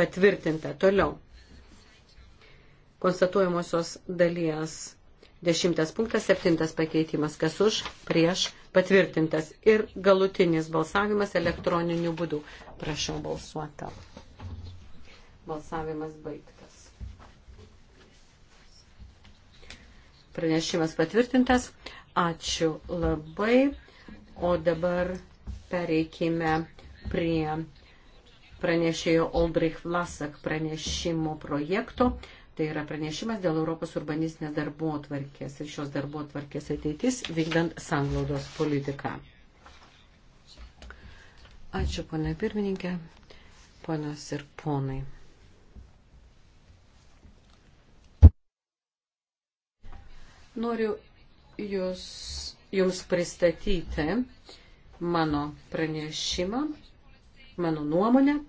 patvirtinta. Toliau. Konstatuojamosios dalies Dešimtas punktas, septintas pakeitimas, kas už, prieš, patvirtintas. Ir galutinis balsavimas elektroniniu būdu. Prašau balsuota. Balsavimas baigtas. Pranešimas patvirtintas. Ačiū labai. O dabar pereikime prie pranešėjo Oldrich Vlasak pranešimo projekto Tai yra pranešimas dėl Europos urbanistinės darbo atvarkės ir šios darbo atvarkės ateitis vykdant sanglaudos politiką. Ačiū, ponė pirmininkė, ponios ir ponai. Noriu jūs, jums pristatyti mano pranešimą, mano nuomonę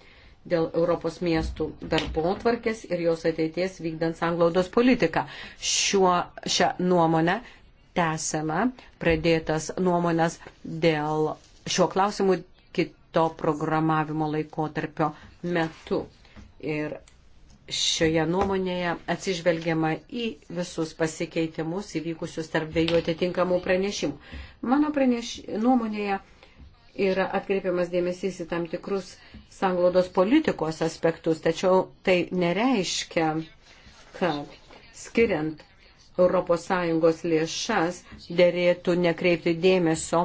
dėl Europos miestų darbo tvarkės ir jos ateities vykdant sanglaudos politiką. Šiuo, šią nuomonę tęsiame pradėtas nuomonės dėl šiuo klausimu kito programavimo laikotarpio metu. Ir šioje nuomonėje atsižvelgiama į visus pasikeitimus įvykusius tarp dviejų atitinkamų pranešimų. Mano praneš... nuomonėje yra atkreipiamas dėmesys į tam tikrus sanglaudos politikos aspektus, tačiau tai nereiškia, kad skiriant ES lėšas dėrėtų nekreipti dėmesio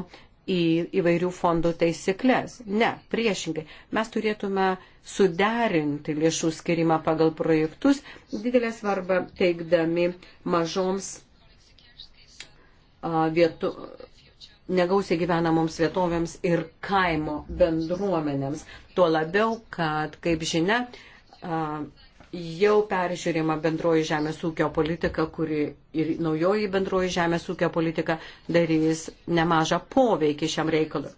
į įvairių fondų taisyklės. Ne, priešingai, mes turėtume suderinti lėšų skirimą pagal projektus, didelę svarbą teikdami mažoms vietų, negausiai gyvenamoms vietovėms ir kaimo bendruomenėms. Tuo labiau, kad, kaip žinia, jau peržiūrima bendroji žemės ūkio politika, kuri ir naujoji bendroji žemės ūkio politika darys nemažą poveikį šiam reikalui.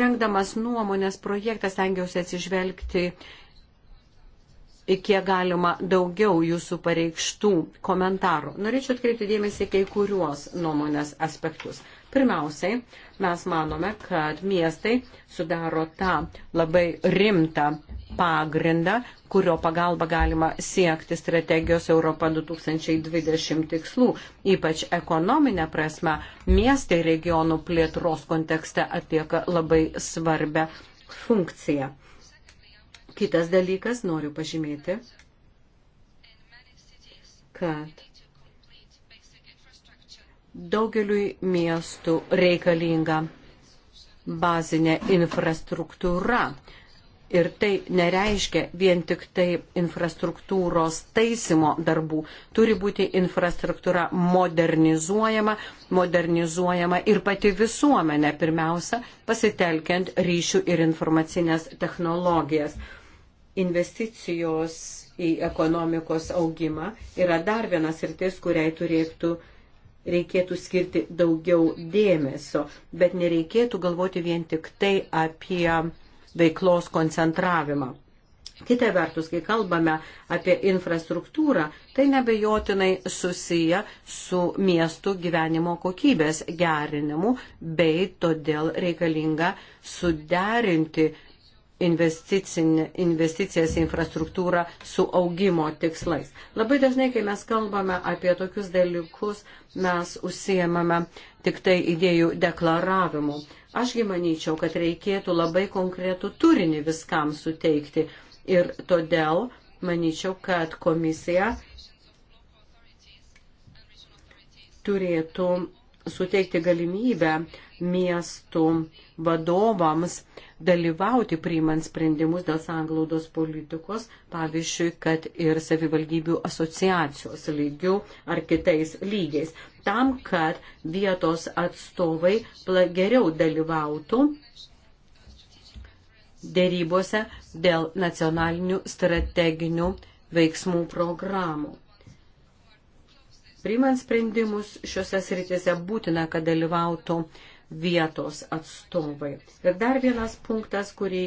Rengdamas nuomonės projektą stengiausi atsižvelgti į kiek galima daugiau jūsų pareikštų komentarų. Norėčiau atkreipti dėmesį kai kuriuos nuomonės aspektus. Pirmiausiai, mes manome, kad miestai sudaro tą labai rimtą pagrindą, kurio pagalba galima siekti strategijos Europa 2020 tikslų. Ypač ekonominė prasme, miestai regionų plėtros kontekste atlieka labai svarbę funkciją. Kitas dalykas, noriu pažymėti, kad daugeliui miestų reikalinga bazinė infrastruktūra. Ir tai nereiškia vien tik tai infrastruktūros taisimo darbų. Turi būti infrastruktūra modernizuojama, modernizuojama ir pati visuomenė, pirmiausia, pasitelkiant ryšių ir informacinės technologijas. Investicijos į ekonomikos augimą yra dar vienas rytis, kuriai turėtų reikėtų skirti daugiau dėmesio, bet nereikėtų galvoti vien tik tai apie veiklos koncentravimą. Kita vertus, kai kalbame apie infrastruktūrą, tai nebejotinai susiję su miestų gyvenimo kokybės gerinimu, bei todėl reikalinga suderinti investicijas į infrastruktūrą su augimo tikslais. Labai dažnai, kai mes kalbame apie tokius dalykus, mes užsiemame tik tai idėjų deklaravimu. Ašgi manyčiau, kad reikėtų labai konkretų turinį viskam suteikti ir todėl manyčiau, kad komisija turėtų suteikti galimybę miestų vadovams dalyvauti priimant sprendimus dėl sanglaudos politikos, pavyzdžiui, kad ir savivaldybių asociacijos lygių ar kitais lygiais, tam, kad vietos atstovai geriau dalyvautų dėrybose dėl nacionalinių strateginių veiksmų programų. Priimant sprendimus šiuose srityse būtina, kad dalyvautų uh, vietos atstovai. Ir dar vienas punktas, kurį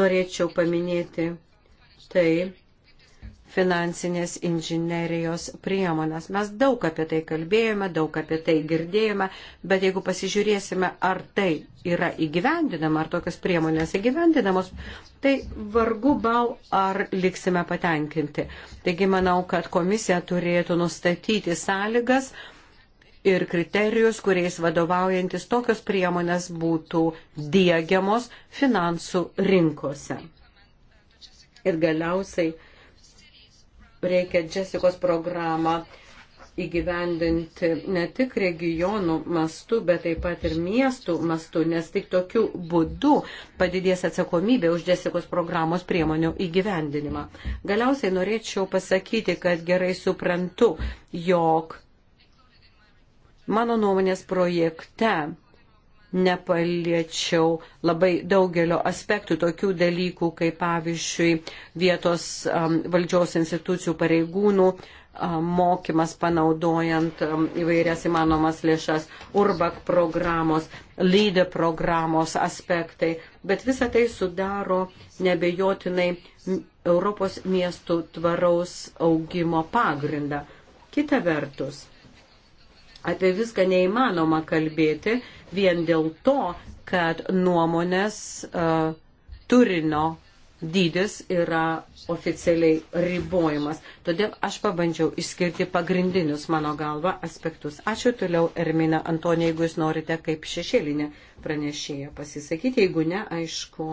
norėčiau paminėti, tai finansinės inžinerijos priemonės. Mes daug apie tai kalbėjome, daug apie tai girdėjome, bet jeigu pasižiūrėsime, ar tai yra įgyvendinama, ar tokios priemonės įgyvendinamos, tai vargu bau, ar liksime patenkinti. Taigi manau, kad komisija turėtų nustatyti sąlygas, ir kriterijus, kuriais vadovaujantis tokios priemonės būtų dėgiamos finansų rinkose. Ir galiausiai reikia Jessicos programą įgyvendinti ne tik regionų mastu, bet taip pat ir miestų mastu, nes tik tokiu būdu padidės atsakomybė už Jessicos programos priemonių įgyvendinimą. Galiausiai norėčiau pasakyti, kad gerai suprantu, jog Mano nuomonės projekte nepaliečiau labai daugelio aspektų, tokių dalykų, kaip pavyzdžiui vietos um, valdžios institucijų pareigūnų um, mokymas panaudojant um, įvairias įmanomas lėšas, URBAK programos, LYDE programos aspektai, bet visa tai sudaro nebejotinai Europos miestų tvaraus augimo pagrindą. Kita vertus, Apie viską neįmanoma kalbėti vien dėl to, kad nuomonės uh, turinio dydis yra oficialiai ribojimas. Todėl aš pabandžiau išskirti pagrindinius mano galva aspektus. Ačiū toliau Ermina Antonija, jeigu jūs norite kaip šešėlinė pranešėja pasisakyti, jeigu ne, aišku,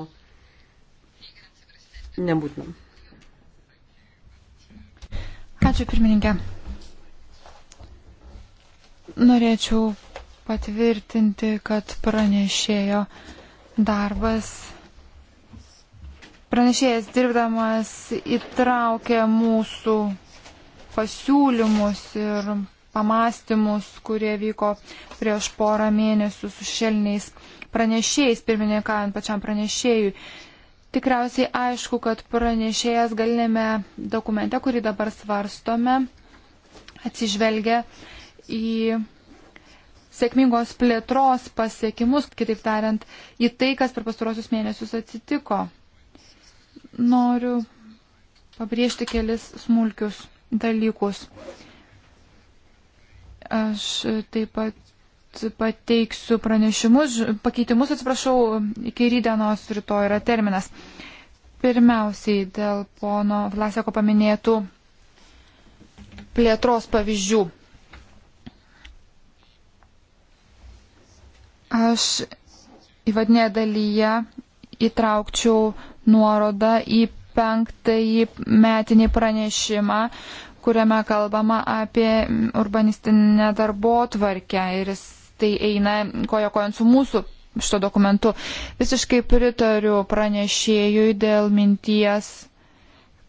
nebūtinam. Ačiū pirmininkė. Norėčiau patvirtinti, kad pranešėjo darbas. Pranešėjas dirbdamas įtraukė mūsų pasiūlymus ir pamastymus, kurie vyko prieš porą mėnesių su šelniais pranešėjais, pirmininkavant pačiam pranešėjui. Tikriausiai aišku, kad pranešėjas galinėme dokumente, kurį dabar svarstome, atsižvelgia į sėkmingos plėtros pasiekimus, kitaip tariant, į tai, kas per pastarosius mėnesius atsitiko. Noriu pabrėžti kelis smulkius dalykus. Aš taip pat pateiksiu pranešimus, pakeitimus, atsiprašau, iki rydienos rytoj yra terminas. Pirmiausiai dėl pono Vlaseko paminėtų plėtros pavyzdžių. aš įvadinėje dalyje įtraukčiau nuorodą į penktąjį metinį pranešimą, kuriame kalbama apie urbanistinę darbo tvarkę ir jis tai eina koja kojant su mūsų šito dokumentu. Visiškai pritariu pranešėjui dėl minties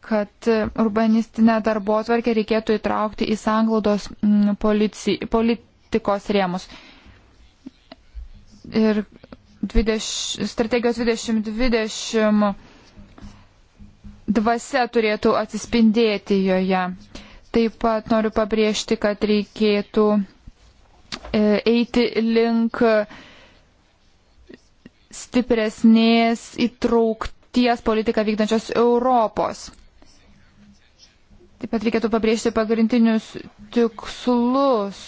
kad urbanistinę darbo tvarkę reikėtų įtraukti į sanglaudos politikos rėmus ir 20, strategijos 2020 dvasia turėtų atsispindėti joje. Taip pat noriu pabrėžti, kad reikėtų e, eiti link stipresnės įtraukties politiką vykdančios Europos. Taip pat reikėtų pabrėžti pagrindinius tikslus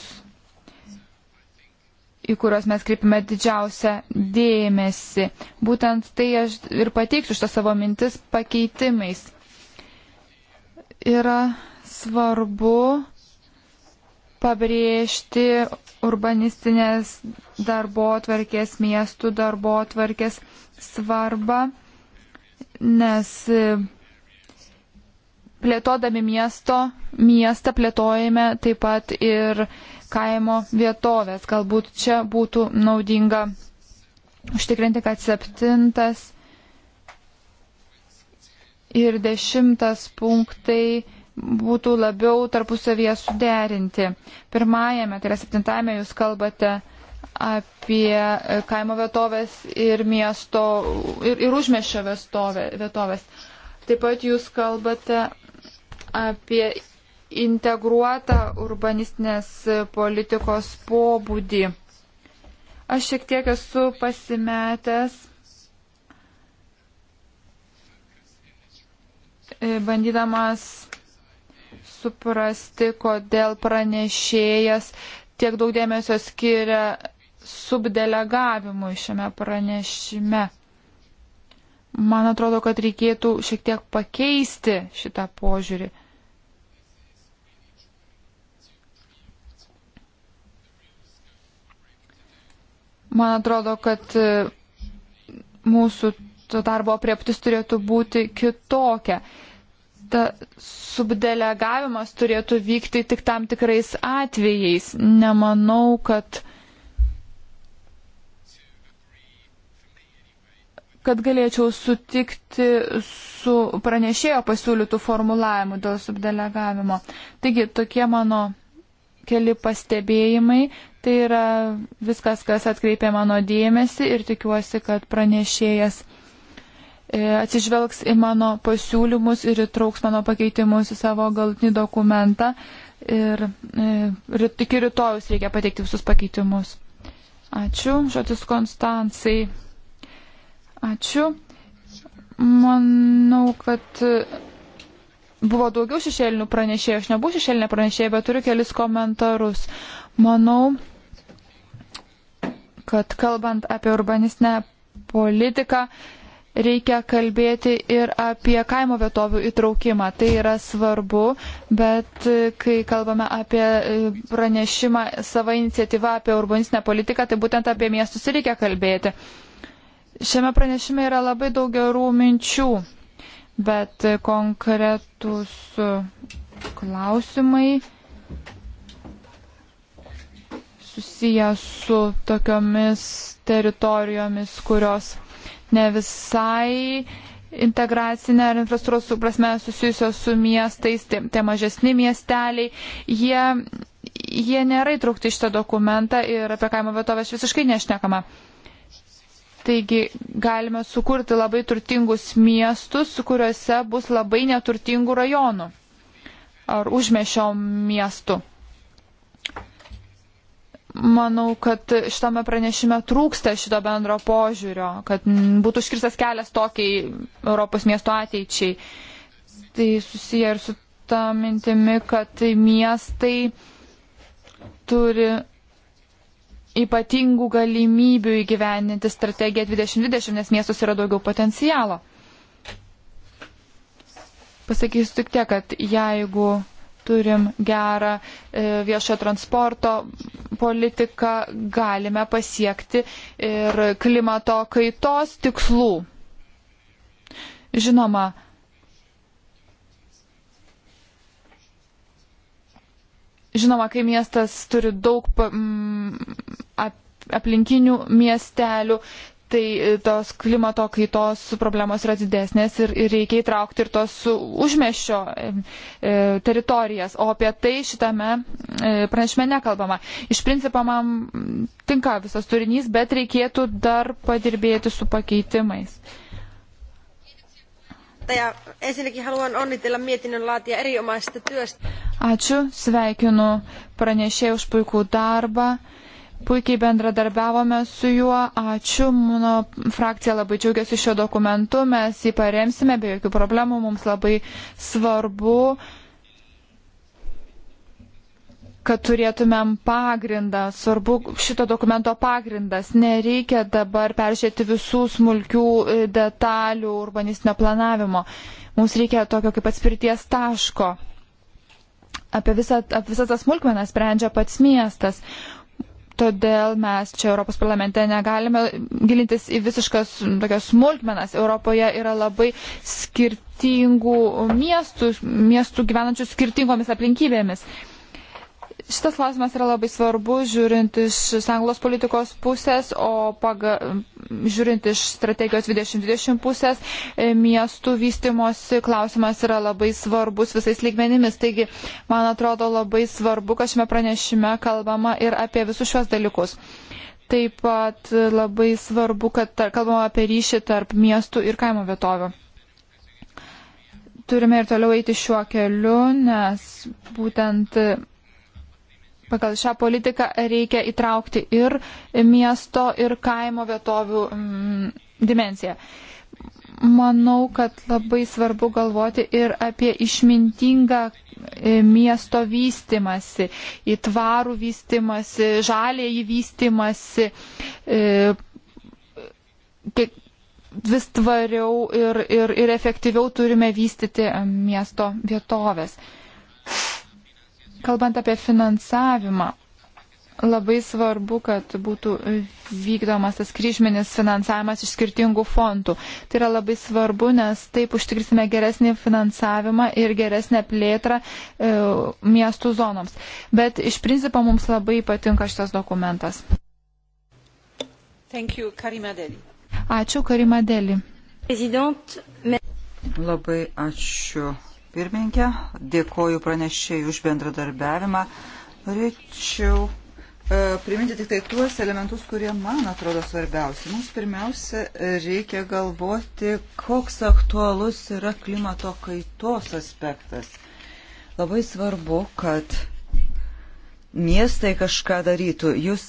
į kuriuos mes kreipime didžiausią dėmesį. Būtent tai aš ir pateiksiu šitą savo mintis pakeitimais. Yra svarbu pabrėžti urbanistinės darbo atvarkės, miestų darbo atvarkės svarbą, nes plėtodami miesto, miestą plėtojame taip pat ir kaimo vietovės. Galbūt čia būtų naudinga užtikrinti, kad septintas ir dešimtas punktai būtų labiau tarpusavie suderinti. Pirmajame, tai yra septintame, jūs kalbate apie kaimo vietovės ir miesto ir, ir užmešio vietovės. Taip pat jūs kalbate apie integruotą urbanistinės politikos pobūdį. Aš šiek tiek esu pasimetęs, e, bandydamas suprasti, kodėl pranešėjas tiek daug dėmesio skiria subdelegavimui šiame pranešime. Man atrodo, kad reikėtų šiek tiek pakeisti šitą požiūrį. Man atrodo, kad e, mūsų to darbo prieptis turėtų būti kitokia. Ta subdelegavimas turėtų vykti tik tam tikrais atvejais. Nemanau, kad, kad galėčiau sutikti su pranešėjo pasiūlytų formulavimu dėl subdelegavimo. Taigi tokie mano keli pastebėjimai. Tai yra viskas, kas atkreipė mano dėmesį ir tikiuosi, kad pranešėjas e, atsižvelgs į mano pasiūlymus ir įtrauks mano pakeitimus į savo galtinį dokumentą. Ir e, iki rytojus reikia pateikti visus pakeitimus. Ačiū, žodis Konstancijai. Ačiū. Manau, kad buvo daugiau šešėlinių pranešėjų, aš nebuvau šešėlinė pranešėja, bet turiu kelis komentarus. Manau, kad kalbant apie urbanistinę politiką, reikia kalbėti ir apie kaimo vietovių įtraukimą. Tai yra svarbu, bet kai kalbame apie e, pranešimą savo iniciatyvą apie urbanistinę politiką, tai būtent apie miestus reikia kalbėti. Šiame pranešime yra labai daug gerų minčių bet konkretus klausimai susiję su tokiomis teritorijomis, kurios ne visai integracinė ar infrastruktūros prasme susijusios su miestais, tie, tie mažesni miesteliai, jie, jie nėra įtraukti šitą dokumentą ir apie kaimo vietovės visiškai nešnekama. Taigi galime sukurti labai turtingus miestus, kuriuose bus labai neturtingų rajonų ar užmešio miestų. Manau, kad šitame pranešime trūksta šito bendro požiūrio, kad būtų užkirstas kelias tokiai Europos miesto ateičiai. Tai susiję ir su ta mintimi, kad miestai turi ypatingų galimybių įgyveninti strategiją 2020, nes miestus yra daugiau potencialo. Pasakysiu tik tiek, kad jeigu turim gerą e, viešo transporto politiką, galime pasiekti ir klimato kaitos tikslų. Žinoma, Žinoma, kai miestas turi daug aplinkinių miestelių, tai e, tos klimato kaitos problemos yra didesnės ir, ir reikia įtraukti ir tos užmešio e, e, teritorijas, o apie tai šitame pranešime nekalbama. Iš principo man tinka visas turinys, bet reikėtų dar padirbėti su pakeitimais puheenjohtaja. Ensinnäkin haluan onnitella mietinnön laatia erinomaisesta työstä. Ačiū, sveikinu pranešėjų už puikų darbą. Puikiai bendradarbiavome su juo. Ačiū, mano frakcija labai džiaugiasi šio dokumentu. Mes jį paremsime be jokių problemų. Mums labai svarbu kad turėtumėm pagrindą, svarbu šito dokumento pagrindas. Nereikia dabar peržiūrėti visų smulkių e, detalių urbanistinio planavimo. Mums reikia tokio kaip atspirties taško. Apie visą, apie visą tą smulkmeną sprendžia pats miestas. Todėl mes čia Europos parlamente negalime gilintis į visiškas tokias smulkmenas. Europoje yra labai skirtingų miestų, miestų gyvenančių skirtingomis aplinkybėmis. Šitas klausimas yra labai svarbus, žiūrint iš sanglos politikos pusės, o paga, žiūrint iš strategijos 2020 pusės, e, miestų vystimosi klausimas yra labai svarbus visais lygmenimis. Taigi, man atrodo labai svarbu, kad šiame pranešime kalbama ir apie visus šios dalykus. Taip pat labai svarbu, kad kalbama apie ryšį tarp miestų ir kaimo vietovių turime ir toliau eiti šiuo keliu, nes būtent pagal šią politiką reikia įtraukti ir miesto, ir kaimo vietovių mm, dimenciją. Manau, kad labai svarbu galvoti ir apie išmintingą e, miesto vystimasi, į tvarų vystimasi, žalėjį vystimasi, e, vis tvariau ir, ir, ir efektyviau turime vystyti miesto vietovės. Kalbant apie finansavimą, labai svarbu, kad būtų vykdomas tas kryžminis finansavimas iš skirtingų fondų. Tai yra labai svarbu, nes taip užtikrisime geresnį finansavimą ir geresnę plėtrą e, miestų zonoms. Bet iš principo mums labai patinka šitas dokumentas. Thank you, Karima Deli. Ačiū, Karima Deli. Labai ačiū pirmininkė. Dėkoju pranešėjai už bendradarbiavimą. Norėčiau e, priminti tik tai tuos elementus, kurie man atrodo svarbiausi. Mums pirmiausia e, reikia galvoti, koks aktualus yra klimato kaitos aspektas. Labai svarbu, kad miestai kažką darytų. Jūs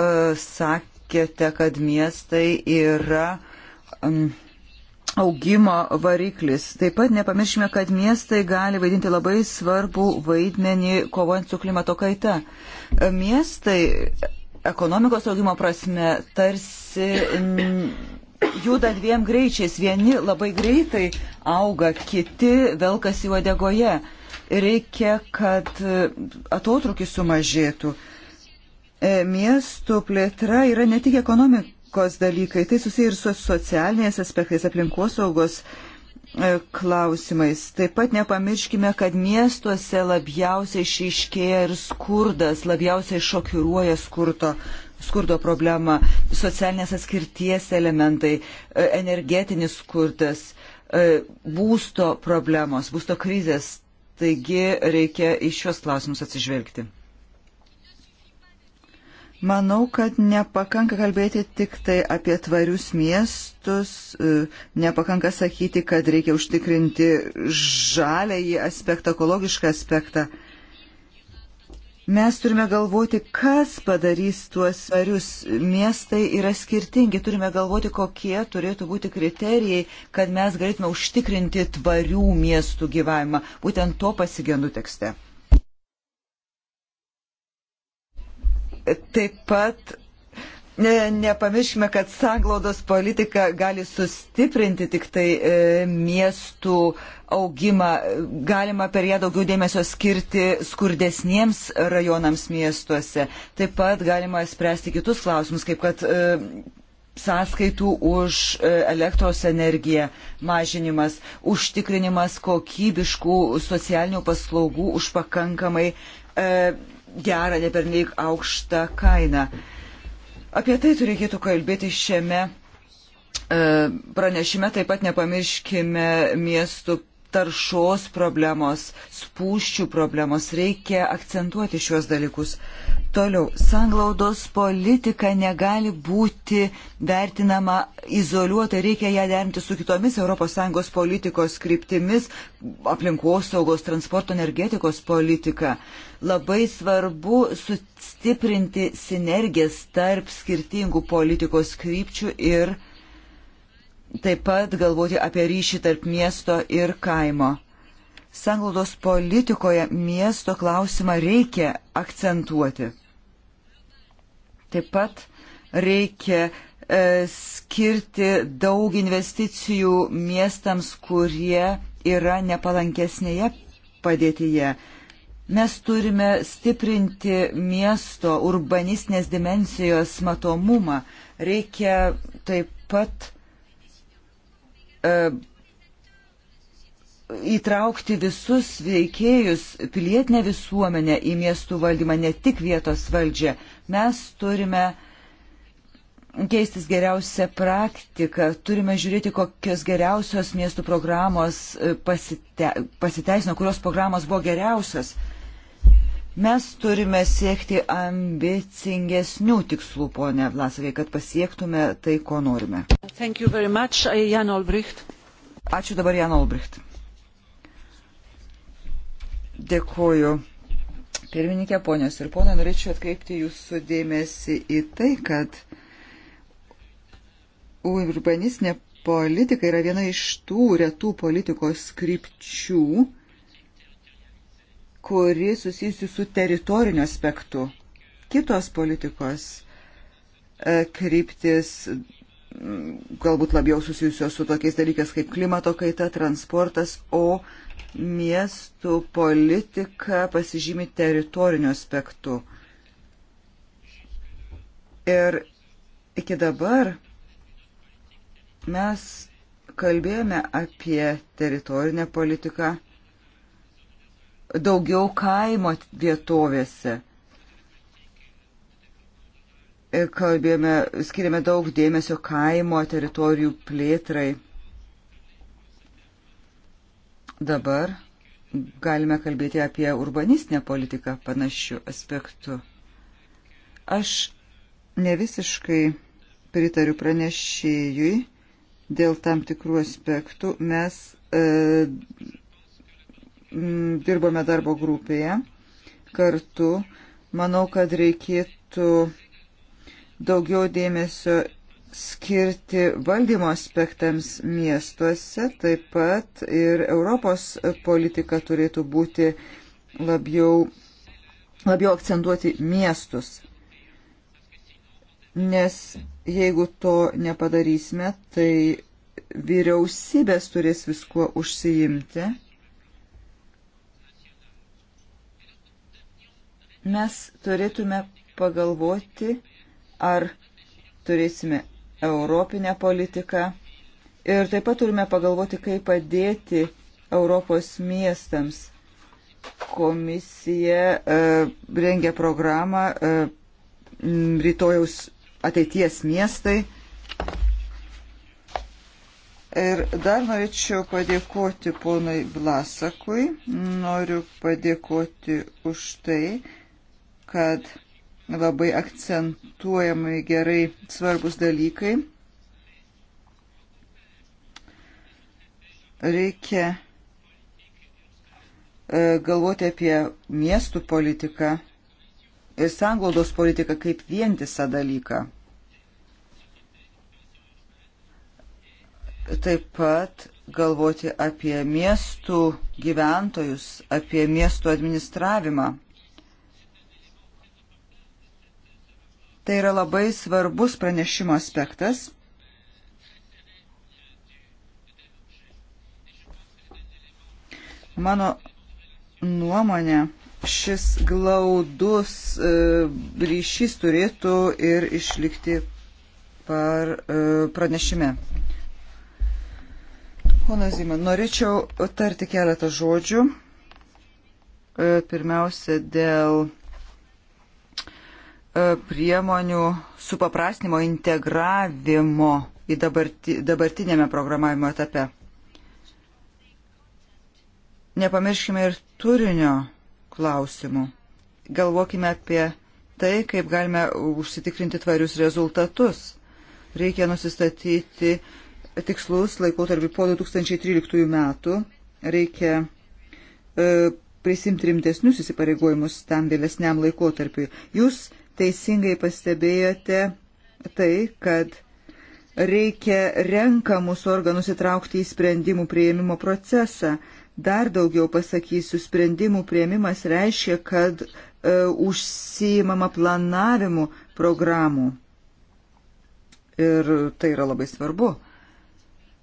uh, sakėte, kad miestai yra um, augimo variklis. Taip pat nepamiršime, kad miestai gali vaidinti labai svarbų vaidmenį kovojant su klimato kaita. Miestai ekonomikos augimo prasme tarsi juda dviem greičiais. Vieni labai greitai auga, kiti velkas į odegoje. Reikia, kad atotrukis sumažėtų. E, miestų plėtra yra ne tik ekonomika ekonomikos dalykai, tai susiję ir su socialiniais aspektais, aplinkosaugos e, klausimais. Taip pat nepamirškime, kad miestuose labiausiai išiškėja ir skurdas, labiausiai šokiruoja skurto, skurdo problema, socialinės atskirties elementai, e, energetinis skurdas, e, būsto problemos, būsto krizės. Taigi reikia iš šios klausimus atsižvelgti. Manau, kad nepakanka kalbėti tik tai apie tvarius miestus, e, nepakanka sakyti, kad reikia užtikrinti žalėjį aspektą, ekologišką aspektą. Mes turime galvoti, kas padarys tuos tvarius. Miestai yra skirtingi, turime galvoti, kokie turėtų būti kriterijai, kad mes galėtume užtikrinti tvarių miestų gyvavimą. Būtent to pasigendu tekste. taip pat ne, nepamirškime, kad sanglaudos politika gali sustiprinti tik tai e, miestų augimą. Galima per ją daugiau dėmesio skirti skurdesniems rajonams miestuose. Taip pat galima spręsti kitus klausimus, kaip kad. E, sąskaitų už e, elektros energiją mažinimas, užtikrinimas kokybiškų socialinių paslaugų už pakankamai e, gerą, nepernelyg aukštą kainą. Apie tai turėtų kalbėti šiame e, pranešime, taip pat nepamirškime miestų taršos problemos, spūščių problemos. Reikia akcentuoti šiuos dalykus. Toliau, sanglaudos politika negali būti vertinama izoliuota, reikia ją derinti su kitomis ES politikos kryptimis, aplinkosaugos, transporto, energetikos politika. Uh, Labai svarbu sustiprinti sinergijas tarp skirtingų politikos krypčių ir taip pat galvoti apie ryšį tarp miesto ir kaimo. Sanglaudos politikoje miesto klausimą reikia akcentuoti. Taip pat reikia e, skirti daug investicijų miestams, kurie yra nepalankesnėje padėtyje. Mes turime stiprinti miesto urbanistinės dimensijos matomumą. Reikia taip pat e, įtraukti visus veikėjus, pilietinę visuomenę į miestų valdymą, ne tik vietos valdžią. Mes turime keistis geriausią praktiką, turime žiūrėti, kokios geriausios miestų programos e, pasite, pasiteisino, kurios programos buvo geriausios. Mes turime siekti ambicingesnių tikslų, ponė Vlasakai, kad pasiektume tai, ko norime. Much, uh, Jan Olbricht. Ačiū dabar Jan Olbricht. Dėkuoju. Pirmininkė, ponios ir ponai, norėčiau atkreipti jūsų dėmesį į tai, kad urbanistinė politika yra viena iš tų retų politikos skripčių, kuri susijusi su teritoriniu aspektu. Kitos politikos e, kryptis galbūt labiau susijusios su tokiais dalykais kaip klimato kaita, transportas, o miestų politika pasižymi teritoriniu aspektu. Ir iki dabar mes kalbėjome apie teritorinę politiką daugiau kaimo vietovėse. Ir kalbėjome, skiriame daug dėmesio kaimo teritorijų plėtrai. Dabar galime kalbėti apie urbanistinę politiką panašių aspektų. Aš ne visiškai pritariu pranešėjui dėl tam tikrų aspektų. Mes e, Mm, dirbome darbo grupėje kartu. Manau, kad reikėtų daugiau dėmesio skirti valdymo aspektams miestuose, taip pat ir Europos politika turėtų būti labiau, labiau akcentuoti miestus. Nes jeigu to nepadarysime, tai vyriausybės turės viskuo užsiimti Mes turėtume pagalvoti, ar turėsime europinę politiką ir taip pat turime pagalvoti, kaip padėti Europos miestams. Komisija e, rengia programą e, rytojaus ateities miestai. Ir dar norėčiau padėkoti ponui Blasakui, noriu padėkoti už tai, kad labai akcentuojami gerai svarbus dalykai. Reikia e, galvoti apie miestų politiką ir sanglaudos politiką kaip vientisą dalyką. Taip pat galvoti apie miestų gyventojus, apie miestų administravimą. Tai yra labai svarbus pranešimo aspektas. Mano nuomonė, šis glaudus e, ryšys turėtų ir išlikti par e, pranešime. Ponas Ziman, norėčiau tarti keletą žodžių. E, pirmiausia, dėl E, priemonių supaprastinimo integravimo į dabarti, dabartinėme programavimo etape. Nepamirškime ir turinio klausimų. Galvokime apie tai, kaip galime užsitikrinti tvarius rezultatus. Reikia nusistatyti tikslus laikotarpį po 2013 metų. Reikia e, prisimti rimtesnius įsipareigojimus tam vėlesniam laikotarpiui. Jūs teisingai pastebėjote tai, kad reikia renkamus organus įtraukti į sprendimų prieimimo procesą. Dar daugiau pasakysiu, sprendimų prieimimas reiškia, kad e, užsiimama planavimu programų. Ir tai yra labai svarbu.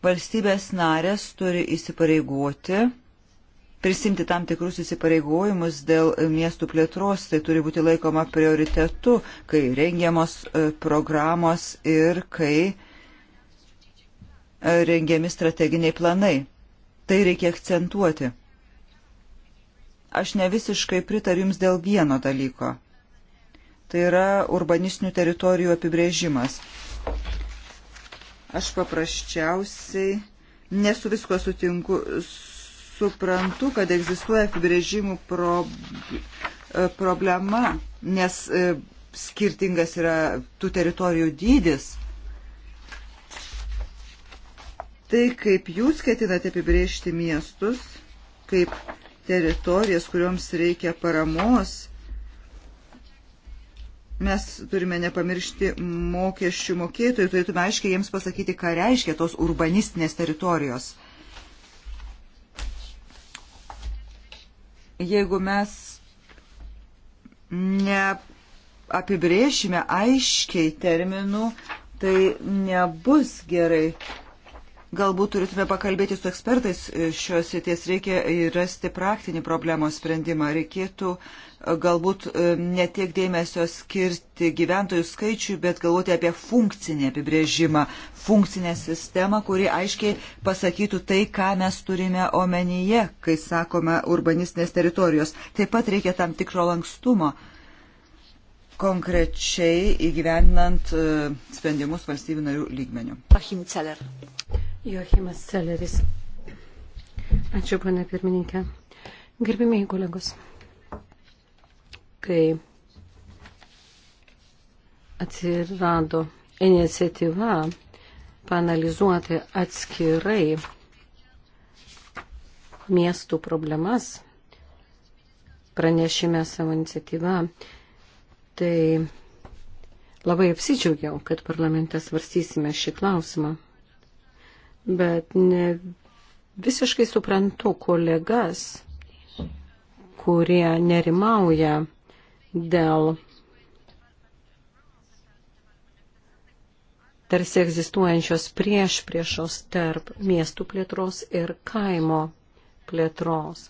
Valstybės narės turi įsipareigoti prisimti tam tikrus įsipareigojimus dėl miestų plėtros, tai turi būti laikoma prioritetu, kai rengiamos e, programos ir kai e, rengiami strateginiai planai. Tai reikia akcentuoti. Aš ne visiškai pritariu Jums dėl vieno dalyko. Tai yra urbanistinių teritorijų apibrėžimas. Aš paprasčiausiai nesu visko sutinku, suprantu, kad egzistuoja apibrėžimų pro, e, problema, nes e, skirtingas yra tų teritorijų dydis. Tai kaip jūs ketinate apibrėžti miestus, kaip teritorijas, kuriuoms reikia paramos, mes turime nepamiršti mokesčių mokėtojų, turėtume aiškiai jiems pasakyti, ką reiškia tos urbanistinės teritorijos. jeigu mes neapibrėšime aiškiai terminų, tai nebus gerai. Galbūt turėtume pakalbėti su ekspertais šios sėties, reikia rasti praktinį problemos sprendimą, reikėtų uh, galbūt e, netiek dėmesio skirti gyventojų skaičiui, bet galvoti apie funkcinį apibrėžimą, funkcinę sistemą, kuri aiškiai pasakytų tai, ką mes turime omenyje, kai sakome urbanistinės teritorijos. Taip pat reikia tam tikro lankstumo konkrečiai įgyvendinant e, sprendimus valstybių narių lygmenių. Joachim Celler. Joachimas Celleris. Ačiū, pane pirmininkė. Gerbimiai kolegos kai atsirado iniciatyva panalizuoti atskirai miestų problemas, pranešime savo iniciatyvą, tai labai apsidžiaugiau, kad parlamente svarstysime šį klausimą. Bet ne visiškai suprantu kolegas, kurie nerimauja dėl tarsi egzistuojančios prieš priešos tarp miestų plėtros ir kaimo plėtros.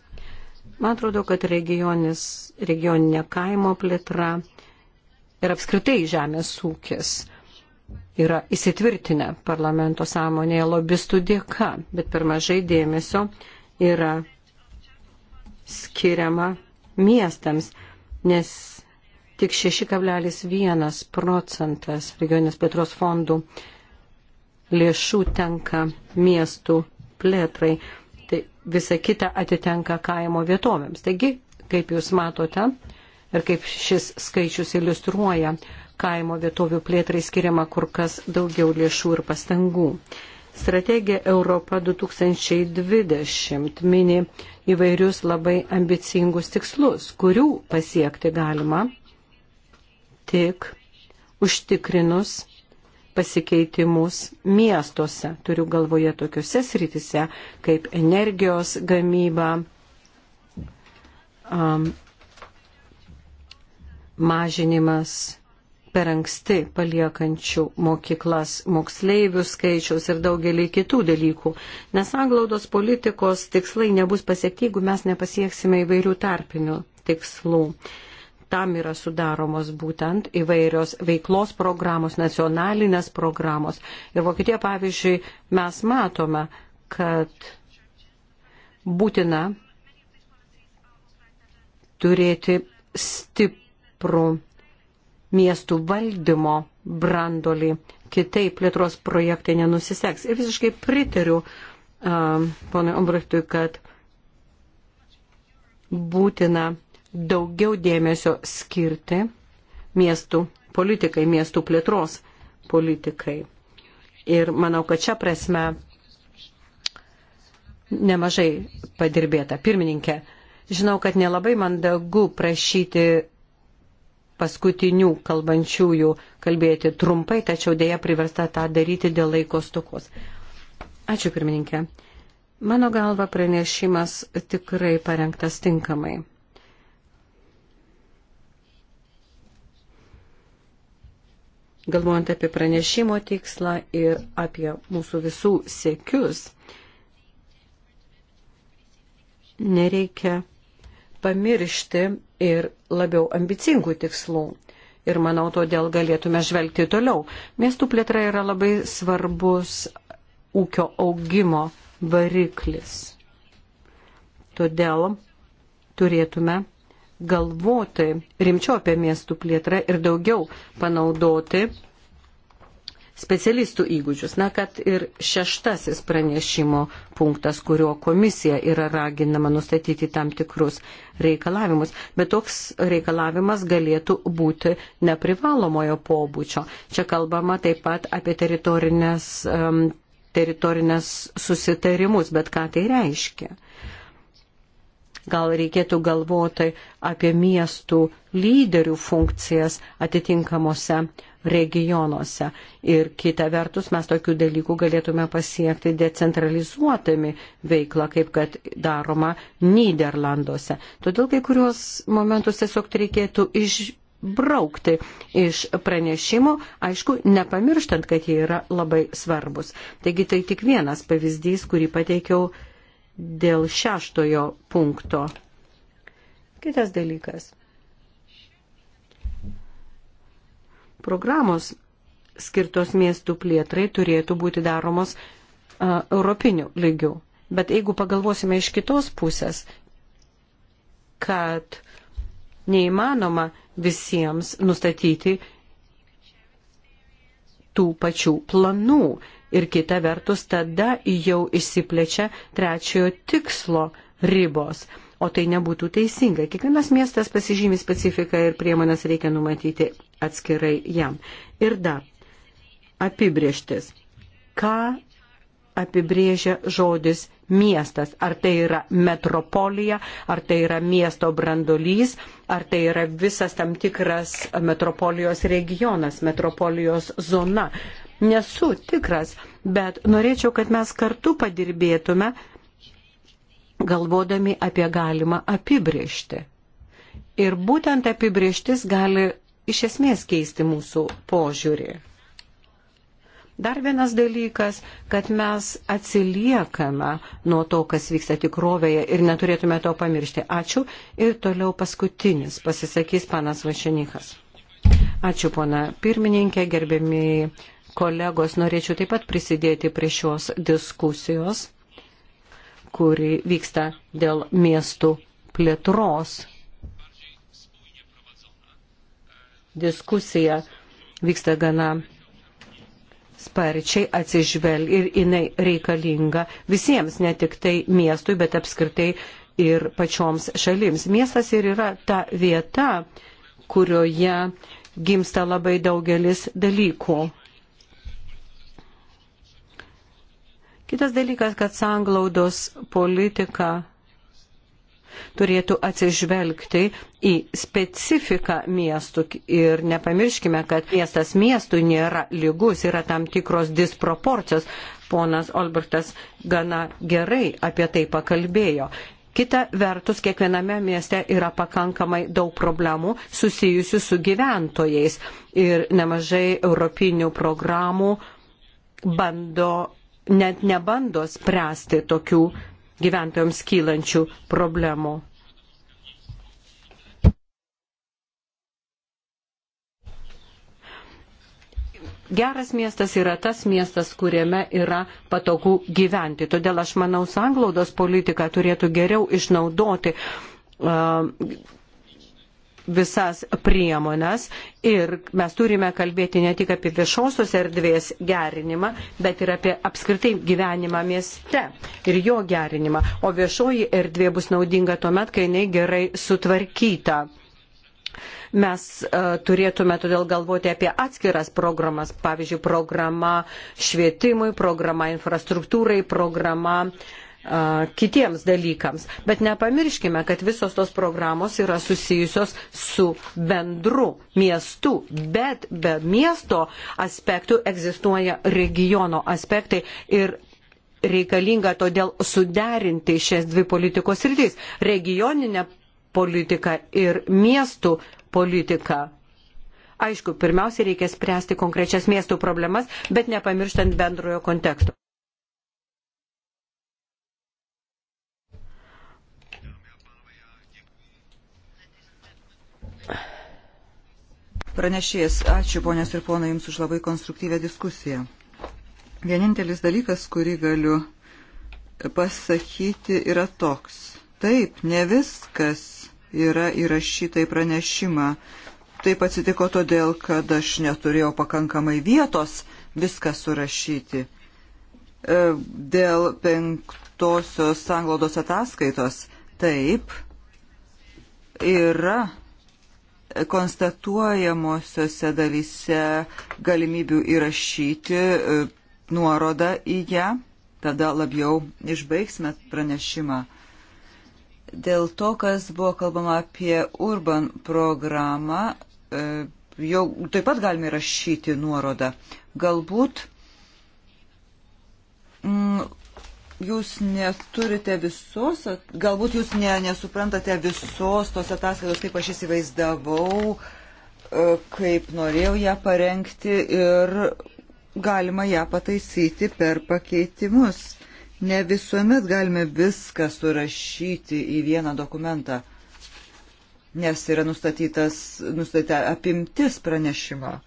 Man atrodo, kad regionis, regioninė kaimo plėtra ir apskritai žemės ūkis yra įsitvirtinę parlamento sąmonėje lobistų dėka, bet per mažai dėmesio yra skiriama miestams nes tik 6,1 procentas regioninės plėtros fondų lėšų tenka miestų plėtrai, tai visa kita atitenka kaimo vietovėms. Taigi, kaip jūs matote ir kaip šis skaičius iliustruoja, kaimo vietovių plėtrai skiriama kur kas daugiau lėšų ir pastangų. Strategija Europa 2020 mini įvairius labai ambicingus tikslus, kurių pasiekti galima tik užtikrinus pasikeitimus miestuose. Turiu galvoje tokiuose sritise kaip energijos gamyba, um, mažinimas per anksti paliekančių mokyklas moksleivių skaičiaus ir daugelį kitų dalykų. Nes anglaudos politikos tikslai nebus pasiekti, jeigu mes nepasieksime įvairių tarpinių tikslų. Tam yra sudaromos būtent įvairios veiklos programos, nacionalinės programos. Ir Vokietija, pavyzdžiui, mes matome, kad būtina turėti stiprų miestų valdymo brandolį, kitaip plėtros projektai nenusiseks. Ir visiškai pritariu uh, ponui Ombrechtui, kad būtina daugiau dėmesio skirti miestų politikai, miestų plėtros politikai. Ir manau, kad čia prasme nemažai padirbėta. Pirmininkė, žinau, kad nelabai mandagu prašyti paskutinių kalbančiųjų kalbėti trumpai, tačiau dėja priversta tą daryti dėl laiko stokos. Ačiū pirmininkė. Mano galva pranešimas tikrai parengtas tinkamai. Galvojant apie pranešimo tikslą ir apie mūsų visų sėkius, nereikia pamiršti ir labiau ambicingų tikslų. Ir manau, todėl galėtume žvelgti toliau. Miestų plėtra yra labai svarbus ūkio augimo variklis. Todėl turėtume galvoti rimčiau apie miestų plėtrą ir daugiau panaudoti specialistų įgūdžius. Na, kad ir šeštasis pranešimo punktas, kurio komisija yra raginama nustatyti tam tikrus reikalavimus, bet toks reikalavimas galėtų būti neprivalomojo pobūčio. Čia kalbama taip pat apie teritorinės. Um, teritorinės susitarimus, bet ką tai reiškia? gal reikėtų galvoti apie miestų lyderių funkcijas atitinkamuose regionuose. Ir kita vertus, mes tokių dalykų galėtume pasiekti decentralizuotami veiklą, kaip kad daroma Niderlanduose. Todėl kai kuriuos momentus tiesiog reikėtų išbraukti iš pranešimų, aišku, nepamirštant, kad jie yra labai svarbus. Taigi tai tik vienas pavyzdys, kurį pateikiau dėl šeštojo punkto. Kitas dalykas. programos skirtos miestų plėtrai turėtų būti daromos uh, europinių lygių. Bet jeigu pagalvosime iš kitos pusės, kad neįmanoma visiems nustatyti tų pačių planų ir kita vertus tada jau išsiplečia trečiojo tikslo ribos o tai nebūtų teisinga. Kiekvienas miestas pasižymi specifiką ir priemonės reikia numatyti atskirai jam. Ir dar apibrieštis. Ką apibrėžia žodis miestas? Ar tai yra metropolija, ar tai yra miesto brandolys, ar tai yra visas tam tikras metropolijos regionas, metropolijos zona? Nesu tikras, bet norėčiau, kad mes kartu padirbėtume galvodami apie galimą apibriežtį. Ir būtent apibriežtis gali iš esmės keisti mūsų požiūrį. Dar vienas dalykas, kad mes atsiliekame nuo to, kas vyksta tikrovėje ir neturėtume to pamiršti. Ačiū. Ir toliau paskutinis pasisakys panas Vašinikas. Ačiū, pana pirmininkė, gerbėmiai kolegos. Norėčiau taip pat prisidėti prie šios diskusijos kuri vyksta dėl miestų plėtros. Diskusija vyksta gana sparčiai atsižvelg ir jinai reikalinga visiems, ne tik tai miestui, bet apskritai ir pačioms šalims. Miestas ir yra ta vieta, kurioje gimsta labai daugelis dalykų. Kitas dalykas, kad sanglaudos politika turėtų atsižvelgti į specifiką miestų ir nepamirškime, kad miestas miestui nėra lygus, yra tam tikros disproporcijos. Ponas Olbertas gana gerai apie tai pakalbėjo. Kita vertus, kiekviename mieste yra pakankamai daug problemų susijusių su gyventojais ir nemažai europinių programų bando net nebando spręsti tokių gyventojams kylančių problemų. Geras miestas yra tas miestas, kuriame yra patogu gyventi. Todėl aš manau, sanglaudos politika turėtų geriau išnaudoti uh, visas priemonės ir mes turime kalbėti ne tik apie viešosios erdvės gerinimą, bet ir apie apskritai gyvenimą mieste ir jo gerinimą. O viešoji erdvė bus naudinga tuomet, kai jinai gerai sutvarkyta mes e, turėtume todėl galvoti apie atskiras programas, pavyzdžiui, programa švietimui, programa infrastruktūrai, programa kitiems dalykams. Bet nepamirškime, kad visos tos programos yra susijusios su bendru miestu, bet be miesto aspektų egzistuoja regiono aspektai ir reikalinga todėl suderinti šias dvi politikos rytis - regioninę politiką ir miestų politiką. Aišku, pirmiausia, reikia spręsti konkrečias miestų problemas, bet nepamirštant bendrojo konteksto. Pranešėjas, ačiū ponės ir ponai Jums už labai konstruktyvę diskusiją. Vienintelis dalykas, kurį galiu pasakyti, yra toks. Taip, ne viskas yra įrašyta į pranešimą. Taip atsitiko todėl, kad aš neturėjau pakankamai vietos viską surašyti. E, dėl penktosios sanglaudos ataskaitos, taip, yra konstatuojamosiose dalyse galimybių įrašyti e, nuorodą į ją, tada labiau išbaigsime pranešimą. Dėl to, kas buvo kalbama apie Urban programą, e, jau taip pat galime rašyti nuorodą. Galbūt mm, jūs neturite visos, galbūt jūs ne, nesuprantate visos tos ataskaitos, kaip aš įsivaizdavau, e, kaip norėjau ją parengti ir galima ją pataisyti per pakeitimus. Ne visuomet galime viską surašyti į vieną dokumentą, nes yra nustatytas, nustatyta apimtis pranešimo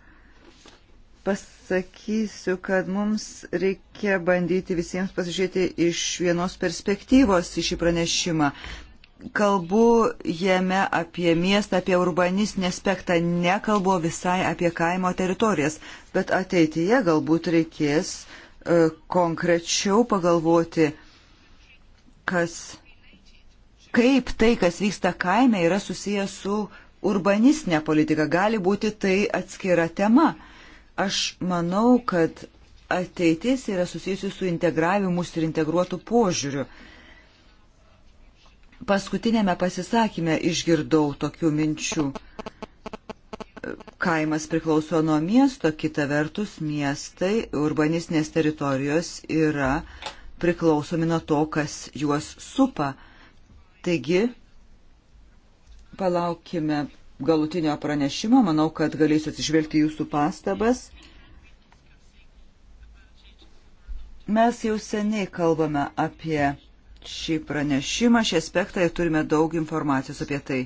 pasakysiu, kad mums reikia bandyti visiems pasižiūrėti iš vienos perspektyvos į šį pranešimą. Kalbu jame apie miestą, apie urbanistinį aspektą, nekalbu visai apie kaimo teritorijas, bet ateityje galbūt reikės e, konkrečiau pagalvoti, kas, kaip tai, kas vyksta kaime, yra susijęs su urbanistinė politika. Gali būti tai atskira tema. E, Aš manau, kad ateitis yra susijusi su integravimus ir integruotų požiūriu. Paskutinėme pasisakymė išgirdau tokių minčių. Kaimas priklauso nuo miesto, kita vertus miestai, urbanistinės teritorijos yra priklausomi nuo to, kas juos supa. Taigi, palaukime galutinio pranešimo. Manau, kad galėsiu atsižvelgti jūsų pastabas. Mes jau seniai kalbame apie šį pranešimą, šį aspektą ir turime daug informacijos apie tai.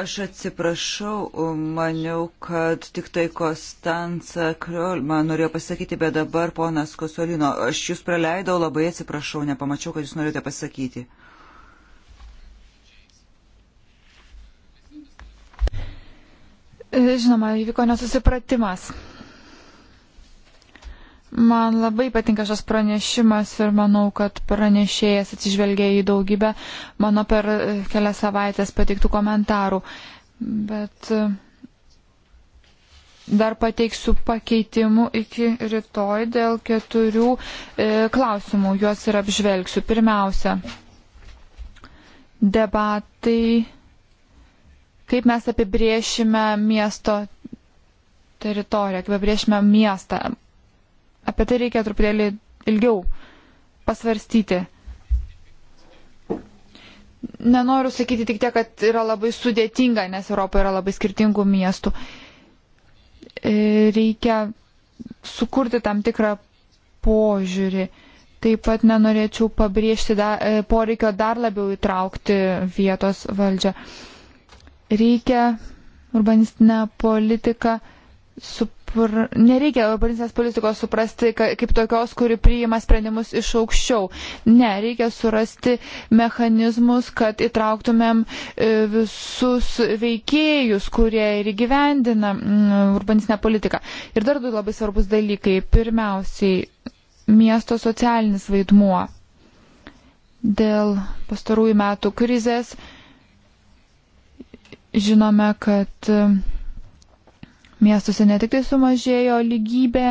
Aš atsiprašau, maniau, kad tik tai Kostanca Kriol man norėjo pasakyti, bet dabar ponas Kosolino, aš jūs praleidau, labai atsiprašau, nepamačiau, kad jūs norėjote pasakyti. E, žinoma, įvyko nesusipratimas. Man labai patinka šios pranešimas ir manau, kad pranešėjas atsižvelgia į daugybę mano per e, kelias savaitės pateiktų komentarų. Bet e, dar pateiksiu pakeitimų iki rytoj dėl keturių klausimų. Juos ir apžvelgsiu. Pirmiausia, debatai kaip mes apibriešime miesto teritoriją, kaip apibriešime miestą. Apie tai reikia truputėlį ilgiau pasvarstyti. Nenoriu sakyti tik tiek, kad yra labai sudėtinga, nes Europoje yra labai skirtingų miestų. E, reikia sukurti tam tikrą požiūrį. Taip pat nenorėčiau pabrėžti da, e, poreikio dar labiau įtraukti vietos valdžią reikia urbanistinę politiką supr... Nereikia urbanistinės politikos suprasti kaip tokios, kuri priima sprendimus iš aukščiau. Ne, reikia surasti mechanizmus, kad įtrauktumėm e, visus veikėjus, kurie ir gyvendina mm, urbanistinę politiką. Ir dar du labai svarbus dalykai. Pirmiausiai, miesto socialinis vaidmuo. Dėl pastarųjų metų krizės žinome, kad um, miestuose ne tik tai sumažėjo lygybė,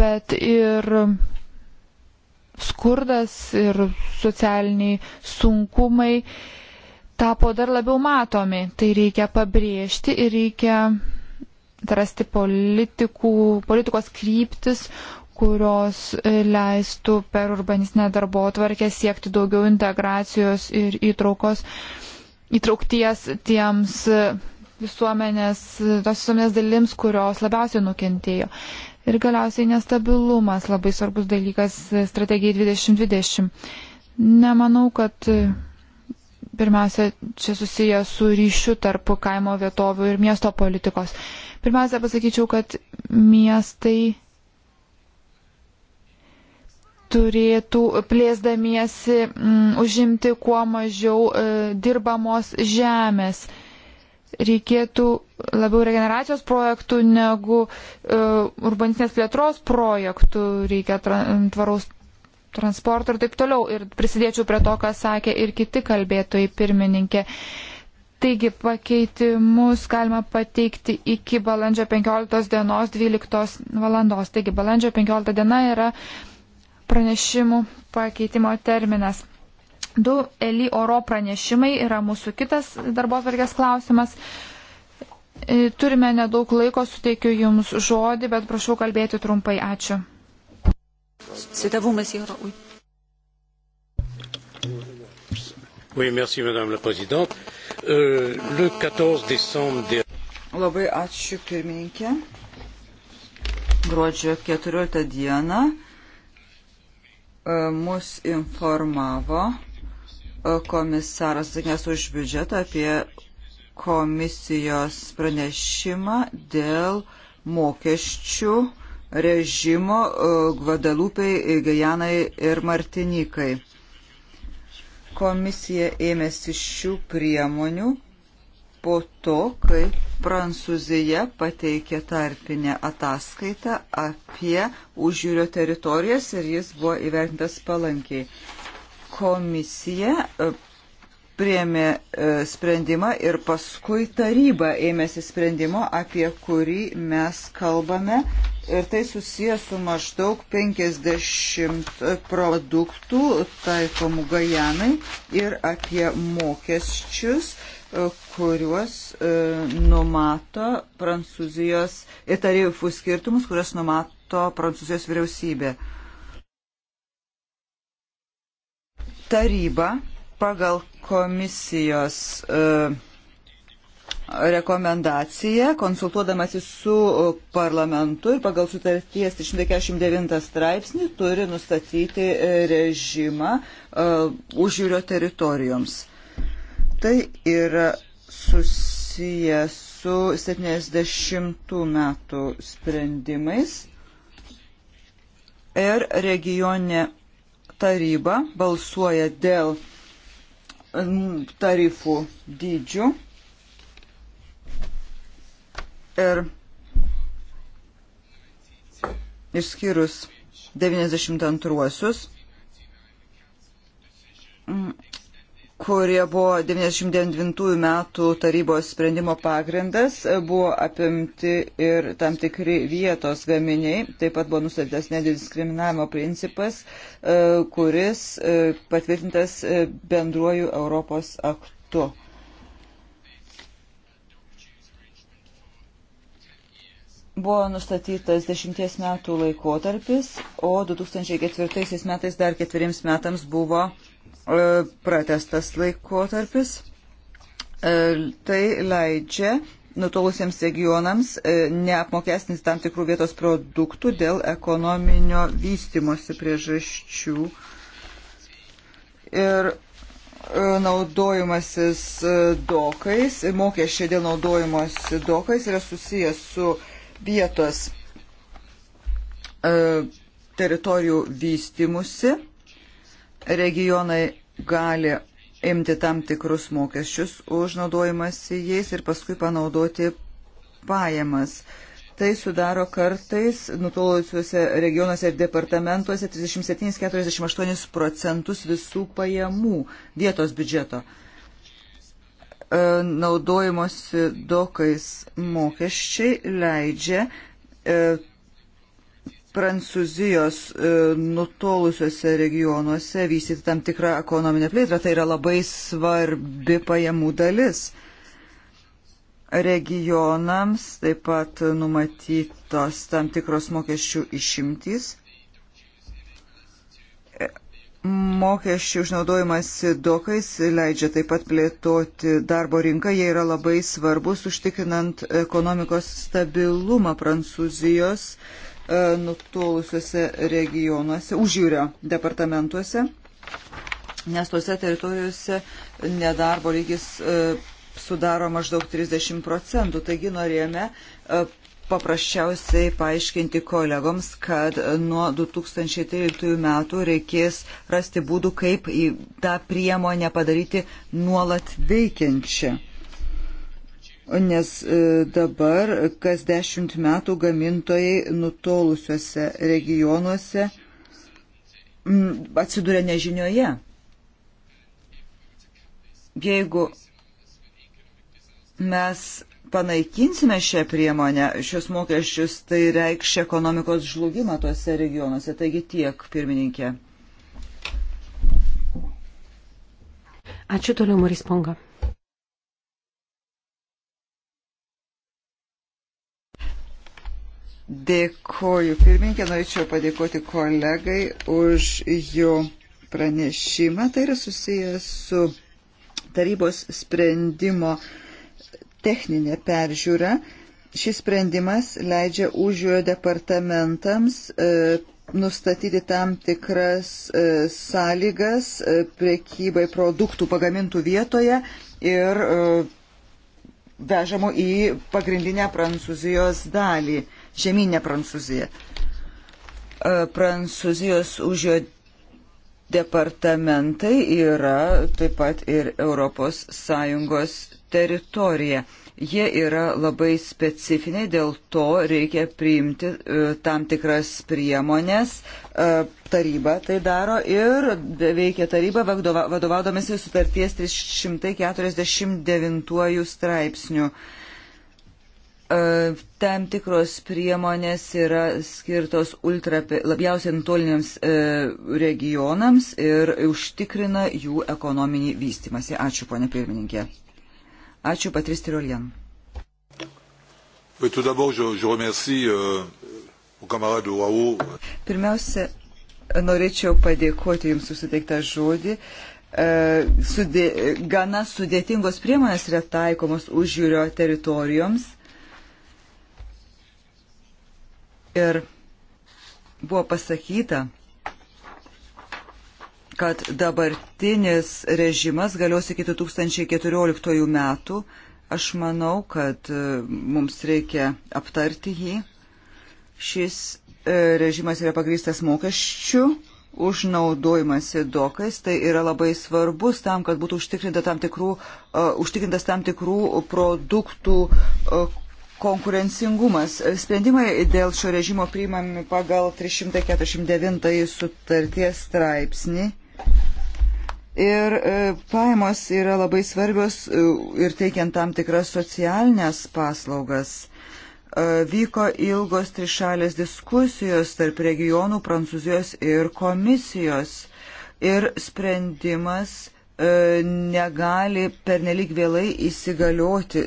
bet ir um, skurdas ir socialiniai sunkumai tapo dar labiau matomi. Tai reikia pabrėžti ir reikia rasti politikų, politikos kryptis, kurios leistų per urbanistinę darbo tvarkę siekti daugiau integracijos ir įtraukos. Uh, įtraukties tiems e, visuomenės, e, tos visuomenės dalims, kurios labiausiai nukentėjo. Ir galiausiai nestabilumas labai svarbus dalykas e, strategijai 2020. Nemanau, kad pirmiausia čia susiję su ryšiu tarp kaimo vietovių ir miesto politikos. Pirmiausia, pasakyčiau, kad miestai turėtų plėsdamiesi m, mm, užimti kuo mažiau e, dirbamos žemės. Reikėtų labiau regeneracijos projektų negu e, urbanistinės plėtros projektų, reikia tra, tvaraus transporto ir taip toliau. Ir prisidėčiau prie to, ką sakė ir kiti kalbėtojai pirmininkė. Taigi pakeitimus galima pateikti iki balandžio 15 dienos 12 valandos. Taigi balandžio 15 diena yra pranešimų pakeitimo terminas. Du Eli oro pranešimai yra mūsų kitas darbos vargės klausimas. E, turime nedaug laiko, suteikiu Jums žodį, bet prašau kalbėti trumpai. Ačiū. Oui, merci, Madame la Présidente. Euh, le 14 décembre dernier. Labai ačiū pirmininkė. Gruodžio 14 dieną E, mus informavo e, komisaras atsakingas už biudžetą apie komisijos pranešimą dėl mokesčių režimo e, Gvadalupiai, Gajanai ir Martinikai. Komisija ėmėsi šių priemonių po to, kai Prancūzija pateikė tarpinę ataskaitą apie užjūrio teritorijas ir jis buvo įvertintas palankiai. Komisija e, priemė e, sprendimą ir paskui taryba ėmėsi sprendimo, apie kurį mes kalbame. Ir tai susijęs su maždaug 50 produktų taikomų Gajanai ir apie mokesčius. Uh, E, kuriuos e, numato Prancūzijos ir tarifų skirtumus, kuriuos numato Prancūzijos vyriausybė. Taryba pagal komisijos e, rekomendaciją, konsultuodamasi su parlamentu ir pagal sutarties 349 straipsnį turi nustatyti režimą užjūrio teritorijoms Tai yra susiję su 70 metų sprendimais ir regioninė taryba balsuoja dėl mm, tarifų dydžių ir išskyrus 92-uosius kurie buvo 99 metų tarybos sprendimo pagrindas, buvo apimti ir tam tikri vietos gaminiai. Taip pat buvo nustatytas nediskriminavimo principas, e, kuris e, patvirtintas e, bendruoju Europos aktu. buvo nustatytas dešimties metų laikotarpis, o 2004 metais dar ketveriems metams buvo uh, E, pratestas laikotarpis. E, tai leidžia nutolusiems regionams e, neapmokestinis tam tikrų vietos produktų dėl ekonominio vystimosi priežasčių. Ir naudojimasis dokais, mokesčiai dėl naudojimosi dokais yra susijęs su vietos teritorijų vystimusi. Regionai gali imti tam tikrus mokesčius už naudojimąsi jais ir paskui panaudoti pajamas. Tai sudaro kartais nutolusiuose regionuose ir departamentuose 37-48 procentus visų pajamų vietos biudžeto. E, naudojimosi dokais mokesčiai leidžia e, Prancūzijos e, nutolusiuose regionuose vystyti tam tikrą ekonominę plėtrą. Tai yra labai svarbi pajamų dalis. Regionams taip pat numatytos tam tikros mokesčių išimtys. E, mokesčių išnaudojimas dokais leidžia taip pat plėtoti darbo rinką. Jie yra labai svarbus užtikrinant ekonomikos stabilumą Prancūzijos uh, E, nutolusiuose regionuose, užjūrio departamentuose, nes tose teritorijose nedarbo lygis e, sudaro maždaug 30 procentų. Taigi norėjome e, paprasčiausiai paaiškinti kolegoms, kad nuo 2013 metų reikės rasti būdų, kaip tą priemonę padaryti nuolat veikiančią nes e, dabar kas dešimt metų gamintojai nutolusiuose regionuose atsiduria nežinioje. Jeigu mes panaikinsime šią priemonę, šios mokesčius, tai reikš ekonomikos žlugimą tuose regionuose. Taigi tiek, pirmininkė. Ačiū toliau, Maris Ponga. Dėkoju pirmininkė, norėčiau padėkoti kolegai už jo pranešimą. Tai yra susijęs su tarybos sprendimo techninė peržiūra. Šis sprendimas leidžia užjuojo departamentams e, nustatyti tam tikras e, sąlygas e, priekybai produktų pagamintų vietoje ir e, vežamų į pagrindinę Prancūzijos dalį. E, žemynę Prancūziją. E, Prancūzijos užjo departamentai yra taip pat ir ES teritorija. Jie yra labai specifiniai, dėl to reikia priimti e, tam tikras priemonės. E, taryba tai daro ir veikia taryba vadovaudomasi sutarties 349 straipsnių. E, tam tikros priemonės yra skirtos ultra, labiausiai nutoliniams e, regionams ir užtikrina jų ekonominį vystimąsi. Ačiū, ponė pirmininkė. Ačiū, Patris Tirolien. Euh, Pirmiausia, norėčiau padėkoti Jums susiteiktą žodį e, sudė, gana sudėtingos priemonės yra taikomos užjūrio teritorijoms Ir buvo pasakyta, kad dabartinis režimas galios iki 2014 metų. Aš manau, kad e, mums reikia aptarti jį. Šis e, režimas yra pagrįstas mokesčių už naudojimąsi dokais, tai yra labai svarbus tam, kad būtų užtikrinta tam tikrų, uh, užtikrintas tam tikrų produktų uh, konkurencingumas. Sprendimai dėl šio režimo priimami pagal 349 sutarties straipsnį. Ir e, pajamos yra labai svarbios e, ir teikiant tam tikras socialinės paslaugas. E, vyko ilgos trišalės diskusijos tarp regionų Prancūzijos ir komisijos. Ir sprendimas negali pernelyg vėlai įsigalioti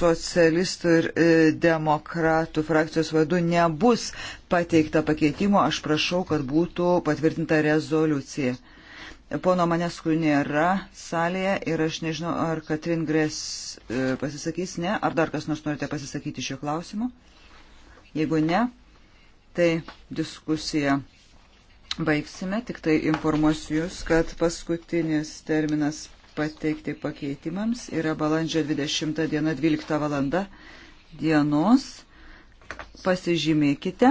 socialistų ir e, demokratų frakcijos vadu nebus pateikta pakeitimo, aš prašau, kad būtų patvirtinta rezoliucija. Pono Maneskų nėra salėje ir aš nežinau, ar Katrin Gres e, pasisakys, ne, ar dar kas nors norite pasisakyti šio klausimu. Jeigu ne, tai diskusiją baigsime, tik tai informuosiu Jūs, kad paskutinis terminas pateikti pakeitimams yra balandžio 20 diena 12 valanda dienos. Pasižymėkite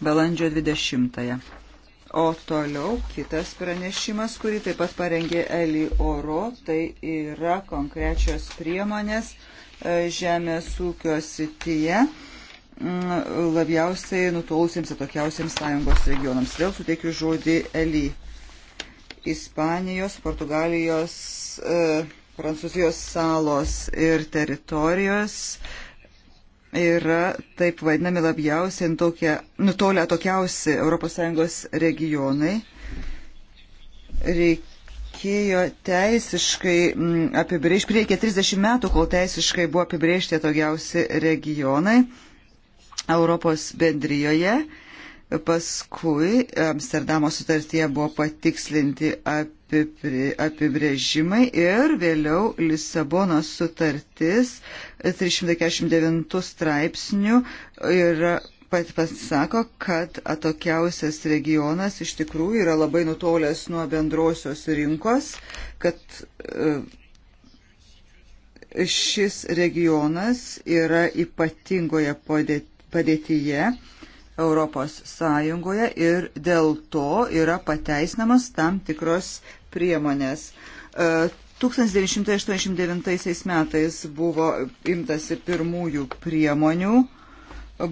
balandžio 20. -ąją. O toliau kitas pranešimas, kurį taip pat parengė Eli Oro, tai yra konkrečios priemonės e, žemės ūkio sityje labiausiai nutolusiems atokiausiems sąjungos regionams. Vėl suteikiu žodį Eli. Ispanijos, Portugalijos, e, Prancūzijos salos ir teritorijos yra taip vadinami labiausiai nutolę atokiausi ES regionai. Reikėjo teisiškai mm, apibrėžti, prireikė 30 metų, kol teisiškai buvo apibrėžti atokiausi regionai Europos bendrijoje Paskui Amsterdamo sutartyje buvo patikslinti apibrėžimai ir vėliau Lisabonos sutartis 349 straipsnių yra pat pasako, kad atokiausias regionas iš tikrųjų yra labai nutolęs nuo bendrosios rinkos, kad e, šis regionas yra ypatingoje padėtyje Europos Sąjungoje ir dėl to yra pateisinamas tam tikros priemonės. 1989 e, metais buvo imtasi pirmųjų priemonių,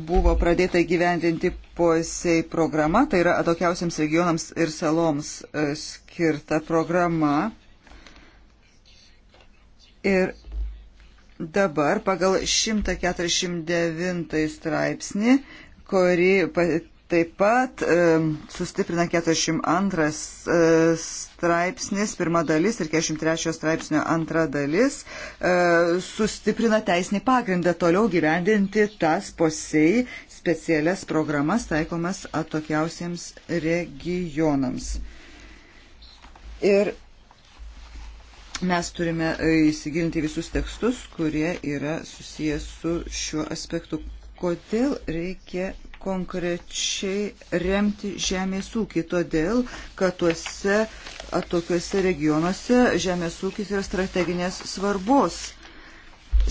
buvo pradėta gyvendinti posei programa, tai yra atokiausiams regionams ir saloms e, skirta programa. Ir dabar pagal 149 straipsnį kuri taip pat e, sustiprina 42 e, straipsnis, pirma dalis ir 43 straipsnio antra dalis, e, sustiprina teisinį pagrindą toliau gyvendinti tas posei specialias programas taikomas atokiausiems regionams. Ir mes turime įsigilinti visus tekstus, kurie yra susijęs su šiuo aspektu kodėl reikia konkrečiai remti žemės ūkį. Todėl, kad tuose atokiuose regionuose žemės ūkis yra strateginės svarbos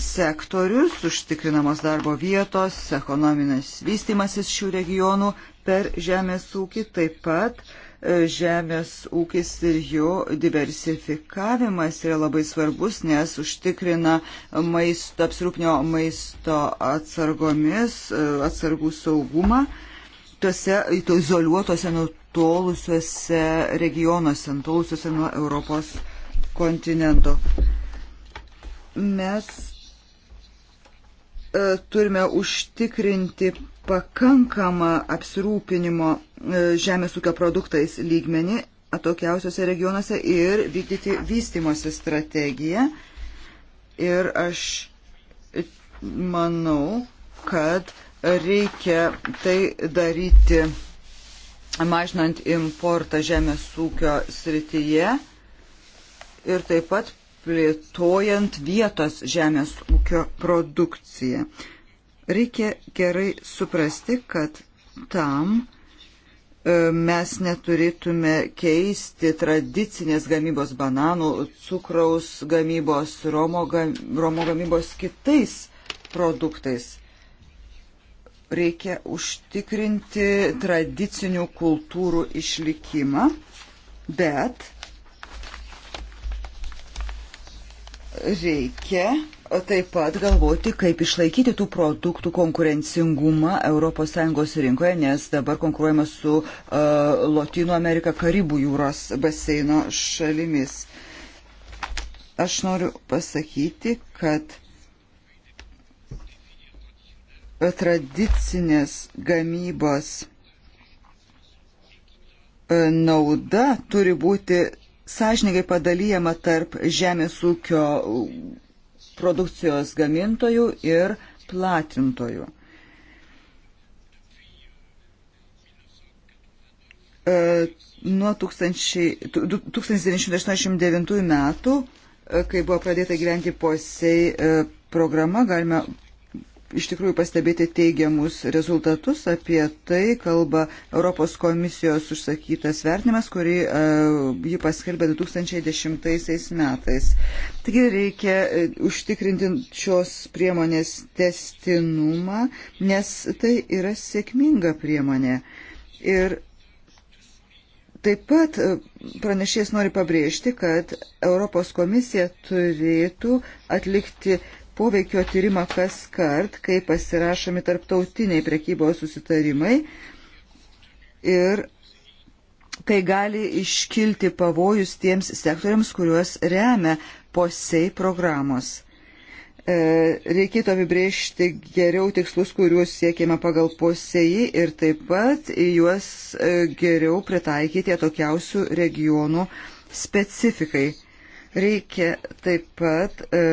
sektorius, užtikrinamos darbo vietos, ekonominis vystimasis šių regionų per žemės ūkį, taip pat žemės ūkis ir jo diversifikavimas yra labai svarbus, nes užtikrina maisto, apsirūpnio maisto atsargomis, atsargų saugumą tose to izoliuotose, nutolusiuose regionuose, nutolusiuose nuo Europos kontinento. Mes E, turime užtikrinti pakankamą apsirūpinimo e, žemės ūkio produktais lygmenį atokiausiose regionuose ir vykdyti vystimosi strategiją. Ir aš manau, kad reikia tai daryti mažinant importą žemės ūkio srityje ir taip pat plėtojant vietos žemės ūkio produkciją. Reikia gerai suprasti, kad tam e, mes neturėtume keisti tradicinės gamybos bananų, cukraus gamybos, romo, romo gamybos kitais produktais reikia užtikrinti tradicinių kultūrų išlikimą, bet reikia taip pat galvoti, kaip išlaikyti tų produktų konkurencingumą ES rinkoje, nes dabar konkuruojama su uh, Lotynų Amerika, Karibų jūros baseino šalimis. Aš noriu pasakyti, kad tradicinės gamybos e, nauda turi būti sąžininkai padalyjama tarp žemės ūkio produkcijos gamintojų ir platintojų. E, nuo 1989 metų, e, kai buvo pradėta gyventi posei e, programa, galime iš tikrųjų pastebėti teigiamus rezultatus. Apie tai kalba Europos komisijos užsakytas vertinimas, kurį e, ji paskelbė 2010 metais. Taigi reikia e, užtikrinti šios priemonės testinumą, nes tai yra sėkminga priemonė. Ir Taip pat e, pranešėjas nori pabrėžti, kad Europos komisija turėtų atlikti poveikio tyrimą kas kart, kai pasirašomi tarptautiniai prekybos susitarimai ir kai gali iškilti pavojus tiems sektoriams, kuriuos remia posei programos. E, reikėtų apibriežti geriau tikslus, kuriuos siekime pagal posėjį ir taip pat juos e, geriau pritaikyti atokiausių regionų specifikai. Reikia taip pat e,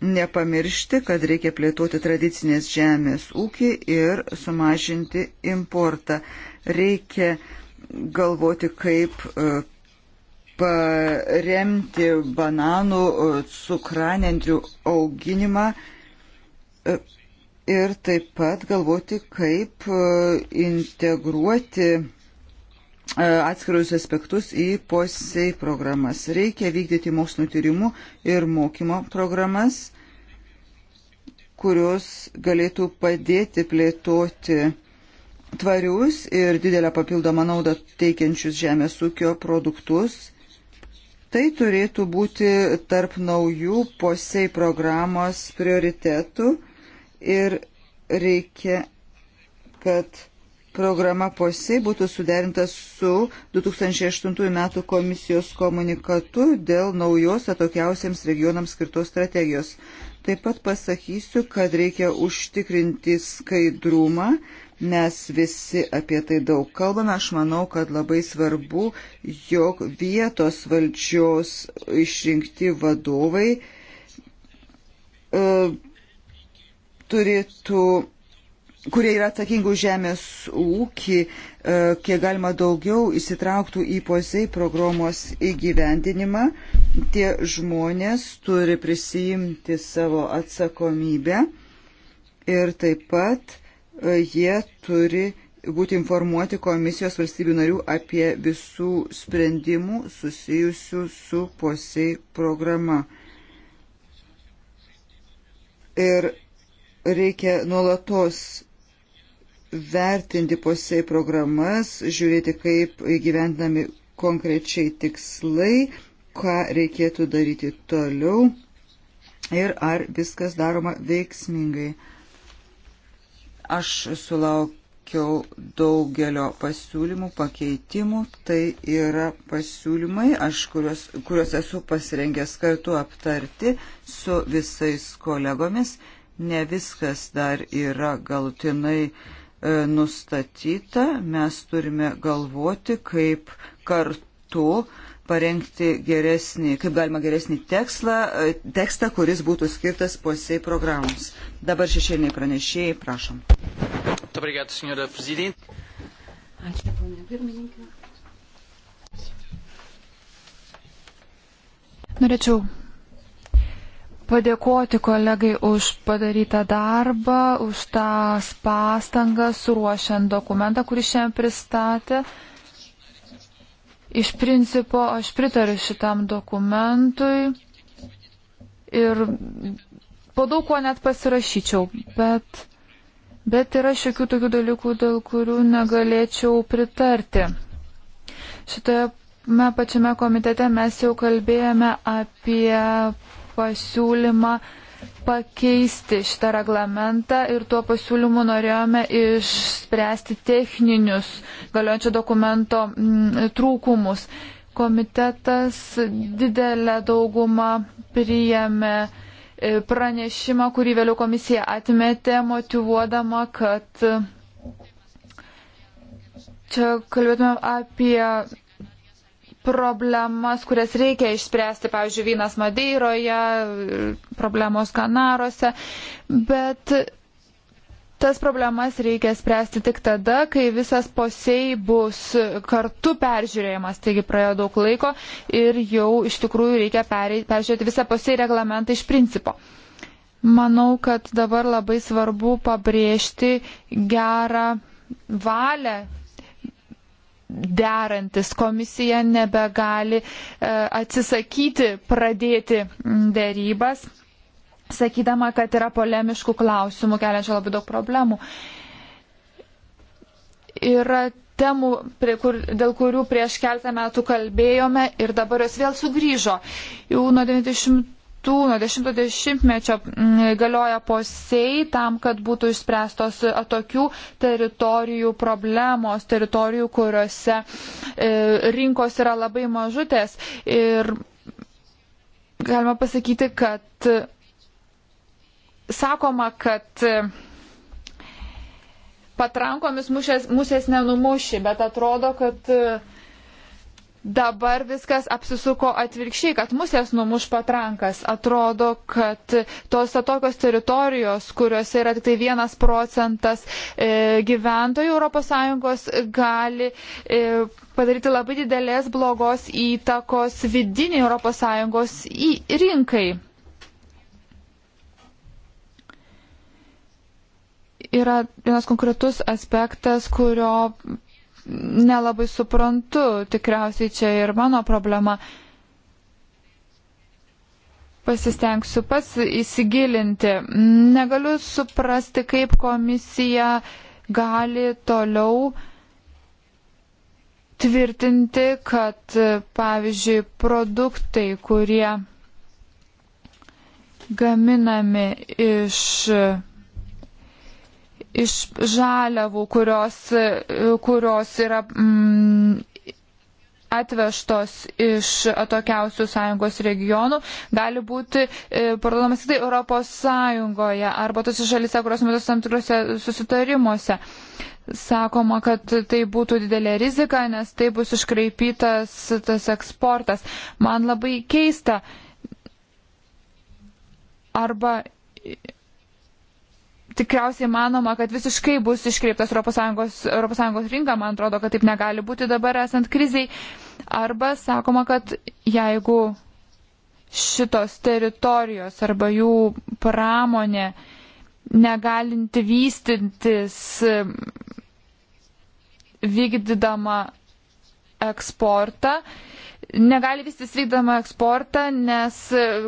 nepamiršti, kad reikia plėtoti tradicinės žemės ūkį ir sumažinti importą. Reikia galvoti, kaip e, paremti bananų e, cukranendrių auginimą e, ir taip pat galvoti, kaip integruoti E, atskirus aspektus į posėjai programas. Reikia vykdyti mokslinio tyrimų ir mokymo programas, kurios galėtų padėti plėtoti tvarius ir didelę papildomą naudą teikiančius žemės ūkio produktus. Tai turėtų būti tarp naujų posei programos prioritetų ir reikia, kad programa POSEI būtų suderinta su 2008 metų komisijos komunikatu dėl naujos atokiausiams regionams skirtos strategijos. Taip pat pasakysiu, kad reikia užtikrinti skaidrumą, mes visi apie tai daug kalbame. Aš manau, kad labai svarbu, jog vietos valdžios išrinkti vadovai e, turėtų kurie yra atsakingi už žemės ūkį, e, kiek galima daugiau įsitrauktų į posei programos įgyvendinimą, tie žmonės turi prisijimti savo atsakomybę ir taip pat e, jie turi būti informuoti komisijos valstybių narių apie visų sprendimų susijusių su posei programa. Ir reikia nuolatos vertinti posėjai programas, žiūrėti, kaip gyvendami konkrečiai tikslai, ką reikėtų daryti toliau ir ar viskas daroma veiksmingai. Aš sulaukiau daugelio pasiūlymų, pakeitimų, tai yra pasiūlymai, aš kuriuos, kuriuos esu pasirengęs kartu aptarti su visais kolegomis. Ne viskas dar yra galutinai uh, E, nustatyta, mes turime galvoti, kaip kartu parengti geresnį, kaip galima geresnį tekstą, e, tekstą kuris būtų skirtas posėjai programoms. Dabar šešėliniai pranešėjai, prašom. Obrigado, senhora Presidente. Ačiū, ponia pirmininkė. Norėčiau padėkoti kolegai už padarytą darbą, už tas pastangas, suruošiant dokumentą, kurį šiandien pristatė. Iš principo aš pritariu šitam dokumentui ir po daug ko net pasirašyčiau, bet, bet yra šiokių tokių dalykų, dėl kurių negalėčiau pritarti. Šitoje pačiame komitete mes jau kalbėjome apie pasiūlymą pakeisti šitą reglamentą ir tuo pasiūlymu norėjome išspręsti techninius galiojančio dokumento mm, trūkumus. Komitetas didelę daugumą priėmė e, pranešimą, kurį vėliau komisija atmetė, motivuodama, kad e, čia kalbėtume apie problemas, kurias reikia išspręsti, pavyzdžiui, vynas Madeiroje, problemos Kanaruose, bet tas problemas reikia spręsti tik tada, kai visas posėjai bus kartu peržiūrėjimas, taigi praėjo daug laiko ir jau iš tikrųjų reikia peržiūrėti visą posėjai reglamentą iš principo. Manau, kad dabar labai svarbu pabrėžti gerą valią derantis. Komisija nebegali e, atsisakyti pradėti dėrybas, sakydama, kad yra polemiškų klausimų keliančio labai daug problemų. Yra temų, prie kur, dėl kurių prieš keltą metų kalbėjome ir dabar jos vėl sugrįžo. Jau nuo 90 nuo 10-mečio mm, galioja posei tam, kad būtų išspręstos tokių teritorijų problemos, teritorijų, kuriuose e, rinkos yra labai mažutės. Ir galima pasakyti, kad sakoma, kad patrankomis musės, musės nenumuši, bet atrodo, kad Dabar viskas apsisuko atvirkščiai, kad musės numuš patrankas. Atrodo, kad tos tokios teritorijos, kuriuose yra tik tai vienas procentas e, gyventojų ES, gali e, padaryti labai didelės blogos įtakos vidiniai ES rinkai. Yra vienas konkretus aspektas, kurio nelabai suprantu, tikriausiai čia ir mano problema. Pasistengsiu pats įsigilinti. Negaliu suprasti, kaip komisija gali toliau tvirtinti, kad, pavyzdžiui, produktai, kurie gaminami iš iš žaliavų, kurios, kurios yra mm, atvežtos iš atokiausių sąjungos regionų, gali būti e, parduodamas tik tai Europos Sąjungoje arba tose šalise, kurios metus tam tikrose susitarimuose. Sakoma, kad tai būtų didelė rizika, nes tai bus iškraipytas tas eksportas. Man labai keista. Arba tikriausiai manoma, kad visiškai bus iškreiptas ES, ES rinka, man atrodo, kad taip negali būti dabar esant kriziai. Arba sakoma, kad jeigu šitos teritorijos arba jų pramonė negalinti vystintis vykdydama eksportą, negali vistis vykdama eksportą, nes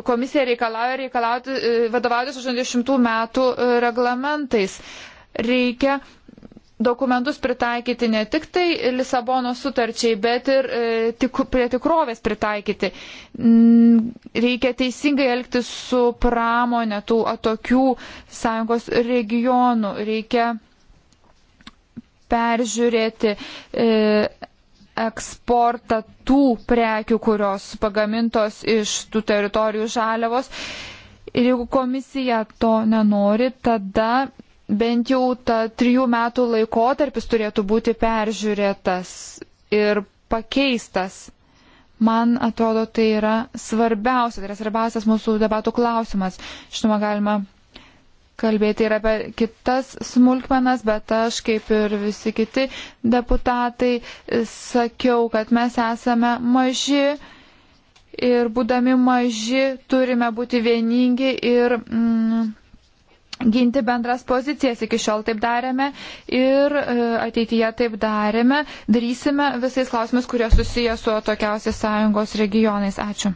komisija reikalauja reikalauti e, vadovautis 80 metų e, reglamentais. Reikia dokumentus pritaikyti ne tik tai Lisabono sutarčiai, bet ir e, tik, prie tikrovės pritaikyti. Reikia teisingai elgtis su pramonė tų atokių sąjungos regionų. Reikia peržiūrėti e, eksportą tų prekių, kurios pagamintos iš tų teritorijų žaliavos. Ir jeigu komisija to nenori, tada bent jau ta trijų metų laikotarpis turėtų būti peržiūrėtas ir pakeistas. Man atrodo, tai yra svarbiausia, tai yra svarbiausias mūsų debatų klausimas. Žinoma, galima kalbėti ir apie kitas smulkmenas, bet aš, kaip ir visi kiti deputatai, sakiau, kad mes esame maži ir būdami maži turime būti vieningi ir mm, ginti bendras pozicijas. Iki šiol taip darėme ir e, ateityje taip darėme. Darysime visais klausimais, kurie susiję su tokiausiais sąjungos regionais. Ačiū.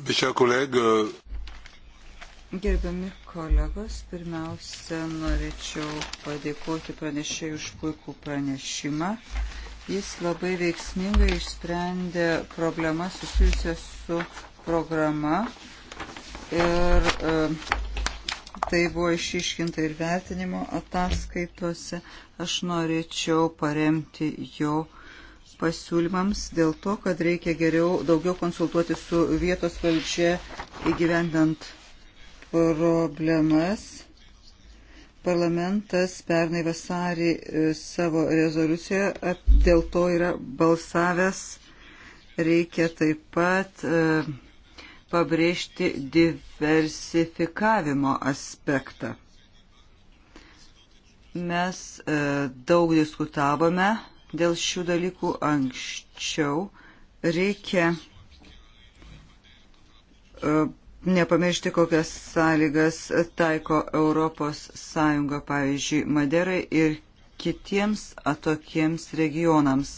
Mes chers collègues, Gerbiami kolegos, pirmiausia, norėčiau padėkoti pranešėjui už puikų pranešimą. Jis labai veiksmingai išsprendė problemas susijusias su programa ir e, tai buvo išiškinta ir vertinimo ataskaitose. Aš norėčiau paremti jo pasiūlymams dėl to, kad reikia geriau daugiau konsultuoti su vietos valdžia įgyvendant problemas. Parlamentas pernai vasarį e, savo rezoliuciją dėl to yra balsavęs. Reikia taip pat e, pabrėžti diversifikavimo aspektą. Mes e, daug diskutavome dėl šių dalykų anksčiau. Reikia nepamiršti, kokias sąlygas taiko Europos Sąjunga, pavyzdžiui, Maderai ir kitiems atokiems regionams.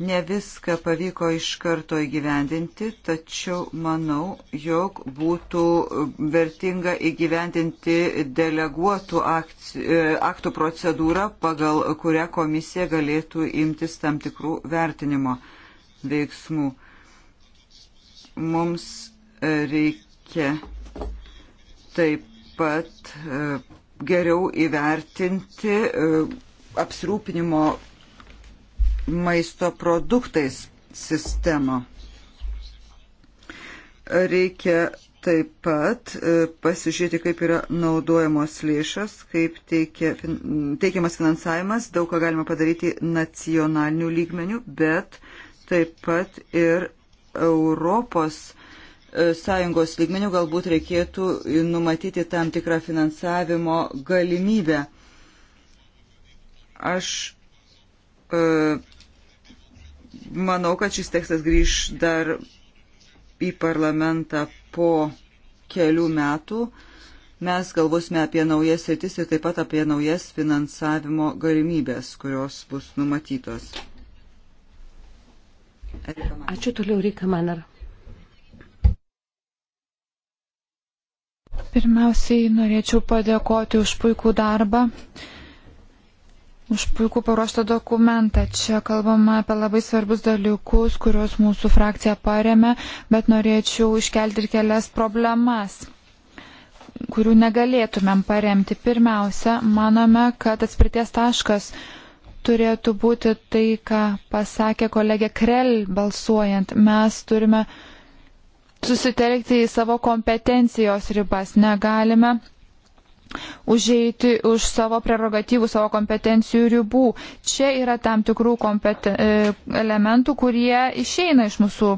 Ne viską pavyko iš karto įgyvendinti, tačiau manau, jog būtų vertinga įgyvendinti deleguotų akci, e, aktų procedūrą, pagal kurią komisija galėtų imtis tam tikrų vertinimo veiksmų. Mums reikia taip pat e, geriau įvertinti e, apsirūpinimo maisto produktais sistemą. Reikia taip pat e, pasižiūrėti, kaip yra naudojamos lėšas, kaip teikia, teikiamas finansavimas, daug ką galima padaryti nacionalinių lygmenių, bet taip pat ir Europos E, sąjungos lygmenių galbūt reikėtų numatyti tam tikrą finansavimo galimybę. Aš e, manau, kad šis tekstas grįž dar į parlamentą po kelių metų. Mes galvosime apie naujas sritis ir taip pat apie naujas finansavimo galimybės, kurios bus numatytos. Ačiū toliau, Rika Manar. Pirmiausiai norėčiau padėkoti už puikų darbą, už puikų paruoštą dokumentą. Čia kalbama apie labai svarbus dalykus, kuriuos mūsų frakcija paremė, bet norėčiau iškelti ir kelias problemas kurių negalėtumėm paremti. Pirmiausia, manome, kad atspirties taškas turėtų būti tai, ką pasakė kolegė Krell balsuojant. Mes turime susitelkti į savo kompetencijos ribas. Negalime užeiti už savo prerogatyvų, savo kompetencijų ribų. Čia yra tam tikrų kompeten... E, elementų, kurie išeina iš mūsų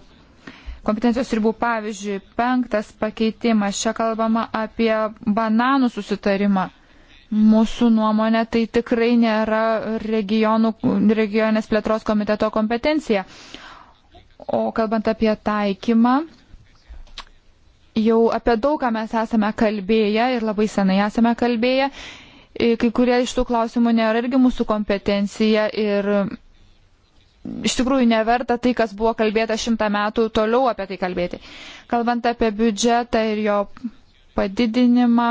kompetencijos ribų. Pavyzdžiui, penktas pakeitimas. Čia kalbama apie bananų susitarimą. Mūsų nuomonė tai tikrai nėra regionų, regionės plėtros komiteto kompetencija. O kalbant apie taikymą, Jau apie daugą mes esame kalbėję ir labai senai esame kalbėję. E, kai kurie iš tų klausimų nėra irgi mūsų kompetencija ir iš tikrųjų neverta tai, kas buvo kalbėta šimtą metų, toliau apie tai kalbėti. Kalbant apie biudžetą ir jo padidinimą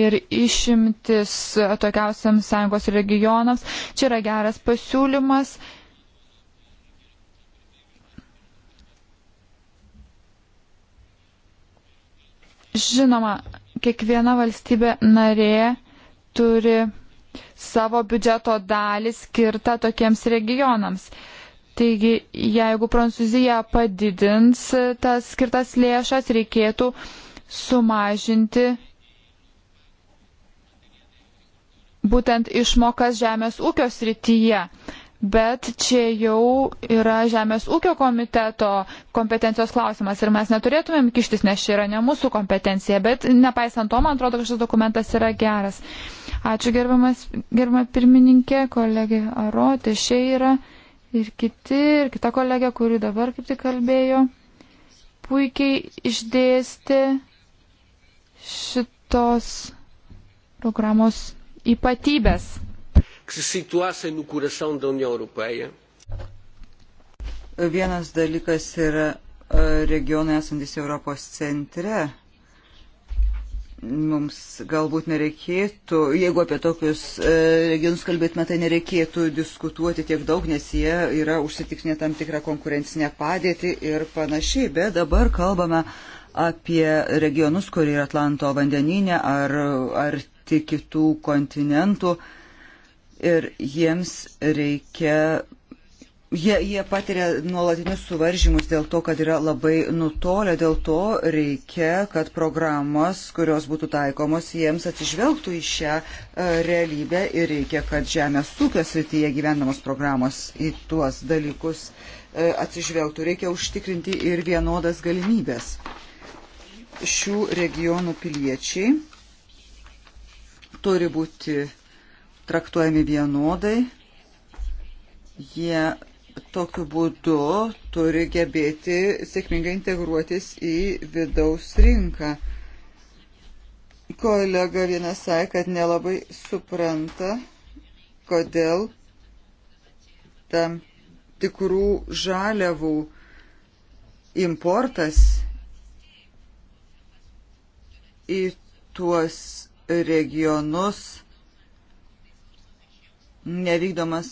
ir išimtis atokiausiams sąjungos regionams, čia yra geras pasiūlymas. Žinoma, kiekviena valstybė narė turi savo biudžeto dalį skirtą tokiems regionams. Taigi, jeigu Prancūzija padidins tas skirtas lėšas, reikėtų sumažinti būtent išmokas žemės ūkio srityje bet čia jau yra Žemės ūkio komiteto kompetencijos klausimas ir mes neturėtumėm kištis, nes čia yra ne mūsų kompetencija, bet nepaisant to, man atrodo, kad šis dokumentas yra geras. Ačiū gerbiamas, gerbama pirmininkė, kolegė Aro, tešė yra ir kiti, ir kita kolegė, kuri dabar kaip tik kalbėjo, puikiai išdėstė šitos programos ypatybės que se situassem no coração da União Europeia? Vienas dalykas yra e, regionai esantis Europos centre. Mums galbūt nereikėtų, jeigu apie tokius e, regionus kalbėtume, tai nereikėtų diskutuoti tiek daug, nes jie yra užsitikrinę tam tikrą konkurencinę padėtį ir panašiai. Bet dabar kalbame apie regionus, kur yra Atlanto vandeninė ar, ar tik kitų kontinentų. Uh, ir jiems reikia Jie, jie patiria nuolatinius suvaržymus dėl to, kad yra labai nutolę, dėl to reikia, kad programos, kurios būtų taikomos, jiems atsižvelgtų į šią e, realybę ir reikia, kad žemės ūkio srityje gyvenamos programos į tuos dalykus e, atsižvelgtų. Reikia užtikrinti ir vienodas galimybės. Šių regionų piliečiai turi būti traktuojami vienodai. Jie tokiu būdu turi gebėti sėkmingai integruotis į vidaus rinką. Kolega vienas sakė, kad nelabai supranta, kodėl tam tikrų žaliavų importas į tuos regionus nevykdomas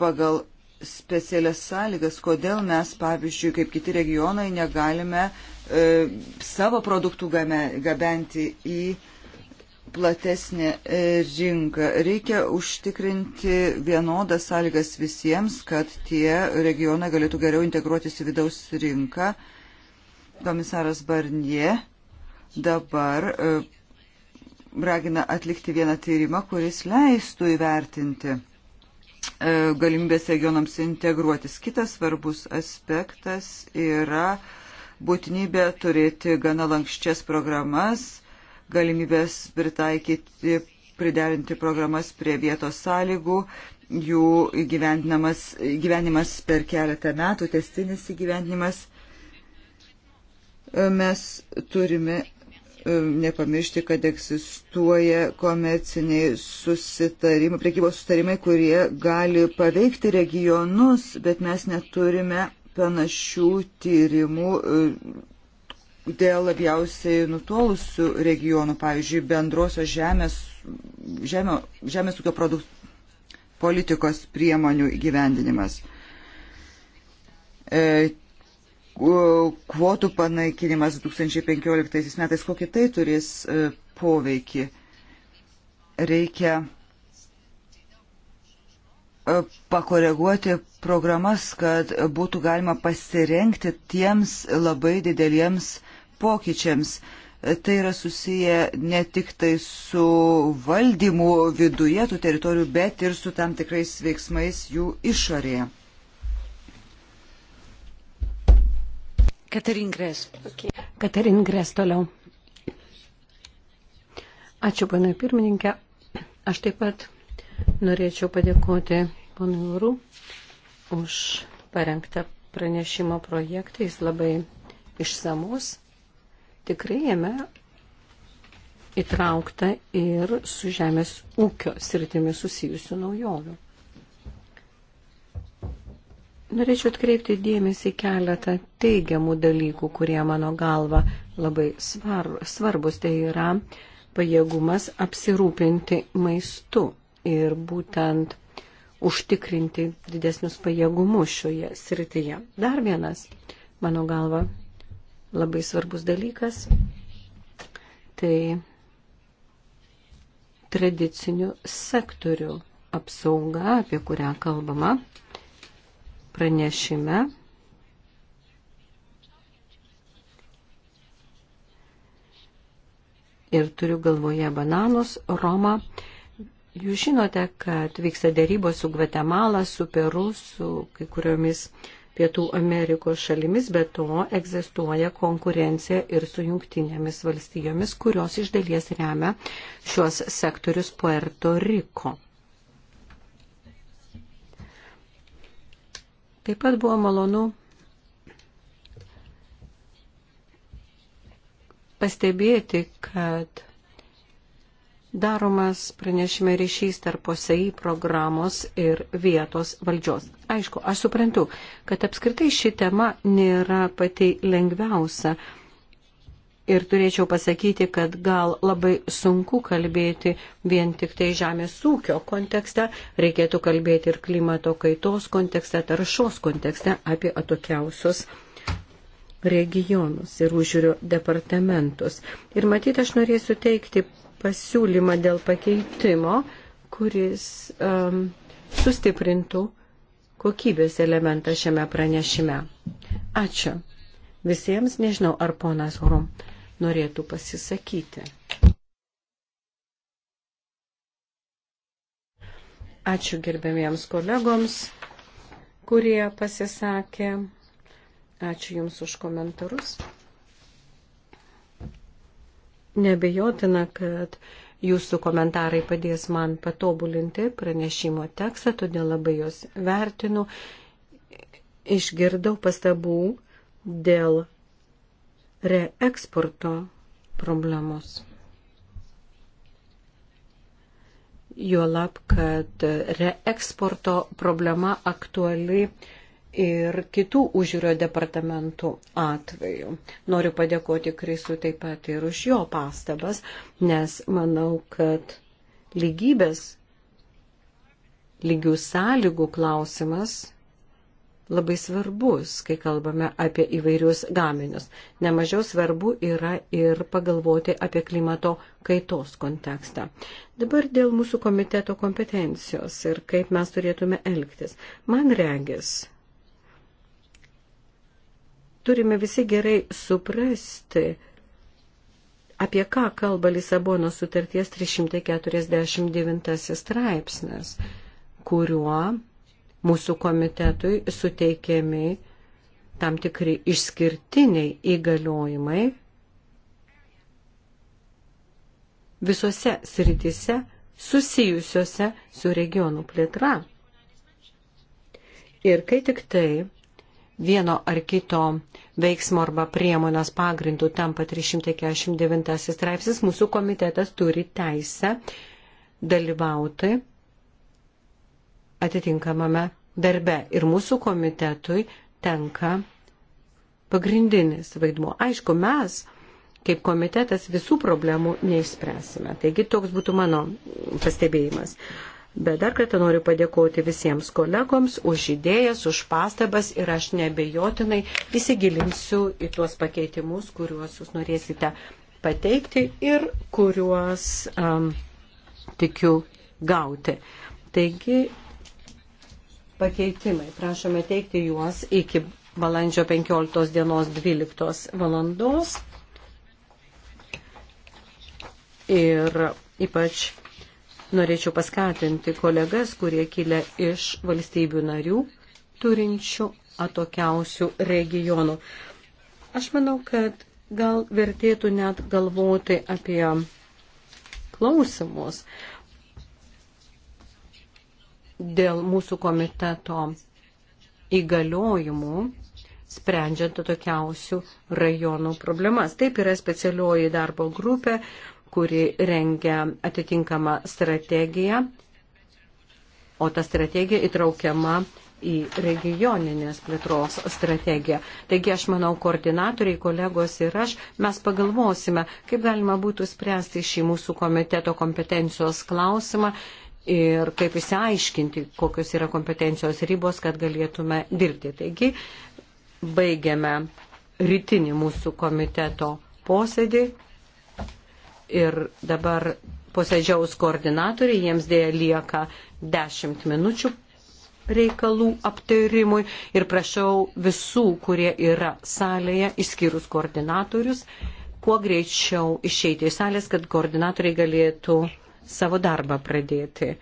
pagal specialias sąlygas, kodėl mes, pavyzdžiui, kaip kiti regionai, negalime e, savo produktų game, gabenti į platesnė e, rinka. Reikia užtikrinti vienodas sąlygas visiems, kad tie regionai galėtų geriau integruotis į vidaus rinką. Komisaras Barnie dabar e, ragina atlikti vieną tyrimą, kuris leistų įvertinti e, galimybės regionams integruotis. Kitas svarbus aspektas yra būtinybė turėti gana lankščias programas, galimybės pritaikyti, priderinti programas prie vietos sąlygų, jų gyvenimas per keletą metų, testinis įgyvendinimas. E, mes turime Um, nepamiršti, kad egzistuoja komerciniai susitarimai, priekybos susitarimai, kurie gali paveikti regionus, bet mes neturime panašių tyrimų um, dėl labiausiai nutolusių regionų, pavyzdžiui, bendrosios žemės, žemio, žemės ūkio produktų politikos priemonių įgyvendinimas. E, kvotų panaikinimas 2015 metais, kokį tai turės e, poveikį. Reikia e, pakoreguoti programas, kad būtų galima pasirenkti tiems labai dideliems pokyčiams. E, tai yra susiję ne tik tai su valdymu viduje tų teritorijų, bet ir su tam tikrais veiksmais jų išorėje. Katarin Gres. Okay. Katarin Gres toliau. Ačiū, panai pirmininkė. Aš taip pat norėčiau padėkoti ponui Jūrų už parengtą pranešimo projektą. Jis labai išsamus. Tikrai jame įtraukta ir su žemės ūkio sritimi susijusių naujovių. Norėčiau atkreipti dėmesį keletą teigiamų dalykų, kurie mano galva labai svar, svarbus. Tai yra pajėgumas apsirūpinti maistu ir būtent užtikrinti didesnius pajėgumus šioje srityje. Dar vienas, mano galva, labai svarbus dalykas. Tai tradicinių sektorių apsauga, apie kurią kalbama pranešime. Ir turiu galvoje bananus, Romą. Jūs žinote, kad vyksta dėrybos su Gvatemala, su Peru, su kai kuriomis Pietų Amerikos šalimis, bet to egzistuoja konkurencija ir su jungtinėmis valstijomis, kurios iš dalies remia šios sektorius Puerto Riko. Taip pat buvo malonu pastebėti, kad daromas pranešime ryšys tarp posei programos ir vietos valdžios. Aišku, aš suprantu, kad apskritai ši tema nėra pati lengviausia Ir turėčiau pasakyti, kad gal labai sunku kalbėti vien tik tai žemės ūkio kontekste, reikėtų kalbėti ir klimato kaitos kontekste, taršos kontekste apie atokiausius regionus ir užžiūrio departamentus. Ir matyt, aš norėsiu teikti pasiūlymą dėl pakeitimo, kuris um, sustiprintų kokybės elementą šiame pranešime. Ačiū. Visiems nežinau, ar ponas Horum norėtų pasisakyti. Ačiū gerbėmiems kolegoms, kurie pasisakė. Ačiū Jums už komentarus. Nebejotina, kad Jūsų komentarai padės man patobulinti pranešimo tekstą, todėl labai juos vertinu. Išgirdau pastabų dėl reeksporto problemos. Juolab, kad reeksporto problema aktuali ir kitų užjūrio departamentų atveju. Noriu padėkoti Krisui taip pat ir už jo pastabas, nes manau, kad lygybės, lygių sąlygų klausimas labai svarbus, kai kalbame apie įvairius gaminius. Nemažiau svarbu yra ir pagalvoti apie klimato kaitos kontekstą. Dabar dėl mūsų komiteto kompetencijos ir kaip mes turėtume elgtis. Man regis, turime visi gerai suprasti, apie ką kalba Lisabono sutarties 349 straipsnis, kuriuo mūsų komitetui suteikiami tam tikri išskirtiniai įgaliojimai visose sritise susijusiose su regionų plėtra. Ir kai tik tai vieno ar kito veiksmo arba priemonės pagrindų tampa 349 straipsnis, mūsų komitetas turi teisę dalyvauti atitinkamame darbe ir mūsų komitetui tenka pagrindinis vaidmuo. Aišku, mes kaip komitetas visų problemų neišspręsime. Taigi toks būtų mano pastebėjimas. Bet dar kartą noriu padėkoti visiems kolegoms už idėjas, už pastabas ir aš nebejotinai įsigilinsiu į tuos pakeitimus, kuriuos jūs norėsite pateikti ir kuriuos um, tikiu gauti. Taigi pakeitimai. Prašome teikti juos iki balandžio 15 dienos 12 valandos. Ir ypač norėčiau paskatinti kolegas, kurie kilę iš valstybių narių, turinčių atokiausių regionų. Aš manau, kad gal vertėtų net galvoti apie klausimus, dėl mūsų komiteto įgaliojimų sprendžiant atokiausių rajonų problemas. Taip yra specialioji darbo grupė, kuri rengia atitinkamą strategiją, o ta strategija įtraukiama į regioninės plėtros strategiją. Taigi aš manau, koordinatoriai, kolegos ir aš, mes pagalvosime, kaip galima būtų spręsti šį mūsų komiteto kompetencijos klausimą ir kaip įsiaiškinti, kokios yra kompetencijos ribos, kad galėtume dirbti. Taigi, baigiame rytinį mūsų komiteto posėdį ir dabar posėdžiaus koordinatoriai, jiems dėja lieka 10 minučių reikalų aptarimui ir prašau visų, kurie yra salėje, išskyrus koordinatorius, kuo greičiau išeiti iš salės, kad koordinatoriai galėtų savo darbą pradėti.